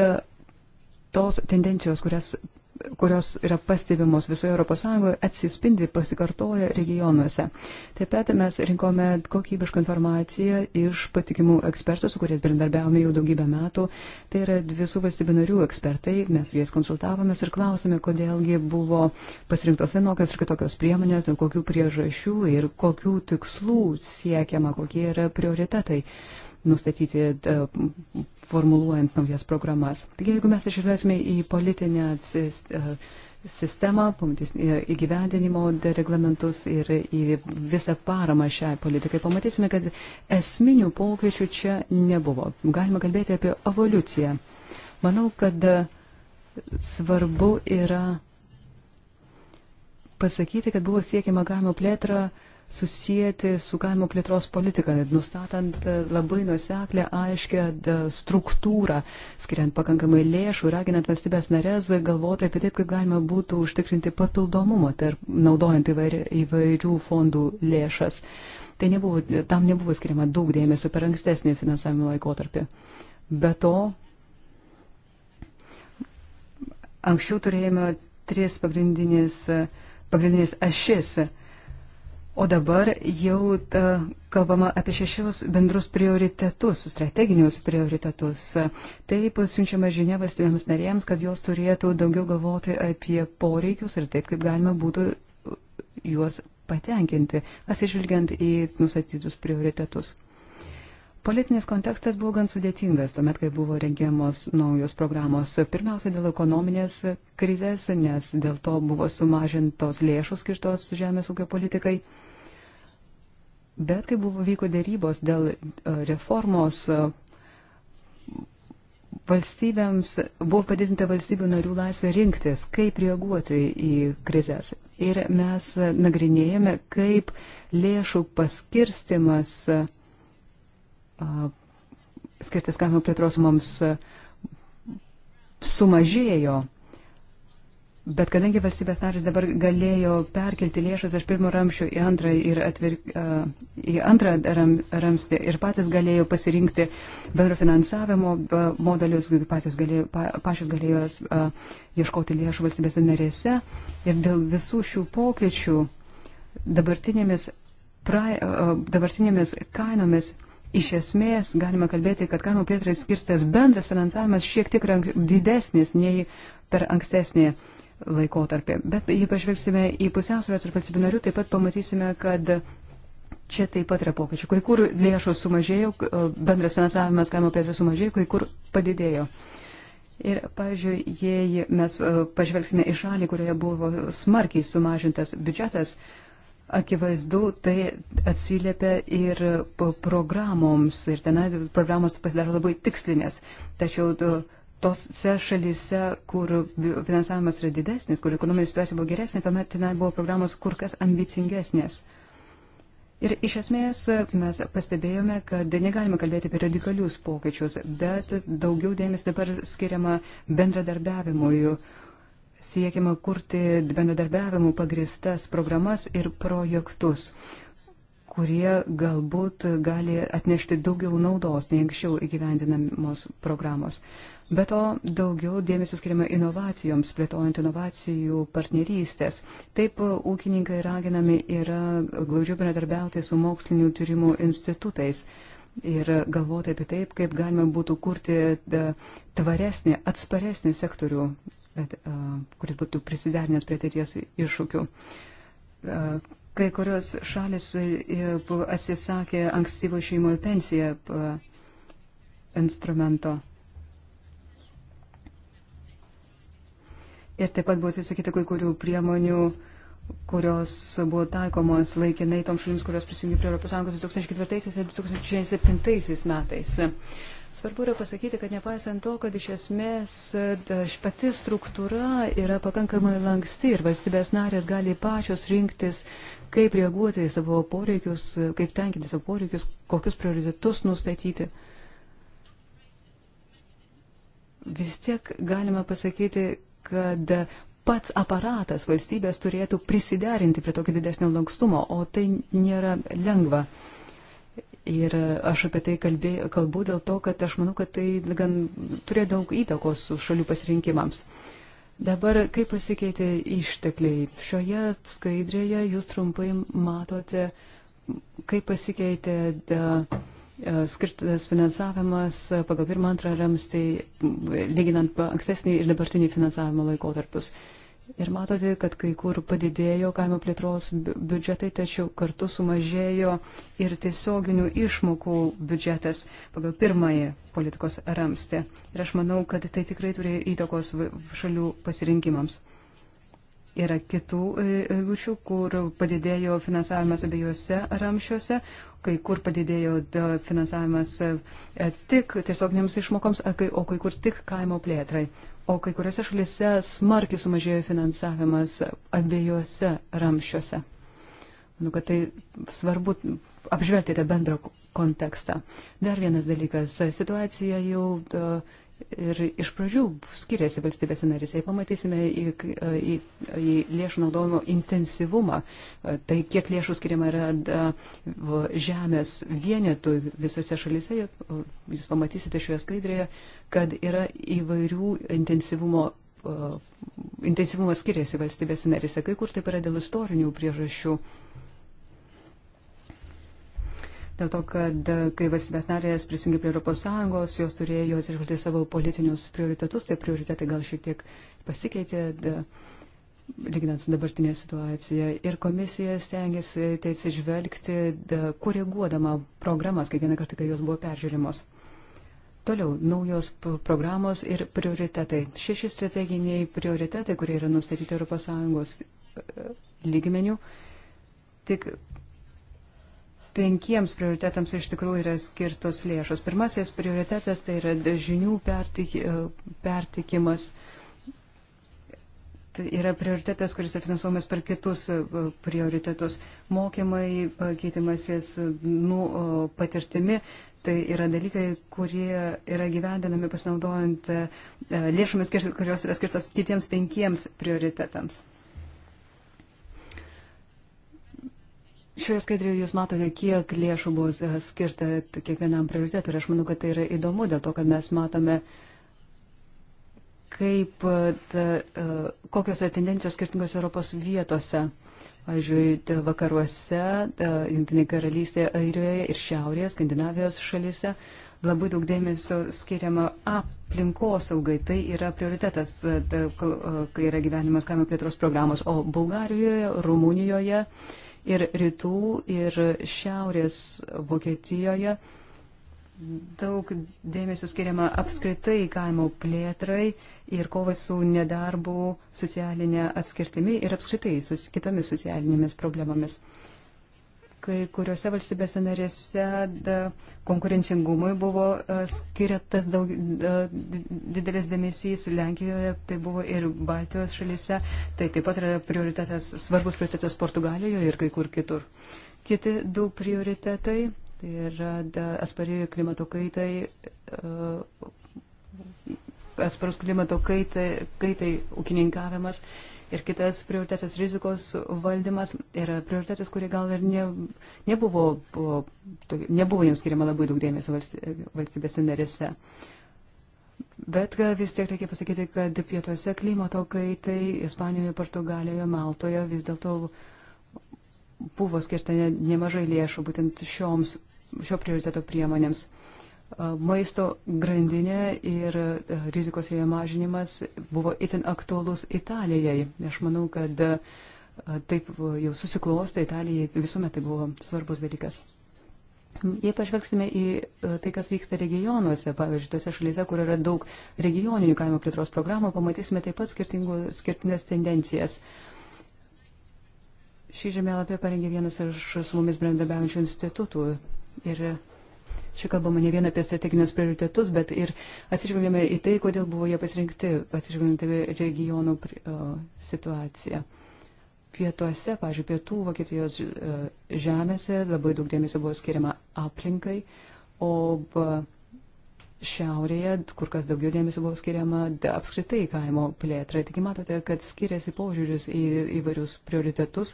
tos tendencijos, kurias, kurios yra pastebimos visoje ES, atsispindi pasikartoja regionuose. Taip pat mes rinkome kokybišką informaciją iš patikimų ekspertų, su kuriais bendarbiavome jau daugybę metų. Tai yra visų valstybių narių ekspertai, mes jais konsultavomės ir klausėme, kodėlgi buvo pasirinktos vienokios ir kitokios priemonės, dėl kokių priežasčių ir kokių tikslų siekiama, kokie yra prioritetai nustatyti e, formuluojant naujas programas. Taigi, jeigu mes išrėsime į politinę e, sistemą, įgyvendinimo reglamentus ir į visą paramą šiai politikai, pamatysime, kad esminių pokyčių čia nebuvo. Galima kalbėti apie evoliuciją. Manau, kad svarbu yra pasakyti, kad buvo siekiama kaimo plėtra susijęti su kaimo plėtros politika, nustatant e, labai nuseklę, aiškę struktūrą, skiriant pakankamai lėšų, raginant valstybės narės galvoti apie taip, kaip galima būtų užtikrinti papildomumą, tarp, naudojant įvairių fondų lėšas. Tai nebuvo, tam nebuvo skiriama daug dėmesio per ankstesnį finansavimo laikotarpį. Be to, anksčiau turėjome tris pagrindinės, pagrindinės ašis O dabar jau ta, kalbama apie šešius bendrus prioritetus, strateginius prioritetus. Taip siunčiama žinia valstybėms narėms, kad jos turėtų daugiau galvoti apie poreikius ir taip, kaip galima būtų juos patenkinti, atsižvelgiant į nusatytus prioritetus. Politinis kontekstas buvo gan sudėtingas, tuomet, kai buvo rengiamos naujos programos. Pirmiausia, dėl ekonominės krizės, nes dėl to buvo sumažintos lėšos skirtos žemės ūkio politikai. Bet kai buvo vyko dėrybos dėl e, reformos, e, valstybėms buvo padidinta valstybių narių laisvė rinktis, kaip reaguoti į krizės. Ir mes nagrinėjame, kaip lėšų paskirstimas e, skirtas kaimo plėtros mums sumažėjo Bet kadangi valstybės narys dabar galėjo perkelti lėšas iš pirmo ramščio į antrą ir atvir, uh, į antrą ram, ramstį ir patys galėjo pasirinkti bendro finansavimo uh, modelius, patys galėjo, pa, pačios galėjo uh, ieškoti lėšų valstybės narėse. Ir dėl visų šių pokyčių dabartinėmis, pra, uh, dabartinėmis kainomis iš esmės galima kalbėti, kad kaimo plėtrai skirtas bendras finansavimas šiek tiek didesnis nei per ankstesnį laikotarpį. Bet jei pažvelgsime į pusiausvyrą tarp atsibinarių, taip pat pamatysime, kad čia taip pat yra pokyčių. Kai kur lėšos sumažėjo, bendras finansavimas kaimo plėtrai sumažėjo, kai kur padidėjo. Ir, pavyzdžiui, jei mes e, pažvelgsime į šalį, kurioje buvo smarkiai sumažintas biudžetas, akivaizdu, tai atsiliepia ir programoms, ir ten programos pasidaro labai tikslinės. Tačiau e, tose šalise, kur finansavimas yra didesnis, kur ekonominė situacija buvo geresnė, tuomet ten buvo programos kur kas ambicingesnės. Ir iš esmės mes pastebėjome, kad negalime kalbėti apie radikalius pokyčius, bet daugiau dėmesio dabar skiriama bendradarbiavimui, siekiama kurti bendradarbiavimų pagristas programas ir projektus kurie galbūt gali atnešti daugiau naudos nei anksčiau įgyvendinamos programos. Be to, daugiau dėmesio skiriama inovacijoms, plėtojant inovacijų partnerystės. Taip, ūkininkai raginami yra glaudžiau bendradarbiauti su mokslinių tyrimų institutais ir galvoti apie taip, kaip galima būtų kurti e, tvaresnį, atsparesnį sektorių, e, kuris būtų prisidernęs prie ateities iššūkių. E, kai kurios šalis atsisakė ankstyvo šeimoje pensiją instrumento. Ir taip pat buvo atsisakyta kai kurių priemonių, kurios buvo taikomos laikinai toms šalims, kurios prisijungė prie ES 2004 ir 2007 metais. Svarbu yra pasakyti, kad nepaisant to, kad iš esmės pati struktūra yra pakankamai lanksti ir valstybės narės gali pačios rinktis, kaip reaguoti į savo poreikius, kaip tenkinti savo poreikius, kokius prioritetus nustatyti vis tiek galima pasakyti, kad pats aparatas valstybės turėtų prisiderinti prie tokio didesnio lankstumo, o tai nėra lengva. Ir aš apie tai kalbė, kalbu dėl to, kad aš manau, kad tai gan turėjo daug įtakos šalių pasirinkimams. Dabar, kaip pasikeitė ištekliai? Šioje skaidrėje jūs trumpai matote, kaip pasikeitė. Da, de E, skirtas finansavimas pagal pirmą antrą ramstį, lyginant ankstesnį ir dabartinį finansavimo laikotarpius. Ir matote, kad kai kur padidėjo kaimo plėtros biudžetai, tačiau kartu sumažėjo ir tiesioginių išmokų biudžetas pagal pirmąjį politikos ramstį. Ir aš manau, kad tai tikrai turėjo įtakos šalių pasirinkimams. Yra kitų lūšių, e, e, kur padidėjo finansavimas abiejose ramšiuose, kai kur padidėjo finansavimas e, tik tiesioginėms išmokoms, o kai kur tik kaimo plėtrai. O kai kuriuose šalise smarkiai sumažėjo finansavimas abiejose ramščiuose. Manau, kad tai svarbu apžvelgti tą bendrą kontekstą. Dar vienas dalykas. Situacija jau. Uh, Ir iš pradžių skiriasi valstybės narys. Jei pamatysime į, į, į lėšų naudojimo intensyvumą, tai kiek lėšų skiriama yra žemės vienetų visose šalise, jūs pamatysite šioje skaidrėje, kad yra įvairių intensyvumo. E, intensyvumas skiriasi valstybės narėse, kai kur taip yra dėl istorinių priežasčių. Uh, dėl to, kad e, kai valstybės narės prisijungė prie ES, jos turėjo atsižvelgti savo politinius prioritetus, tai prioritetai gal šiek tiek pasikeitė, lyginant su dabartinė situacija. Ir komisija stengiasi tai atsižvelgti, koreguodama programas kiekvieną kartą, kai jos buvo peržiūrimos. Toliau naujos programos ir prioritetai. Šeši strateginiai prioritetai, kurie yra nustatyti ES e, lygmenių, tik penkiems prioritetams iš tikrųjų yra skirtos lėšos. Pirmasis prioritetas tai yra žinių pertik, e, pertikimas. Tai yra prioritetas, kuris yra finansuojamas per kitus e, e, prioritetus. Mokymai, keitimasis nu, patirtimi, tai yra dalykai, kurie yra gyvendinami pasinaudojant lėšomis, kurios yra skirtos kitiems penkiems prioritetams. Šioje skaidrėje jūs matote, kiek lėšų bus e, skirta kiekvienam prioritetui ir aš manau, kad tai yra įdomu dėl to, kad mes matome, kaip, e, ta, e, kokios yra tendencijos skirtingos Europos vietose. Pavyzdžiui, vakaruose, Junktinėje karalystėje, Airijoje ir Šiaurėje, Skandinavijos šalyse labai daug dėmesio skiriama aplinkosaugai. Tai yra prioritetas, kai yra gyvenimas kaimo plėtros programos. O Bulgarijoje, Rumunijoje. Uh, ir rytų, ir šiaurės Vokietijoje. Daug dėmesio skiriama apskritai kaimo plėtrai ir kovai su nedarbu, socialinė atskirtimi ir apskritai su kitomis socialinėmis problemomis kai kuriuose valstybėse narėse konkurencingumui buvo e, skiriatas daug, didelis dėmesys Lenkijoje, tai buvo ir Baltijos šalyse, tai taip pat yra prioritetas, svarbus prioritetas Portugalijoje ir kai kur kitur. Kiti du prioritetai tai yra aspariai klimato kaitai. E, Asparus klimato kaitai, kaitai ūkininkavimas ir kitas prioritetas rizikos valdymas yra prioritetas, kurį gal ir ne, nebuvo, buvo, nebuvo jiems skiriama labai daug dėmesio valstybėse narėse. Bet vis tiek reikia pasakyti, kad pietuose klimato kaitai Ispanijoje, Portugalijoje, Maltoje vis dėlto buvo skirta nemažai lėšų būtent šioms, šio prioriteto priemonėms maisto grandinė ir rizikos joje mažinimas buvo itin aktuolus Italijai. Aš manau, kad taip jau susiklostė Italijai, visuomet tai buvo svarbus dalykas. Jei pažvelgsime į tai, kas vyksta regionuose, pavyzdžiui, tose šalyse, kur yra daug regioninių kaimo plėtros programų, pamatysime taip pat skirtingas tendencijas. Šį žemėlapį parengė vienas iš su mumis bendrabiaujančių institutų ir Čia kalbama ne vien apie strateginius prioritetus, bet ir atsižvelgiame į tai, kodėl buvo jie pasirinkti, atsižvelgiant regionų situaciją. Pietuose, pažiūrėjau, pietų Vokietijos žemėse labai daug dėmesio buvo skiriama aplinkai, o šiaurėje, kur kas daugiau dėmesio buvo skiriama apskritai kaimo plėtrai. Tik matote, kad skiriasi požiūris į įvairius prioritetus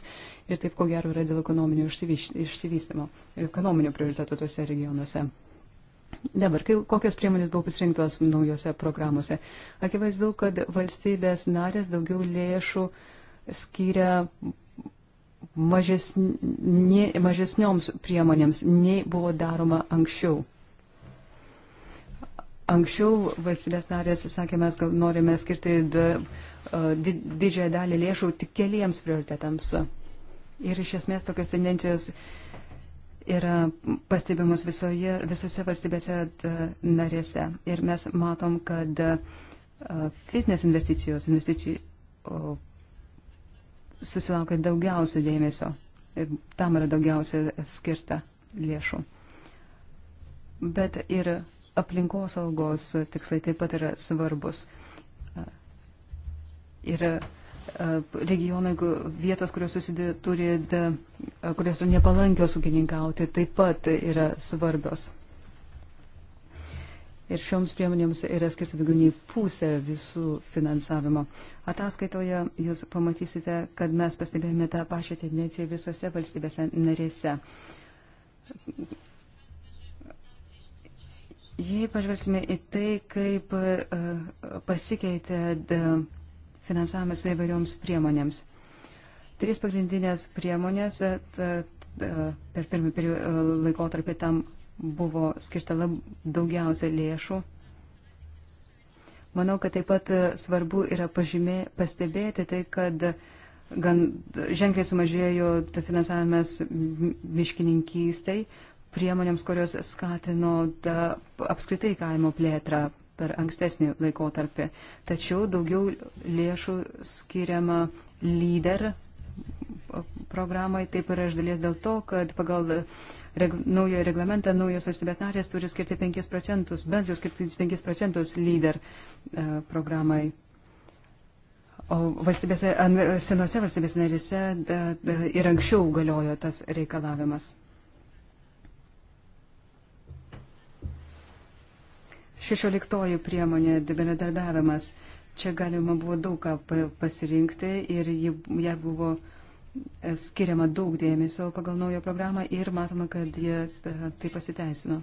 ir taip ko gero yra dėl ekonominio išsivystimo, ekonominio prioriteto tuose regionuose. Dabar, kai, kokios priemonės buvo pasirinktos naujose programuose? Akivaizdu, kad valstybės narės daugiau lėšų skiria mažesni, mažesnioms priemonėms, nei buvo daroma anksčiau. Anksčiau valstybės narės sakė, mes norime skirti didžiąją dalį lėšų tik keliems prioritetams. Ir iš esmės tokios tendencijos yra pastebimos visoje, visose valstybėse narėse. Ir mes matom, kad fizinės investicijos, investicijų susilaukia daugiausia dėmesio ir tam yra daugiausia skirta lėšų. Bet ir aplinkosaugos tikslai taip pat yra svarbus. Yra regionai, vietos, kurios susidė, turi, kurios nepalankios ūkininkauti, taip pat yra svarbios. Ir šioms priemonėms yra skirta daugiau nei pusė visų finansavimo. Ataskaitoje jūs pamatysite, kad mes pastebėjome tą pačią tendenciją visose valstybėse narėse. Jei pažvelgsime į tai, kaip e, pasikeitė finansavimas įvairioms priemonėms. Trys pagrindinės priemonės e, per pirmą e, laikotarpį tam buvo skirta lab, daugiausia lėšų. Manau, kad taip pat svarbu yra pažymė, pastebėti tai, kad gan ženkliai sumažėjo finansavimas miškininkystai, priemonėms, kurios skatino da, apskritai kaimo plėtrą per ankstesnį laikotarpį. Tačiau daugiau lėšų skiriama lyder programai, taip yra iš dalies dėl to, kad pagal reg, naują reglamentą naujos valstybės narės turi skirti 5 procentus, bent jau skirti 5 procentus lyder uh, programai. O valstybėse, senose valstybės narėse da, da, ir anksčiau galiojo tas reikalavimas. Šešioliktoji priemonė - bendradarbiavimas. Čia galima buvo daug ką pasirinkti ir ją buvo e, skiriama daug dėmesio pagal naują programą ir matoma, kad jie e, tai pasiteisino.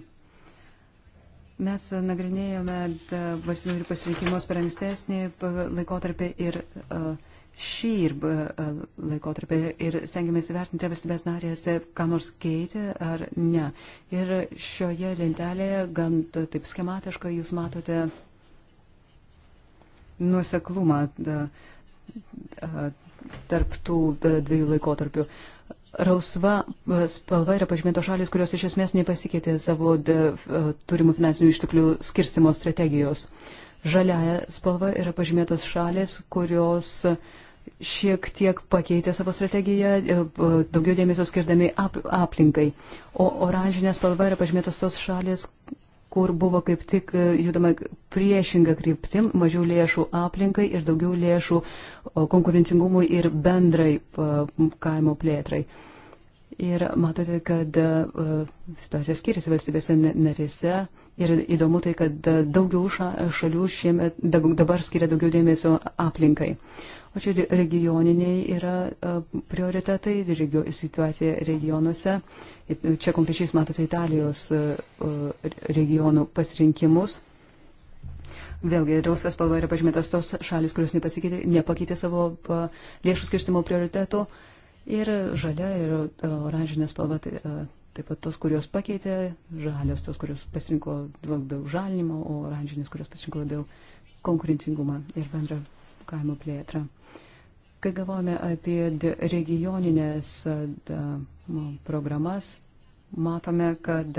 Mes nagrinėjome e, valstybių pasirinkimus per ankstesnį laikotarpį ir uh, šį ir e, laikotarpį ir stengiamės įvertinti, ar valstybės narės e, ką nors keitė ar ne. Ir šioje lentelėje gan taip schematiškai jūs matote nuseklumą tarp tų dviejų laikotarpių. Rausva e, spalva yra pažymėtos šalis, kurios iš esmės nepasikeitė savo turimų finansinių išteklių skirstimo strategijos. Žaliaja spalva yra pažymėtos šalis, kurios uh, šiek tiek pakeitė savo strategiją, e, e, daugiau dėmesio skirdami aplinkai. O oranžinė spalva yra pažymėtos tos šalis, kur buvo kaip tik e, judama priešinga kryptim, mažiau lėšų aplinkai ir daugiau lėšų konkurencingumui ir bendrai kaimo plėtrai. Ir matote, kad situacija skiriasi valstybėse narėse. Ir įdomu tai, kad daugiau šalių šiemet dabar skiria daugiau dėmesio aplinkai o čia regioniniai yra e, prioritetai, regio, situacija regionuose. Čia konkrečiai jūs matote Italijos e, regionų pasirinkimus. Vėlgi, rausvas spalva yra pažymėtos tos šalis, kurios nepakeitė savo e, lėšų skirstimo prioritetų. Ir žalia ir oranžinė spalva, tai, taip pat tos, kurios pakeitė, žalios tos, kurios pasirinko labiau žalinimo, o oranžinės, kurios pasirinko labiau konkurencingumą ir bendrą kaimo plėtrą. Kai galvojame apie regioninės programas, matome, kad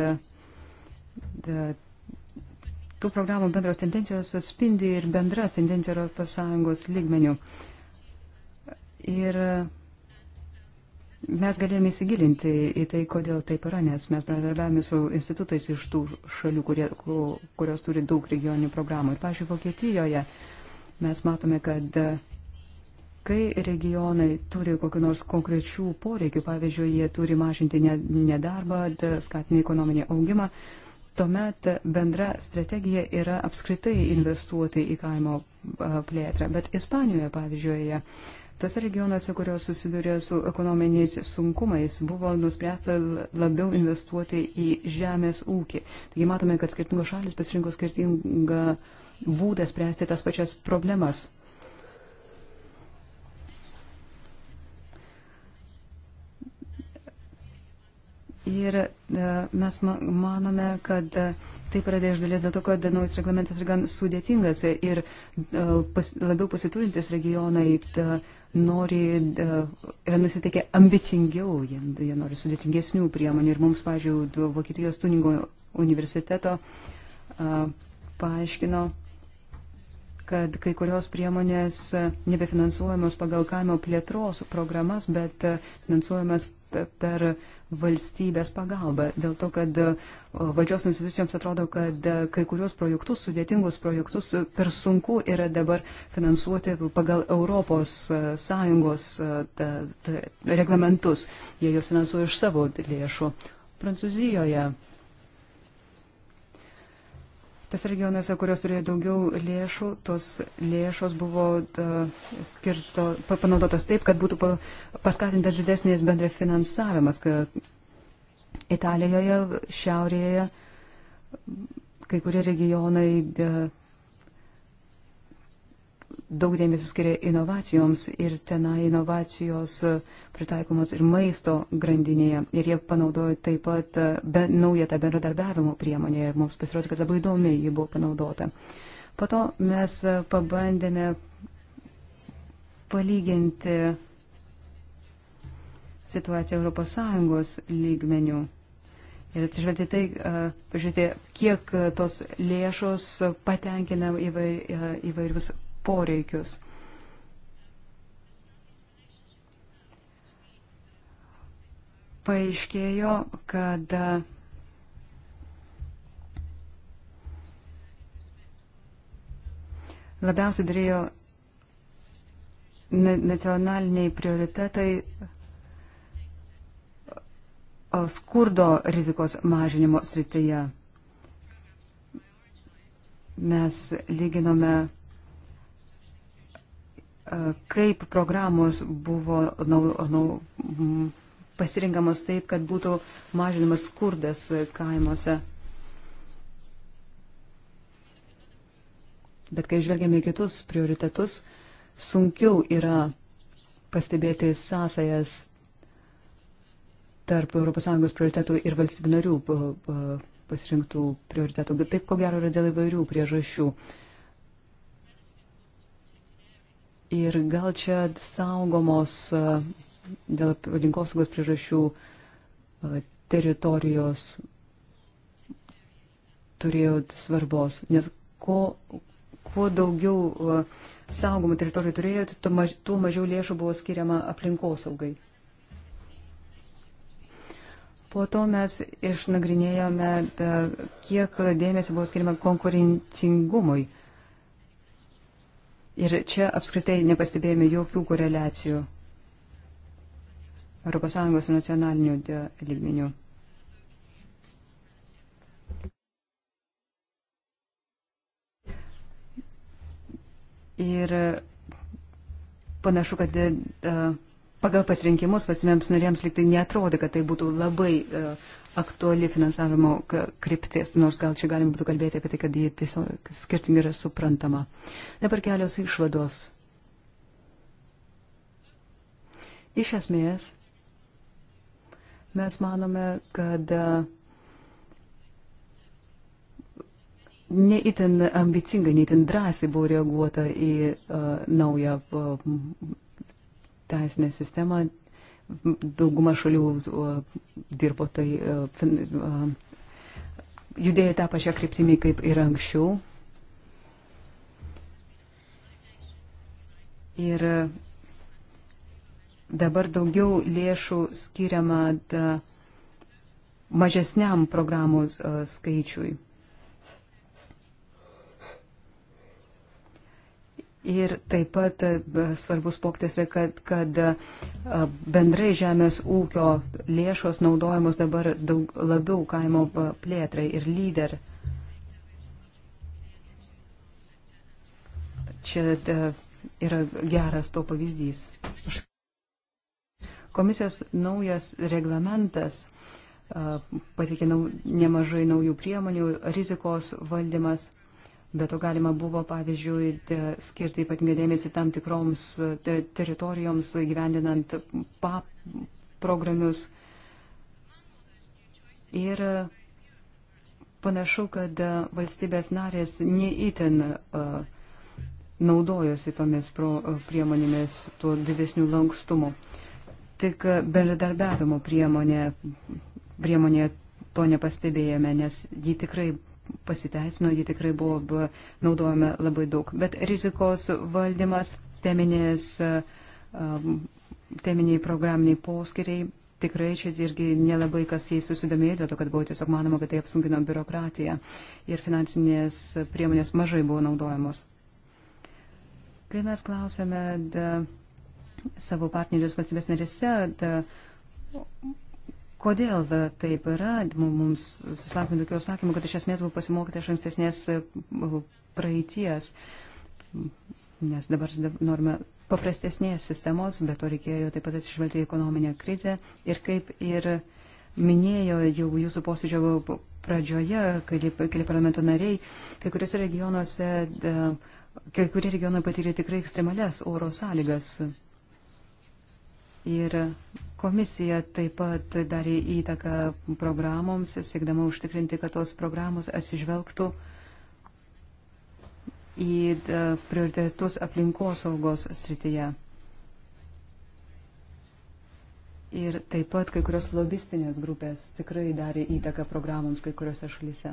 tų programų bendros tendencijos atspindi ir bendras tendencijos Europos Sąjungos lygmenių. Ir mes galėjome įsigilinti į tai, kodėl taip yra, nes mes bendradarbiavame su institutais iš tų šalių, kurie, kurios turi daug regioninių programų. Ir, pažiūrėjau, Vokietijoje mes matome, kad e, kai regionai turi kokiu nors konkrečių poreikių, pavyzdžiui, jie turi mažinti nedarbą, skatinti ekonominį augimą, tuomet bendra strategija yra apskritai investuoti į kaimo plėtrą. Bet Ispanijoje, pavyzdžiui, tose regionuose, kurios susidurė su ekonominiais sunkumais, buvo nuspręsta labiau investuoti į žemės ūkį. Taigi matome, kad skirtingos šalis pasirinko skirtingą būdą spręsti tas pačias problemas. Ir e, mes manome, kad e, taip yra iš dalies dėl to, kad naujas reglamentas yra gan sudėtingas ir e, pas, labiau pasiturintis regionai ta, nori, yra nusiteikę ambicingiau, jie, jie nori sudėtingesnių priemonių. Ir mums, pažiūrėjau, Vokietijos Tuningo universiteto a, paaiškino, kad kai kurios priemonės nebefinansuojamos pagal kaimo plėtros programas, bet finansuojamas per valstybės pagalbą. Dėl to, kad e, valdžios institucijoms atrodo, kad e, kai kurios projektus, sudėtingus projektus, e, per sunku yra dabar finansuoti pagal Europos Sąjungos ta, ta, reglamentus. Jie juos finansuoja iš savo lėšų. Prancūzijoje Tas regionuose, kurios turėjo daugiau lėšų, tos lėšos buvo e, skirto, panaudotos taip, kad būtų paskatintas didesnės bendra finansavimas. Italijoje, šiaurėje, kai kurie regionai e, daug dėmesio skiria inovacijoms ir tenai inovacijos pritaikomos ir maisto grandinėje. Ir jie panaudojo taip pat e, be, naują tą bendradarbiavimo priemonę ir mums pasirodė, kad labai įdomi ji buvo panaudota. Po to mes e, pabandėme palyginti situaciją ES lygmenių. Ir atsižvelgti tai, e, pažiūrėti, kiek tos lėšos patenkina įvairius poreikius. Paaiškėjo, kad uh, labiausiai dėrėjo nacionaliniai prioritetai uh, skurdo rizikos mažinimo srityje. Mes lyginome kaip programos buvo nau, nau, pasirinkamos taip, kad būtų mažinamas skurdas kaimuose. Bet kai žvelgiame į kitus prioritetus, sunkiau yra pastebėti sąsajas tarp ES prioritetų ir valstybių narių pasirinktų prioritetų. Taip, ko gero, yra dėl įvairių priežasčių. Uh, Ir gal čia saugomos e, dėl aplinkosaugos priežasčių e, teritorijos turėjo svarbos, nes ko, kuo daugiau e, saugomų teritorijų turėjo, tuo, maž, tuo mažiau lėšų buvo skiriama aplinkosaugai. Po to mes išnagrinėjome, kiek dėmesio buvo skiriama konkurencingumui. Ir čia apskritai nepastebėjome jokių koreliacijų ES nacionalinių lygmenių. Ir panašu, kad e, pagal pasirinkimus valstybėms narėms liktai netrodo, kad tai būtų labai uh, aktuali finansavimo kryptis, nors gal čia galima būtų kalbėti apie tai, kad jie tiesiog skirtingai yra suprantama. Dabar kelios išvados. Iš esmės, mes manome, kad e, neįtin ambicingai, neįtin drąsiai buvo reaguota į uh, naują uh, teisinę sistemą dauguma šalių dirbo tai, judėjo tą pačią kryptimį kaip ir anksčiau. Ir dabar daugiau lėšų skiriama da, mažesniam programų skaičiui. Ir taip pat e, svarbus poktis yra, kad, kad e, bendrai žemės ūkio lėšos naudojamos dabar daug, labiau kaimo e, plėtrai ir lyder. Čia yra geras to pavyzdys. Komisijos naujas reglamentas patikė nemažai naujų priemonių, rizikos valdymas. Bet to galima buvo, pavyzdžiui, skirti ypatingą dėmesį tam tikroms teritorijoms, gyvendinant PAP programius. Ir panašu, kad valstybės narės neįtin naudojosi tomis priemonėmis tuo didesniu lankstumu. Tik bendradarbiavimo priemonė, priemonė to nepastebėjome, nes ji tikrai pasiteisino, jį tikrai buvo naudojama labai daug. Bet rizikos valdymas, teminės, um, teminiai programiniai poskiriai, tikrai čia irgi nelabai kas jais susidomėjo, dėl to, kad buvo tiesiog manoma, kad tai apsunkino biurokratiją ir finansinės priemonės mažai buvo naudojamos. Kai mes klausėme da, savo partnerius valstybės narise, da, Kodėl taip yra? Mums susilaukime tokių atsakymų, kad iš esmės buvo pasimokyti iš ankstesnės e, praeities, nes dabar norime paprastesnės sistemos, bet to reikėjo taip pat atsižvelgti į ekonominę krizę ir kaip ir minėjo jau jūsų posėdžio pradžioje, keli, keli parlamento nariai, kai kuriuose regionuose, kai kurie regionai patyrė tikrai ekstremales oro sąlygas. Ir Komisija taip pat darė įtaką programoms, siekdama užtikrinti, kad tos programos atsižvelgtų į e, prioritetus aplinkosaugos srityje. Ir taip pat kai kurios lobistinės grupės tikrai darė įtaką programoms kai kuriuose šalyse.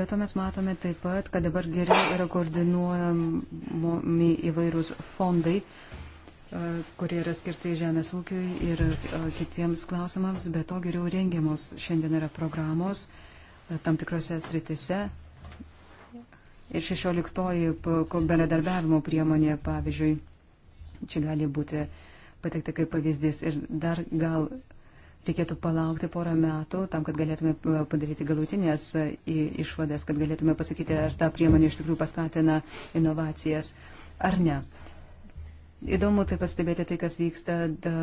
Bet to mes matome taip pat, kad dabar geriau yra koordinuojami įvairūs fondai, uh, kurie yra skirti žemės ūkiui ir e, kitiems klausimams, bet to geriau rengiamos šiandien yra programos e, tam tikrose sritise. Ir šešioliktoji bendradarbiavimo priemonė, pavyzdžiui, čia gali būti patekta kaip pavyzdys. Ir dar gal reikėtų palaukti porą metų tam, kad galėtume e, padaryti galutinės išvadas, kad galėtume pasakyti, ar ta priemonė iš tikrųjų paskatina inovacijas ar ne. Įdomu taip pastebėti tai, kas vyksta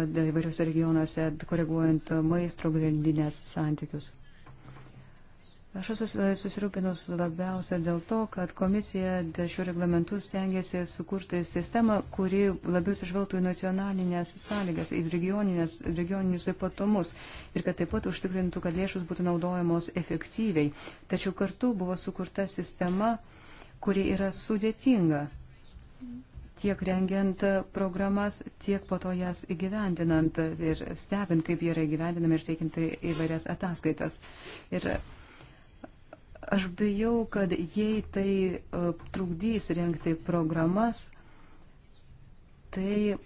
įvairiuose regionuose, koreguojant maisto grandinės santykius. Aš esu susirūpinus labiausia dėl to, kad komisija dėl šių reglamentų stengiasi sukurti sistemą, kuri labiau sižvelgtų į nacionalinės sąlygas, į regioninius ypatumus ir kad taip pat užtikrintų, kad lėšus būtų naudojamos efektyviai. Tačiau kartu buvo sukurta sistema, kuri yra sudėtinga tiek rengiant programas, tiek po to jas įgyvendinant ir stebint, kaip jie yra įgyvendinami ir teikiant tai įvairias ataskaitas. Ir aš bijau, kad jei tai e, trukdys rengti programas, tai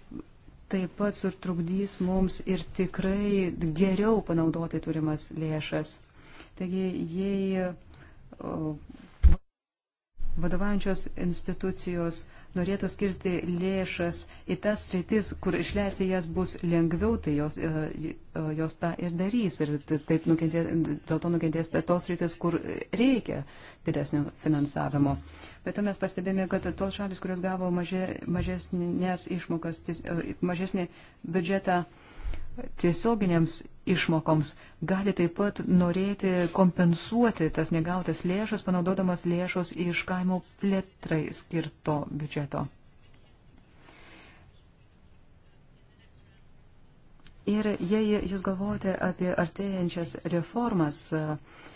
taip pat sutrukdys mums ir tikrai geriau panaudoti turimas lėšas. Taigi, jei vadovaujančios institucijos uh, norėtų skirti lėšas į tas sritis, kur išleisti jas bus lengviau, tai jos, e, e, jos tą ir darys. Ir taip nukentės, dėl to nukentės tos sritis, kur reikia didesnio finansavimo. Bet to mes pastebėjome, kad tos šalis, kurios gavo mažė, mažesnės išmokas, e, mažesnį biudžetą, tiesioginėms išmokoms gali taip pat norėti kompensuoti tas negautas lėšas, panaudodamas lėšos iš kaimo plėtrai skirto biudžeto. Ir jei jūs galvojate apie artėjančias reformas, uh,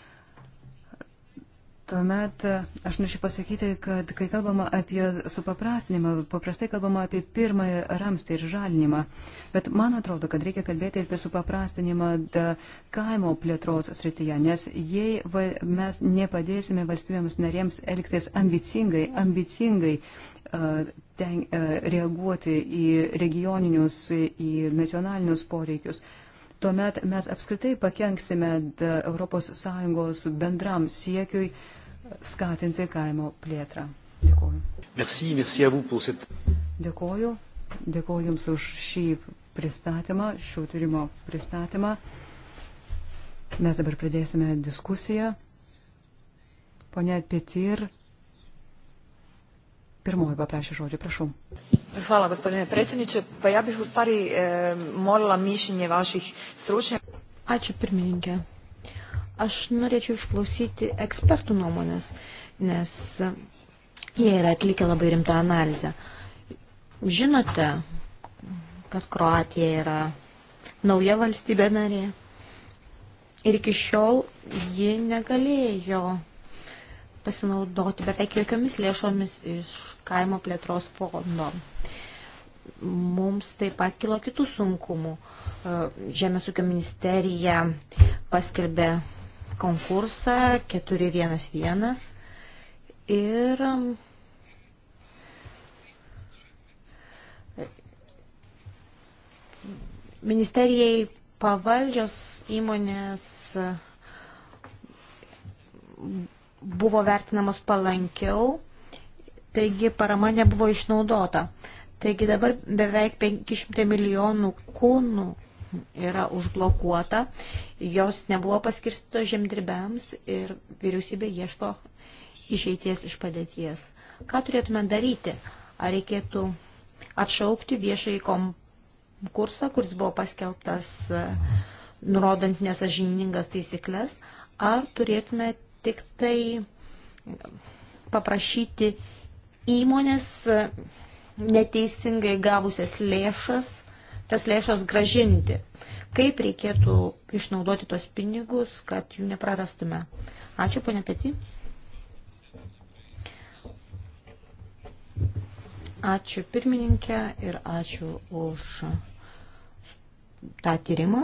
Tuomet e, aš norėčiau pasakyti, kad kai kalbama apie supaprastinimą, paprastai kalbama apie pirmąją ramstį ir žalinimą. Bet man atrodo, kad reikia kalbėti ir apie supaprastinimą kaimo plėtros srityje, nes jei va, mes nepadėsime valstybėms narėms elgtis ambicingai, ambicingai uh, ten, uh, reaguoti į regioninius, į nacionalinius poreikius, tuomet mes apskritai pakenksime ES bendram siekiui uh, skatinti kaimo plėtrą. Dėkuoju. Merci, merci cette... Dėkuoju. Dėkuoju Jums už šį pristatymą, šio tyrimo pristatymą. Mes dabar pradėsime diskusiją. Pone Pietir, pirmoji paprašė žodžio, prašau. Hvala, gospodine predsjedniče. Pa ja bih u stvari e, molila mišljenje vaših stručnjaka. Ačiū pirmininkė. Aš norėčiau išklausyti ekspertų nuomonės, nes jie yra atlikę labai rimtą analizę. Žinote, kad Kroatija yra nauja valstybė narė ir iki šiol ji negalėjo pasinaudoti beveik jokiomis lėšomis iš kaimo plėtros fondo mums taip pat kilo kitų sunkumų. Žemės ūkio ministerija paskelbė konkursą 411 ir um, ministerijai pavaldžios įmonės uh, buvo vertinamos palankiau, taigi parama nebuvo išnaudota. Taigi dabar beveik 500 milijonų kūnų yra užblokuota, jos nebuvo paskirstytos žemdirbėms ir vyriausybė ieško išeities iš padėties. Ką turėtume daryti? Ar reikėtų atšaukti viešai konkursą, kuris buvo paskelbtas e, nurodant nesažiningas taisyklės, ar turėtume tik tai paprašyti įmonės e, neteisingai gavusias lėšas tas lėšas gražinti. Kaip reikėtų išnaudoti tos pinigus, kad jų neprarastume. Ačiū, ponia Peti. Ačiū pirmininkė ir ačiū už tą tyrimą.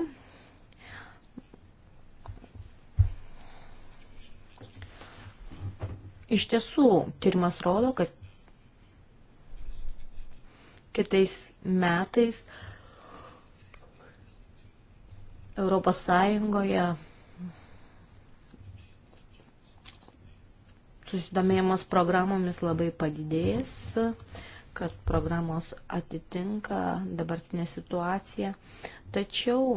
Iš tiesų, tyrimas rodo, kad kitais metais uh, Europos Sąjungoje susidomėjimas programomis labai padidėjęs, kad programos atitinka dabartinę situaciją. Tačiau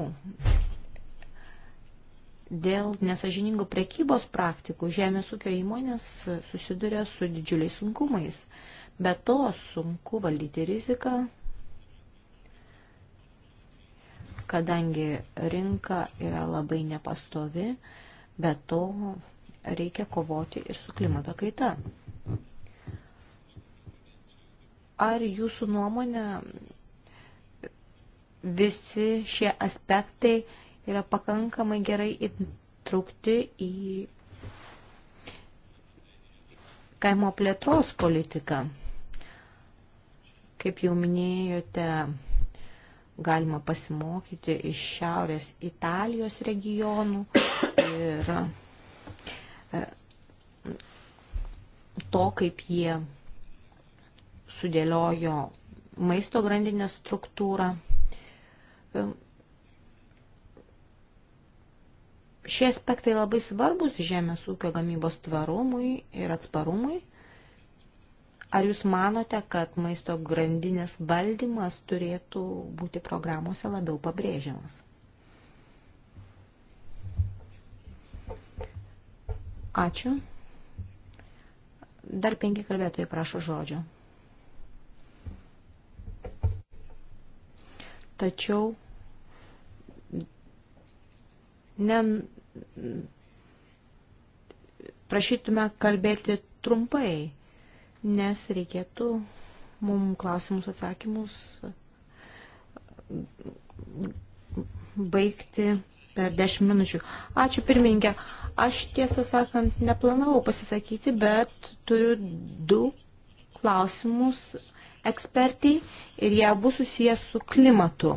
dėl nesažiningų prekybos praktikų žemės ūkio įmonės susiduria su didžiuliais sunkumais. Be to sunku valdyti riziką, kadangi rinka yra labai nepastovi, bet to reikia kovoti ir su klimato kaita. Ar jūsų nuomonė visi šie aspektai yra pakankamai gerai įtraukti į kaimo plėtros politiką? Kaip jau minėjote, galima pasimokyti iš Šiaurės Italijos regionų ir e, to, kaip jie sudėliojo maisto grandinę struktūrą. E, šie aspektai labai svarbus žemės ūkio gamybos tvarumui ir atsparumui. Ar jūs manote, kad maisto grandinės valdymas turėtų būti programuose labiau pabrėžiamas? Ačiū. Dar penki kalbėtojai prašo žodžio. Tačiau ne, prašytume kalbėti trumpai, nes reikėtų mum klausimus atsakymus baigti per 10 minučių. Ačiū pirmininkė. Aš tiesą sakant neplanavau pasisakyti, bet turiu du klausimus ekspertai ir jie abu susijęs su klimatu.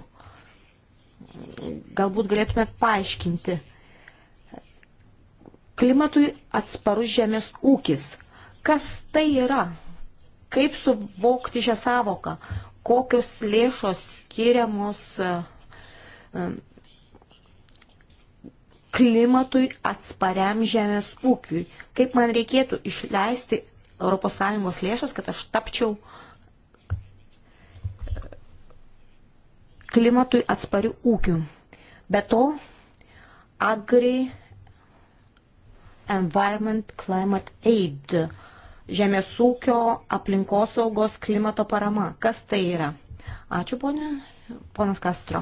Galbūt galėtumėt paaiškinti. Klimatui atsparus žemės ūkis. Kas tai yra? Kaip suvokti šią savoką? Kokios lėšos skiriamos e, e, klimatui atspariam žemės ūkiui? Kaip man reikėtų išleisti ES lėšas, kad aš tapčiau e, klimatui atsparių ūkių? Be to, Agri Environment Climate Aid žemės ūkio, aplinkosaugos, klimato parama. Kas tai yra? Ačiū, ponė. Ponas Kastro.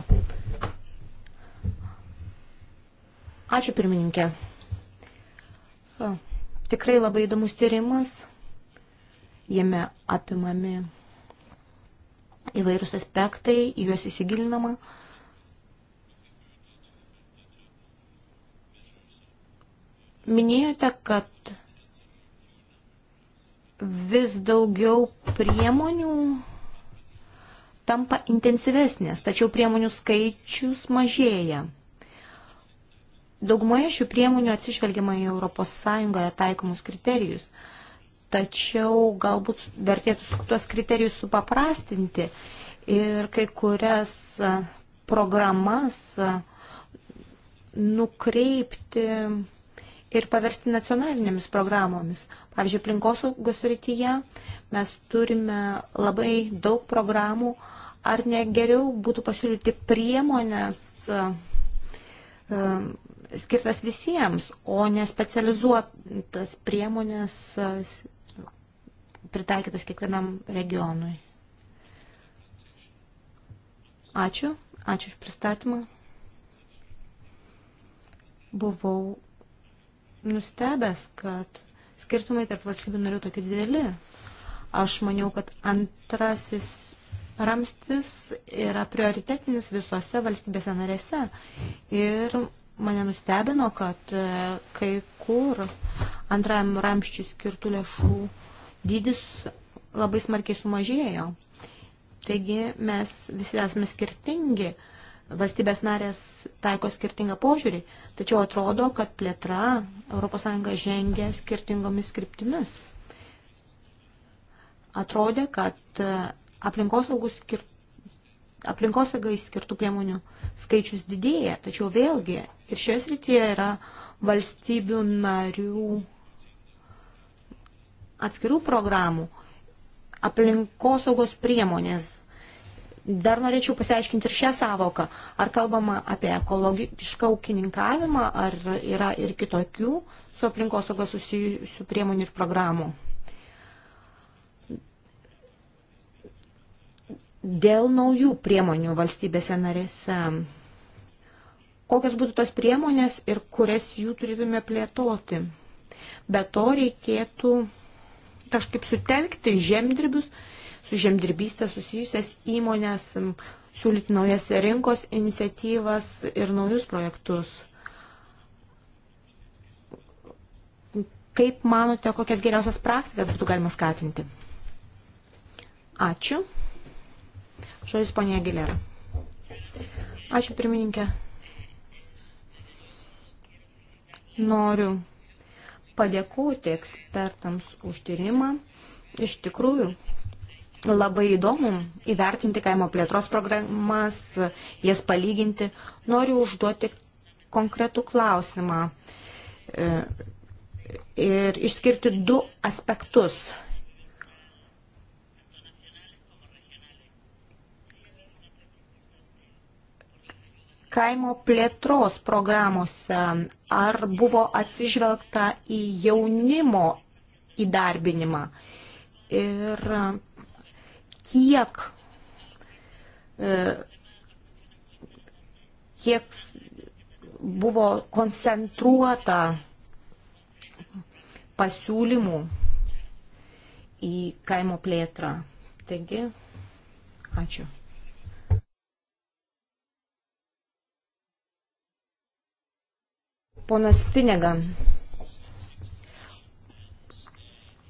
Ačiū, pirmininkė. O, tikrai labai įdomus tyrimas. Jame apimami įvairūs aspektai, juos įsigilinama. Minėjote, kad vis daugiau priemonių tampa intensyvesnės, tačiau priemonių skaičius mažėja. Daugumoje šių priemonių atsižvelgiama į ES taikomus kriterijus, tačiau galbūt vertėtų tuos kriterijus supaprastinti ir kai kurias programas nukreipti ir paversti nacionalinėmis programomis. Pavyzdžiui, aplinkosaugos rytyje mes turime labai daug programų, ar ne geriau būtų pasiūlyti priemonės e, e, skirtas visiems, o ne specializuotas priemonės e, pritaikytas kiekvienam regionui. Ačiū, ačiū už pristatymą. Buvau nustebęs, kad skirtumai tarp valstybių narių tokie dideli. Aš maniau, kad antrasis ramstis yra prioritetinis visose valstybėse narėse. Ir mane nustebino, kad e, kai kur antrajam ramščiui skirtų lėšų dydis labai smarkiai sumažėjo. Taigi mes visi esame skirtingi. Uh, valstybės narės taiko skirtingą požiūrį, tačiau atrodo, kad plėtra ES žengia skirtingomis kryptimis. Atrodė, kad e, aplinkosaugus skirtingomis aplinkosaugai skirtų priemonių skaičius didėja, tačiau vėlgi ir šioje srityje yra valstybių narių atskirų programų. Aplinkosaugos priemonės Dar norėčiau pasiaiškinti ir šią savoką. Ar kalbama apie ekologišką ūkininkavimą, ar yra ir kitokių su aplinkosauga susijusių priemonių ir programų? Dėl naujų priemonių valstybėse narėse. Kokios būtų tos priemonės ir kurias jų turėtume plėtoti? Be to reikėtų kažkaip sutelkti žemdirbius su žemdirbystė susijusias įmonės, siūlyti naujas rinkos iniciatyvas ir naujus projektus. Kaip manote, kokias geriausias praktikas būtų galima skatinti? Ačiū. Žodis ponė Gilera. Ačiū pirmininkė. Noriu padėkoti ekspertams už tyrimą. Iš tikrųjų, labai įdomu įvertinti kaimo plėtros programas, jas palyginti. Noriu užduoti konkretų klausimą e, ir išskirti du aspektus. Kaimo plėtros programuose ar buvo atsižvelgta į jaunimo įdarbinimą? Ir kiek, e, kiek buvo koncentruota pasiūlymų į kaimo plėtrą. Taigi, ačiū. Ponas Finegan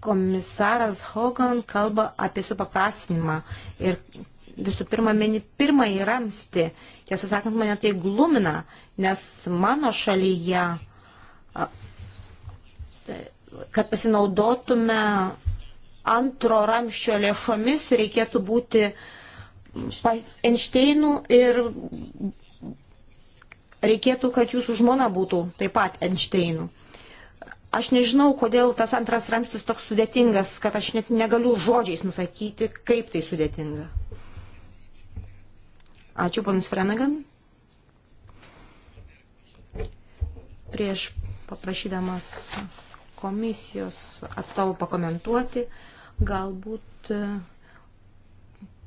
komisaras Hogan kalba apie supaprastinimą ir visų pirma meni pirmąjį ramsti. Tiesą sakant, mane tai glumina, nes mano šalyje, kad pasinaudotume antro ramščio lėšomis, reikėtų būti Einšteinų ir reikėtų, kad jūsų žmona būtų taip pat Einšteinų. Aš nežinau, kodėl tas antras ramstis toks sudėtingas, kad aš net negaliu žodžiais nusakyti, kaip tai sudėtinga. Ačiū, panas Frenagan. Prieš paprašydamas komisijos atstovų pakomentuoti, galbūt e,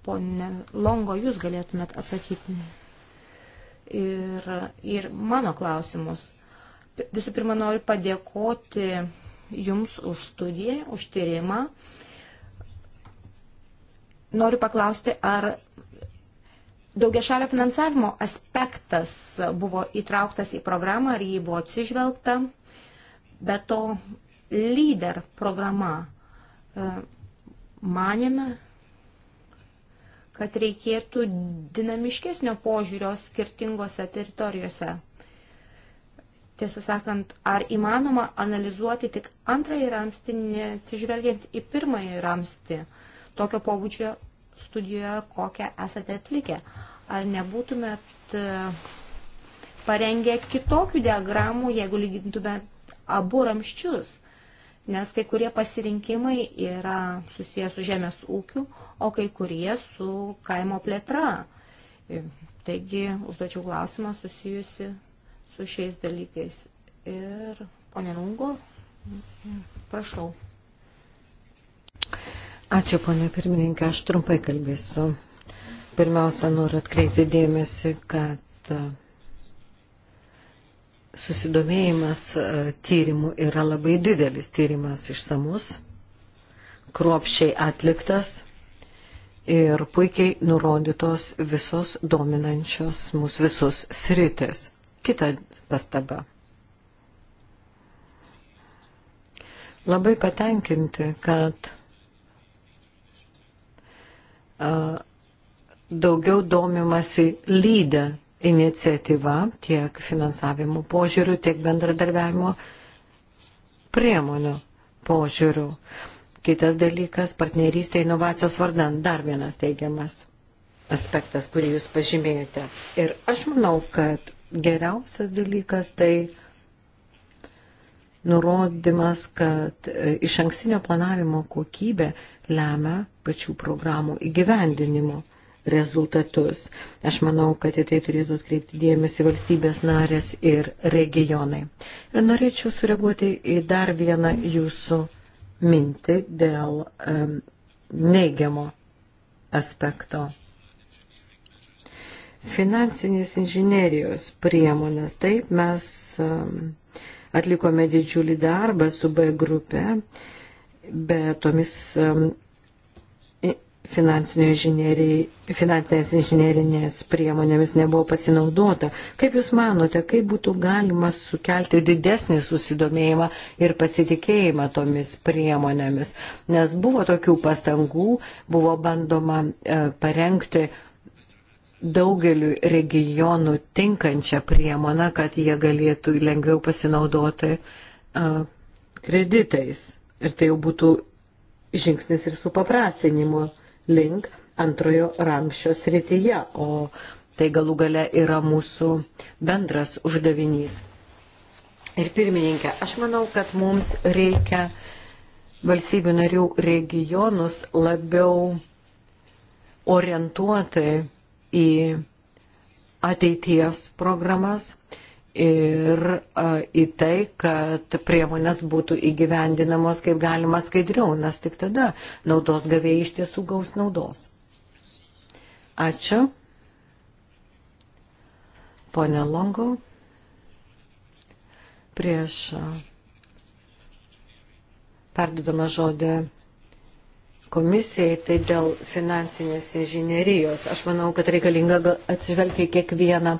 ponė Longo jūs galėtumėt atsakyti ir, ir mano klausimus. Visų pirma, noriu padėkoti Jums už studiją, už tyrimą. Noriu paklausti, ar daugia šalio finansavimo aspektas buvo įtrauktas į programą, ar jį buvo atsižvelgta. Be to, lyder programa, e, manėme, kad reikėtų dinamiškesnio požiūrio skirtingose teritorijose Tiesą sakant, ar įmanoma analizuoti tik antrąjį ramstį, neatsižvelgiant į pirmąjį ramstį, tokio pobūdžio studijoje, kokią esate atlikę? Ar nebūtumėt e, parengę kitokių diagramų, jeigu lygintumėt abu ramščius? Nes kai kurie pasirinkimai yra susijęs su žemės ūkiu, o kai kurie su kaimo plėtra. Taigi užduočiau klausimą susijusi su šiais dalykais. Ir ponė Rungo, prašau. Ačiū, ponė pirmininkė, aš trumpai kalbėsiu. Pirmiausia, noriu atkreipti dėmesį, kad e, susidomėjimas e, tyrimų yra labai didelis. Tyrimas išsamus, kruopščiai atliktas ir puikiai nurodytos visos dominančios mūsų visus sritis. Kita pastaba. Labai patenkinti, kad a, daugiau domimasi lydę iniciatyva tiek finansavimo požiūrių, tiek bendradarbiavimo priemonių požiūrių. Kitas dalykas - partnerystė inovacijos vardan. Dar vienas teigiamas aspektas, kurį jūs pažymėjote. Ir aš manau, kad geriausias dalykas tai nurodymas, kad e, iš ankstinio planavimo kokybė lemia pačių programų įgyvendinimo rezultatus. Aš manau, kad į tai turėtų atkreipti dėmesį valstybės narės ir regionai. Ir norėčiau sureaguoti į dar vieną jūsų mintį dėl um, neigiamo aspekto. Finansinės inžinerijos priemonės. Taip, mes um, atlikome didžiulį darbą su B grupe, bet tomis um, finansinės inžinierinės priemonėmis nebuvo pasinaudota. Kaip Jūs manote, kaip būtų galima sukelti didesnį susidomėjimą ir pasitikėjimą tomis priemonėmis? Nes buvo tokių pastangų, buvo bandoma e, parengti daugeliu regionų tinkančią priemoną, kad jie galėtų lengviau pasinaudoti kreditais. Ir tai jau būtų žingsnis ir supaprastinimo link antrojo ramščio srityje, o tai galų gale yra mūsų bendras uždavinys. Ir pirmininkė, aš manau, kad mums reikia valstybių narių regionus labiau orientuoti į ateities programas ir į tai, kad priemonės būtų įgyvendinamos kaip galima skaidriau, nes tik tada naudos gavėjai iš tiesų gaus naudos. Ačiū. Pone Longau, prieš perdudama žodį komisijai, tai dėl finansinės inžinierijos. Aš manau, kad reikalinga atsižvelgti kiekvieną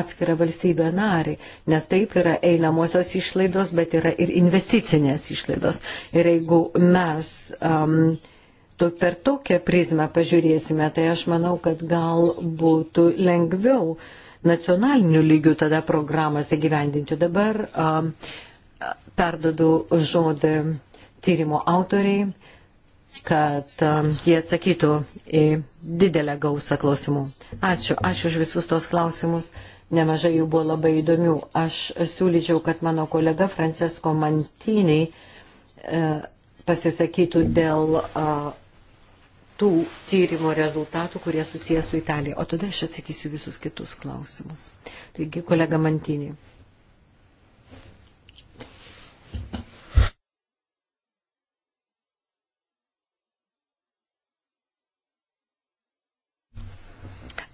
atskirą valstybę narį, nes taip yra einamosios išlaidos, bet yra ir investicinės išlaidos. Ir jeigu mes um, to, per tokią prizmę pažiūrėsime, tai aš manau, kad gal būtų lengviau nacionaliniu lygiu tada programas įgyvendinti. Dabar um, perdodu žodį tyrimo autoriai kad um, jie atsakytų į didelę gausą klausimų. Ačiū, ačiū už visus tos klausimus. Nemažai jų buvo labai įdomių. Aš siūlyčiau, kad mano kolega Francesko Mantiniai e, pasisakytų dėl e, tų tyrimo rezultatų, kurie susijęs su Italija. O tada aš atsakysiu visus kitus klausimus. Taigi, kolega Mantiniai.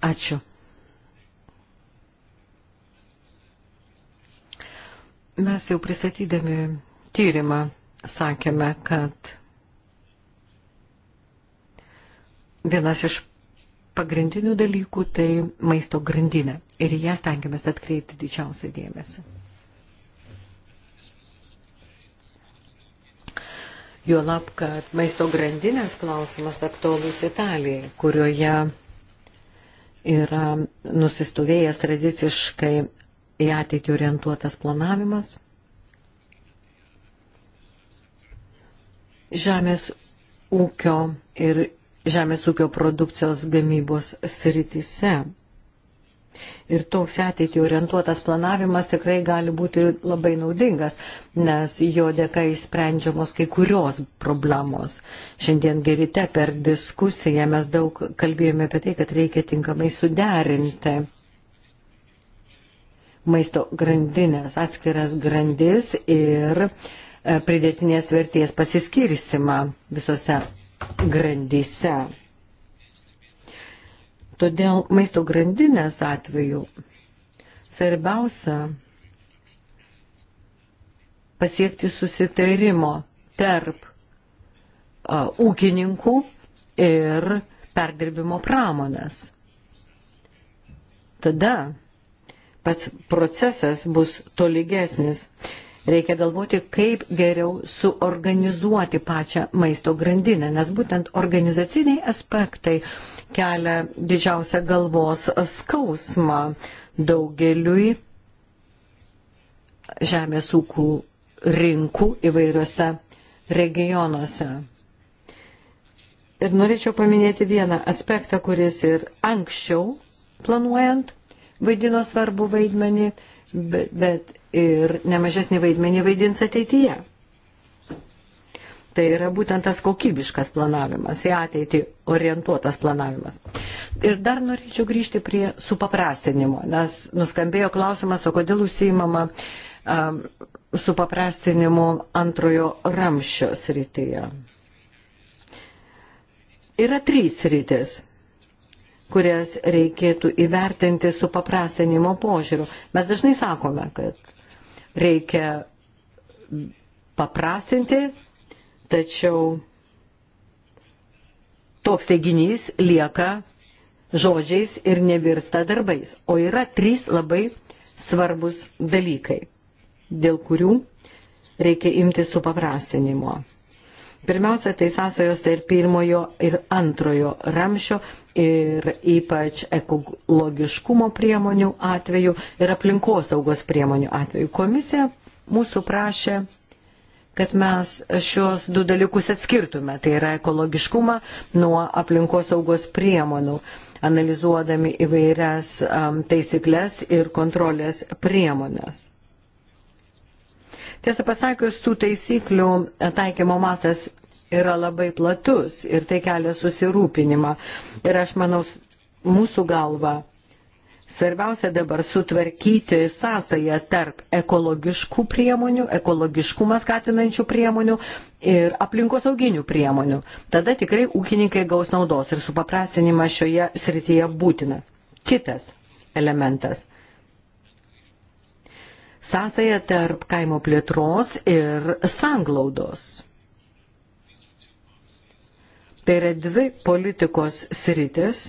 Ačiū. Mes jau pristatydami tyrimą sakėme, kad vienas iš pagrindinių dalykų tai maisto grandinė ir į ją stengiamės atkreipti didžiausią dėmesį. Juolab, kad maisto grandinės klausimas aktualus Italijai, kurioje yra nusistovėjęs tradiciškai į ateitį orientuotas planavimas. Žemės ūkio ir žemės ūkio produkcijos gamybos sritise Ir toks ateitį orientuotas planavimas tikrai gali būti labai naudingas, nes jo dėka išsprendžiamos kai kurios problemos. Šiandien gerite per diskusiją mes daug kalbėjome apie tai, kad reikia tinkamai suderinti maisto grandinės, atskiras grandis ir e, pridėtinės vertės pasiskirstimą visose grandyse. Todėl maisto grandinės atveju svarbiausia pasiekti susitarimo tarp a, ūkininkų ir perdirbimo pramonės. Tada pats procesas bus tolygesnis. Reikia galvoti, kaip geriau suorganizuoti pačią maisto grandinę, nes būtent organizaciniai aspektai uh, kelia didžiausią galvos skausmą daugeliui žemės ūkų rinkų įvairiose regionuose. Ir norėčiau paminėti vieną aspektą, kuris ir anksčiau planuojant vaidino svarbu vaidmenį, bet, bet ir nemažesnį vaidmenį vaidins ateityje. Tai yra būtent tas kokybiškas planavimas, į ateitį orientuotas planavimas. Ir dar norėčiau grįžti prie supaprastinimo, nes nuskambėjo klausimas, o kodėl užsiimama um, supaprastinimu antrojo ramščio srityje. Yra trys rytis kurias reikėtų įvertinti su paprastinimo požiūriu. Mes dažnai sakome, kad reikia paprastinti Tačiau toks teiginys lieka žodžiais ir nevirsta darbais. O yra trys labai svarbus dalykai, dėl kurių reikia imti supaprastinimo. Pirmiausia, tai sąsajos tarp pirmojo ir antrojo ramšio ir ypač ekologiškumo priemonių atveju ir aplinkosaugos priemonių atveju. Komisija mūsų prašė kad mes šios du dalykus atskirtume, tai yra ekologiškumą nuo aplinkos saugos priemonų, analizuodami įvairias um, taisyklės ir kontrolės priemonės. Tiesą pasakius, tų taisyklių taikymo mastas yra labai platus ir tai kelia susirūpinimą. Ir aš manau, mūsų galva Svarbiausia dabar sutvarkyti sąsają tarp ekologiškų priemonių, ekologiškumą skatinančių priemonių ir aplinkosauginių priemonių. Tada tikrai ūkininkai gaus naudos ir supaprastinimas šioje srityje būtinas. Kitas elementas sąsaja tarp kaimo plėtros ir sanglaudos. Tai yra dvi politikos sritis,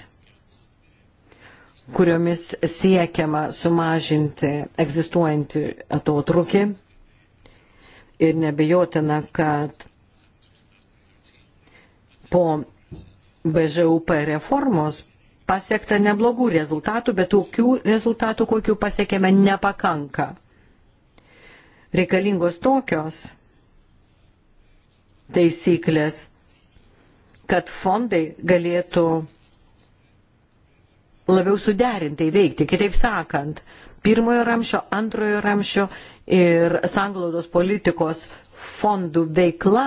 kuriomis siekiama sumažinti egzistuojantį atotrukį. Ir nebejotina, kad po BŽUP reformos pasiekta neblogų rezultatų, bet tokių rezultatų, kokių pasiekėme, nepakanka. Reikalingos tokios taisyklės, kad fondai galėtų labiau suderintai veikti. Kitaip sakant, pirmojo ramšio, antrojo ramšio ir sanglaudos politikos fondų veikla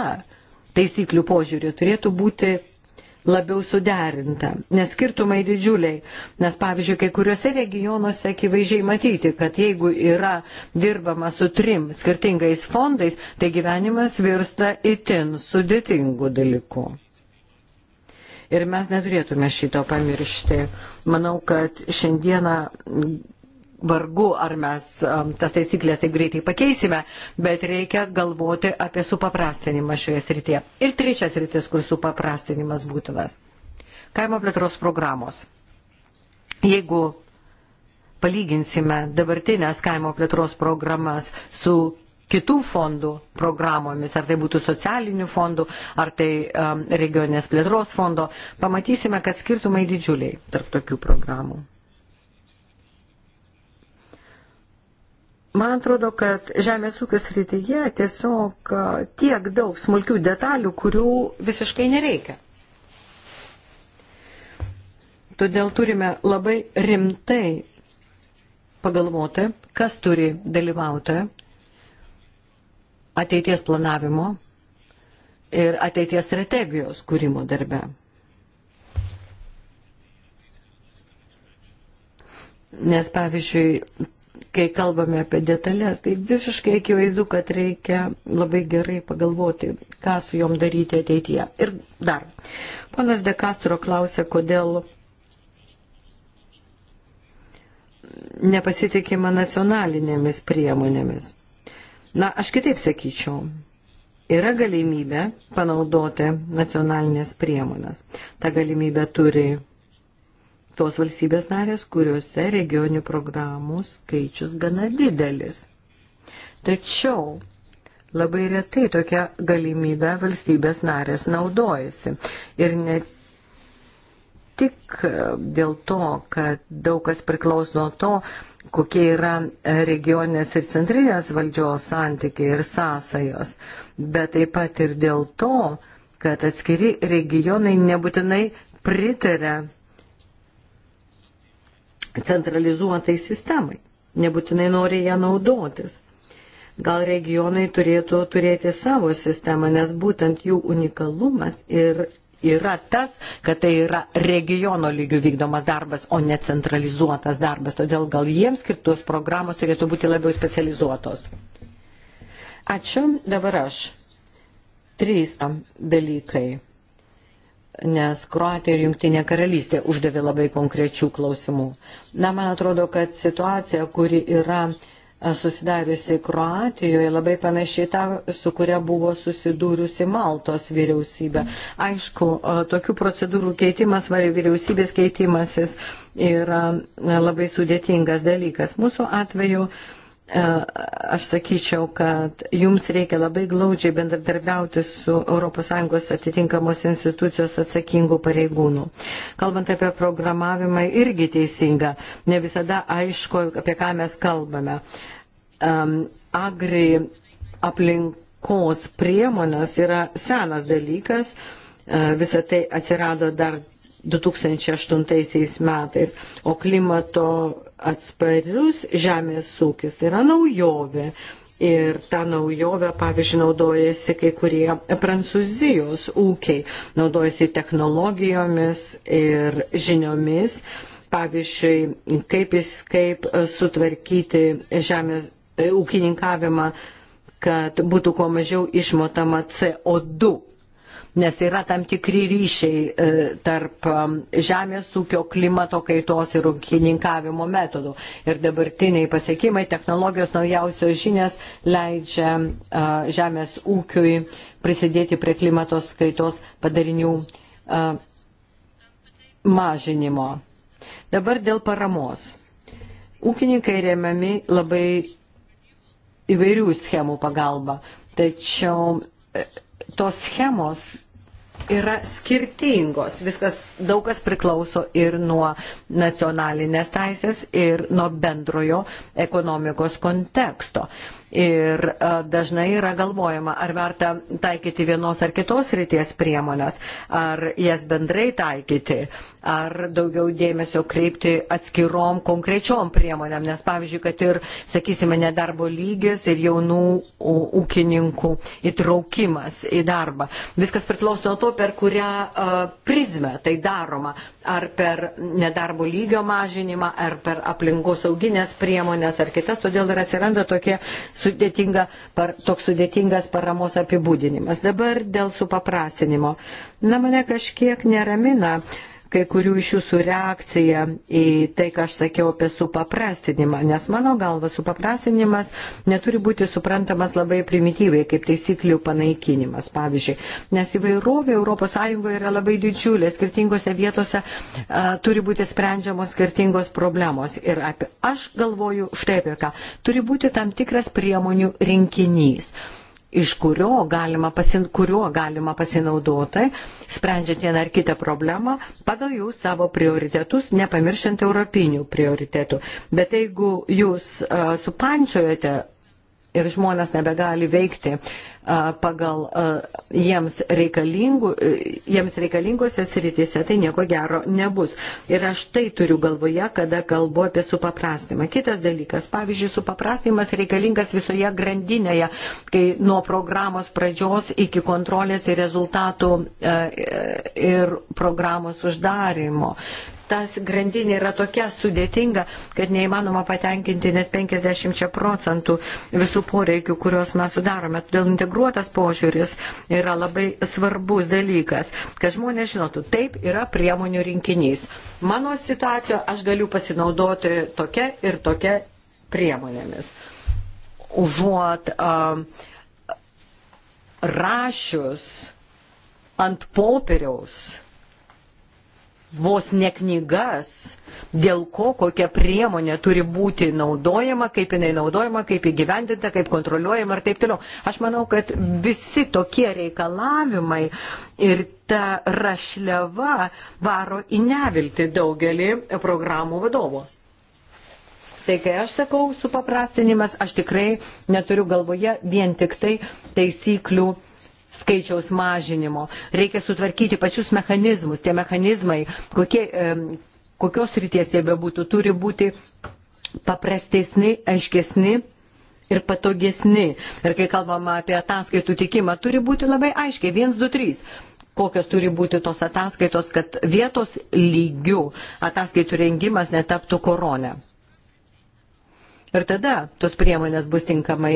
taisyklių požiūrių turėtų būti labiau suderinta, nes skirtumai didžiuliai. Nes, pavyzdžiui, kai kuriuose regionuose akivaizdžiai matyti, kad jeigu yra dirbama su trim skirtingais fondais, tai gyvenimas virsta itin sudėtingu dalyku. Ir mes neturėtume šito pamiršti. Manau, kad šiandieną vargu, ar mes um, tas taisyklės taip greitai pakeisime, bet reikia galvoti apie supaprastinimą šioje srityje. Ir trečias rytis, kur supaprastinimas būtinas. Kaimo plėtros programos. Jeigu palyginsime dabartinės kaimo plėtros programas su kitų fondų programomis, ar tai būtų socialinių fondų, ar tai um, regioninės plėtros fondo, pamatysime, kad skirtumai didžiuliai tarp tokių programų. Man atrodo, kad žemės ūkio srityje tiesiog uh, tiek daug smulkių detalių, kurių visiškai nereikia. Todėl turime labai rimtai pagalvoti, kas turi dalyvauti ateities planavimo ir ateities strategijos kūrimo darbe. Nes pavyzdžiui, kai kalbame apie detalės, tai visiškai akivaizdu, kad reikia labai gerai pagalvoti, ką su juom daryti ateityje. Ir dar. Ponas Dekastro klausė, kodėl nepasitikima nacionalinėmis priemonėmis. Na, aš kitaip sakyčiau. Yra galimybė panaudoti nacionalinės priemonės. Ta galimybė turi tos valstybės narės, kuriuose regionių programų skaičius gana didelis. Tačiau labai retai tokia galimybė valstybės narės naudojasi. Ir net tik e, dėl to, kad daug kas priklauso nuo to, kokie yra regioninės ir centrinės valdžios santykiai ir sąsajos, bet taip pat ir dėl to, kad atskiri regionai nebūtinai pritarė centralizuotai sistemai, nebūtinai nori ją naudotis. Gal regionai turėtų turėti savo sistemą, nes būtent jų unikalumas ir yra tas, kad tai yra regiono lygių vykdomas darbas, o ne centralizuotas darbas. Todėl gal jiems skirtos programos turėtų būti labiau specializuotos. Ačiū. Dabar aš. Trys dalykai nes Kroatija ir Junktinė karalystė uždavė labai konkrečių klausimų. Na, man atrodo, kad situacija, kuri yra susidariusi Kroatijoje labai panašiai ta, su kuria buvo susidūrusi Maltos vyriausybė. Aišku, tokių procedūrų keitimas, vyriausybės keitimasis yra labai sudėtingas dalykas. Mūsų atveju uh, E, aš sakyčiau, kad jums reikia labai glaudžiai bendradarbiauti su ES atitinkamos institucijos atsakingų pareigūnų. Kalbant apie programavimą, irgi teisinga, ne visada aišku, apie ką mes kalbame. Um, agri aplinkos priemonės yra senas dalykas, uh, e, visą tai atsirado dar 2008 metais, o klimato atsparius žemės ūkis yra naujovė. Ir tą naujovę, pavyzdžiui, naudojasi kai kurie prancūzijos ūkiai, naudojasi technologijomis ir žiniomis, pavyzdžiui, kaip, jis, kaip sutvarkyti žemės ūkininkavimą kad būtų kuo mažiau išmotama CO2 nes yra tam tikri ryšiai e, tarp um, žemės ūkio, klimato kaitos ir ūkininkavimo metodų. Ir dabartiniai pasiekimai, technologijos naujausios žinias leidžia žemės ūkiui prisidėti prie klimatos kaitos padarinių mažinimo. Dabar dėl paramos. Ūkininkai remiami labai įvairių schemų pagalba, tačiau e, tos schemos yra skirtingos. Viskas daug kas priklauso ir nuo nacionalinės teisės, ir nuo bendrojo ekonomikos konteksto. Ir e, dažnai yra galvojama, ar verta taikyti vienos ar kitos ryties priemonės, ar jas bendrai taikyti, ar daugiau dėmesio kreipti atskirom konkrečiom priemonėm. Nes pavyzdžiui, kad ir, sakysime, nedarbo lygis ir jaunų ūkininkų įtraukimas į darbą. Viskas priklauso nuo to, per kurią e, prizmę tai daroma. Ar per nedarbo lygio mažinimą, ar per aplinkos auginės priemonės, ar kitas. Todėl ir atsiranda tokie sudėtinga, par, toks sudėtingas paramos apibūdinimas. Dabar dėl supaprastinimo. Na, mane kažkiek neramina kai kurių iš jūsų reakciją į tai, ką aš sakiau apie supaprastinimą, nes mano galva supaprastinimas neturi būti suprantamas labai primityviai, kaip taisyklių panaikinimas, pavyzdžiui, nes įvairovė ES yra labai didžiulė, skirtingose vietose a, turi būti sprendžiamos skirtingos problemos ir apie, aš galvoju štai apie ką, turi būti tam tikras priemonių rinkinys iš kurio galima, pasin, kuriuo galima pasinaudoti, sprendžiant vieną ar kitą problemą, pagal jų savo prioritetus, nepamirštant europinių prioritetų. Bet jeigu jūs uh, supančiojate ir žmonės nebegali veikti pagal jiems, reikalingų, e, jiems reikalingose sritise, tai nieko gero nebus. Ir aš tai turiu galvoje, kada kalbu apie supaprastinimą. Kitas dalykas, pavyzdžiui, supaprastinimas reikalingas visoje grandinėje, kai nuo programos pradžios iki kontrolės ir rezultatų e, e, ir programos uždarimo tas grandinė yra tokia sudėtinga, kad neįmanoma patenkinti net 50 procentų visų poreikių, kuriuos mes sudarome. Todėl integruotas požiūris yra labai svarbus dalykas, kad žmonės žinotų, taip yra priemonių rinkinys. Mano situacijoje aš galiu pasinaudoti tokia ir tokia priemonėmis. Užuot uh, rašius ant popieriaus vos ne knygas, dėl ko kokia priemonė turi būti naudojama, kaip jinai naudojama, kaip įgyvendinta, kaip kontroliuojama ir taip toliau. Aš manau, kad visi tokie reikalavimai ir ta rašliava varo į nevilti daugelį programų vadovų. Tai kai aš sakau supaprastinimas, aš tikrai neturiu galvoje vien tik tai taisyklių skaičiaus mažinimo. Reikia sutvarkyti pačius mechanizmus. Tie mechanizmai, kokie, kokios ryties jie bebūtų, turi būti paprastesni, aiškesni ir patogesni. Ir kai kalbama apie ataskaitų tikimą, turi būti labai aiškiai. 1, 2, 3 kokios turi būti tos ataskaitos, kad vietos lygių ataskaitų rengimas netaptų koronę. Ir tada tos priemonės bus tinkamai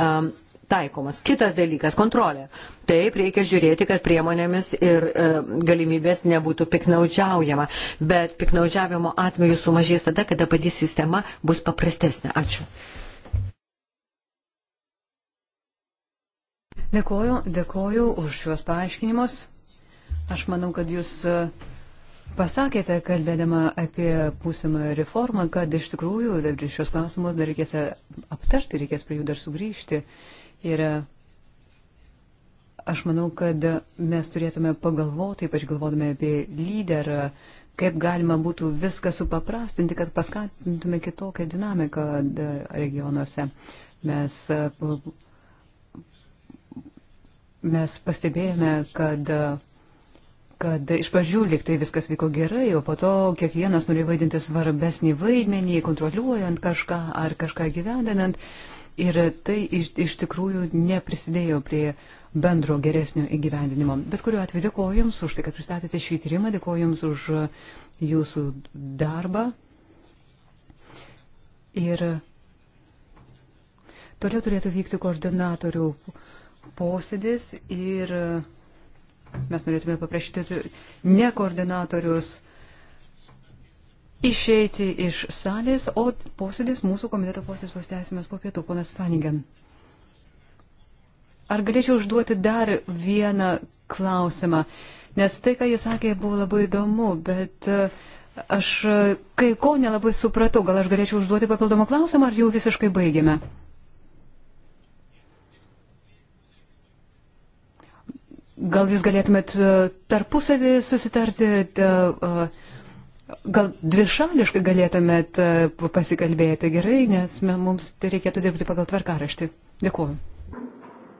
um, taikomas. Kitas dalykas - kontrolė. Taip, reikia žiūrėti, kad priemonėmis ir e, galimybės nebūtų piknaudžiaujama, bet piknaudžiavimo atveju sumažės tada, kada pati sistema bus paprastesnė. Ačiū. Dėkoju, dėkoju už šiuos paaiškinimus. Aš manau, kad jūs e, pasakėte, kalbėdama apie būsimą reformą, kad iš tikrųjų šios klausimus dar reikės e, aptarti, reikės prie jų dar sugrįžti. Ir aš manau, kad mes turėtume pagalvoti, ypač galvodami apie lyderą, kaip galima būtų viską supaprastinti, kad paskatintume kitokią dinamiką regionuose. Mes, mes pastebėjome, kad, kad iš pradžių liktai viskas vyko gerai, o po to kiekvienas norėjo vaidinti svarbesnį vaidmenį, kontroliuojant kažką ar kažką gyvendinant. Ir tai iš, iš tikrųjų neprisidėjo prie bendro geresnio įgyvendinimo. Bet kuriuo atveju dėkoju Jums už tai, kad pristatėte šį tyrimą, dėkoju Jums už Jūsų darbą. Ir toliau turėtų vykti koordinatorių posėdis ir mes norėtume paprašyti ne koordinatorius išeiti iš salės, o posėdis, mūsų komiteto posėdis bus tęsimas po pietų, ponas Panigan. Ar galėčiau užduoti dar vieną klausimą? Nes tai, ką jis sakė, buvo labai įdomu, bet e, aš e, kai ko nelabai supratau. Gal aš galėčiau užduoti papildomą klausimą, ar jau visiškai baigėme? Gal jūs galėtumėt e, tarpusavį susitarti? Ta, uh, Gal dvišališkai galėtumėt e, pasikalbėti gerai, nes mums tai reikėtų dirbti pagal tvarkaraštį. Dėkuoju.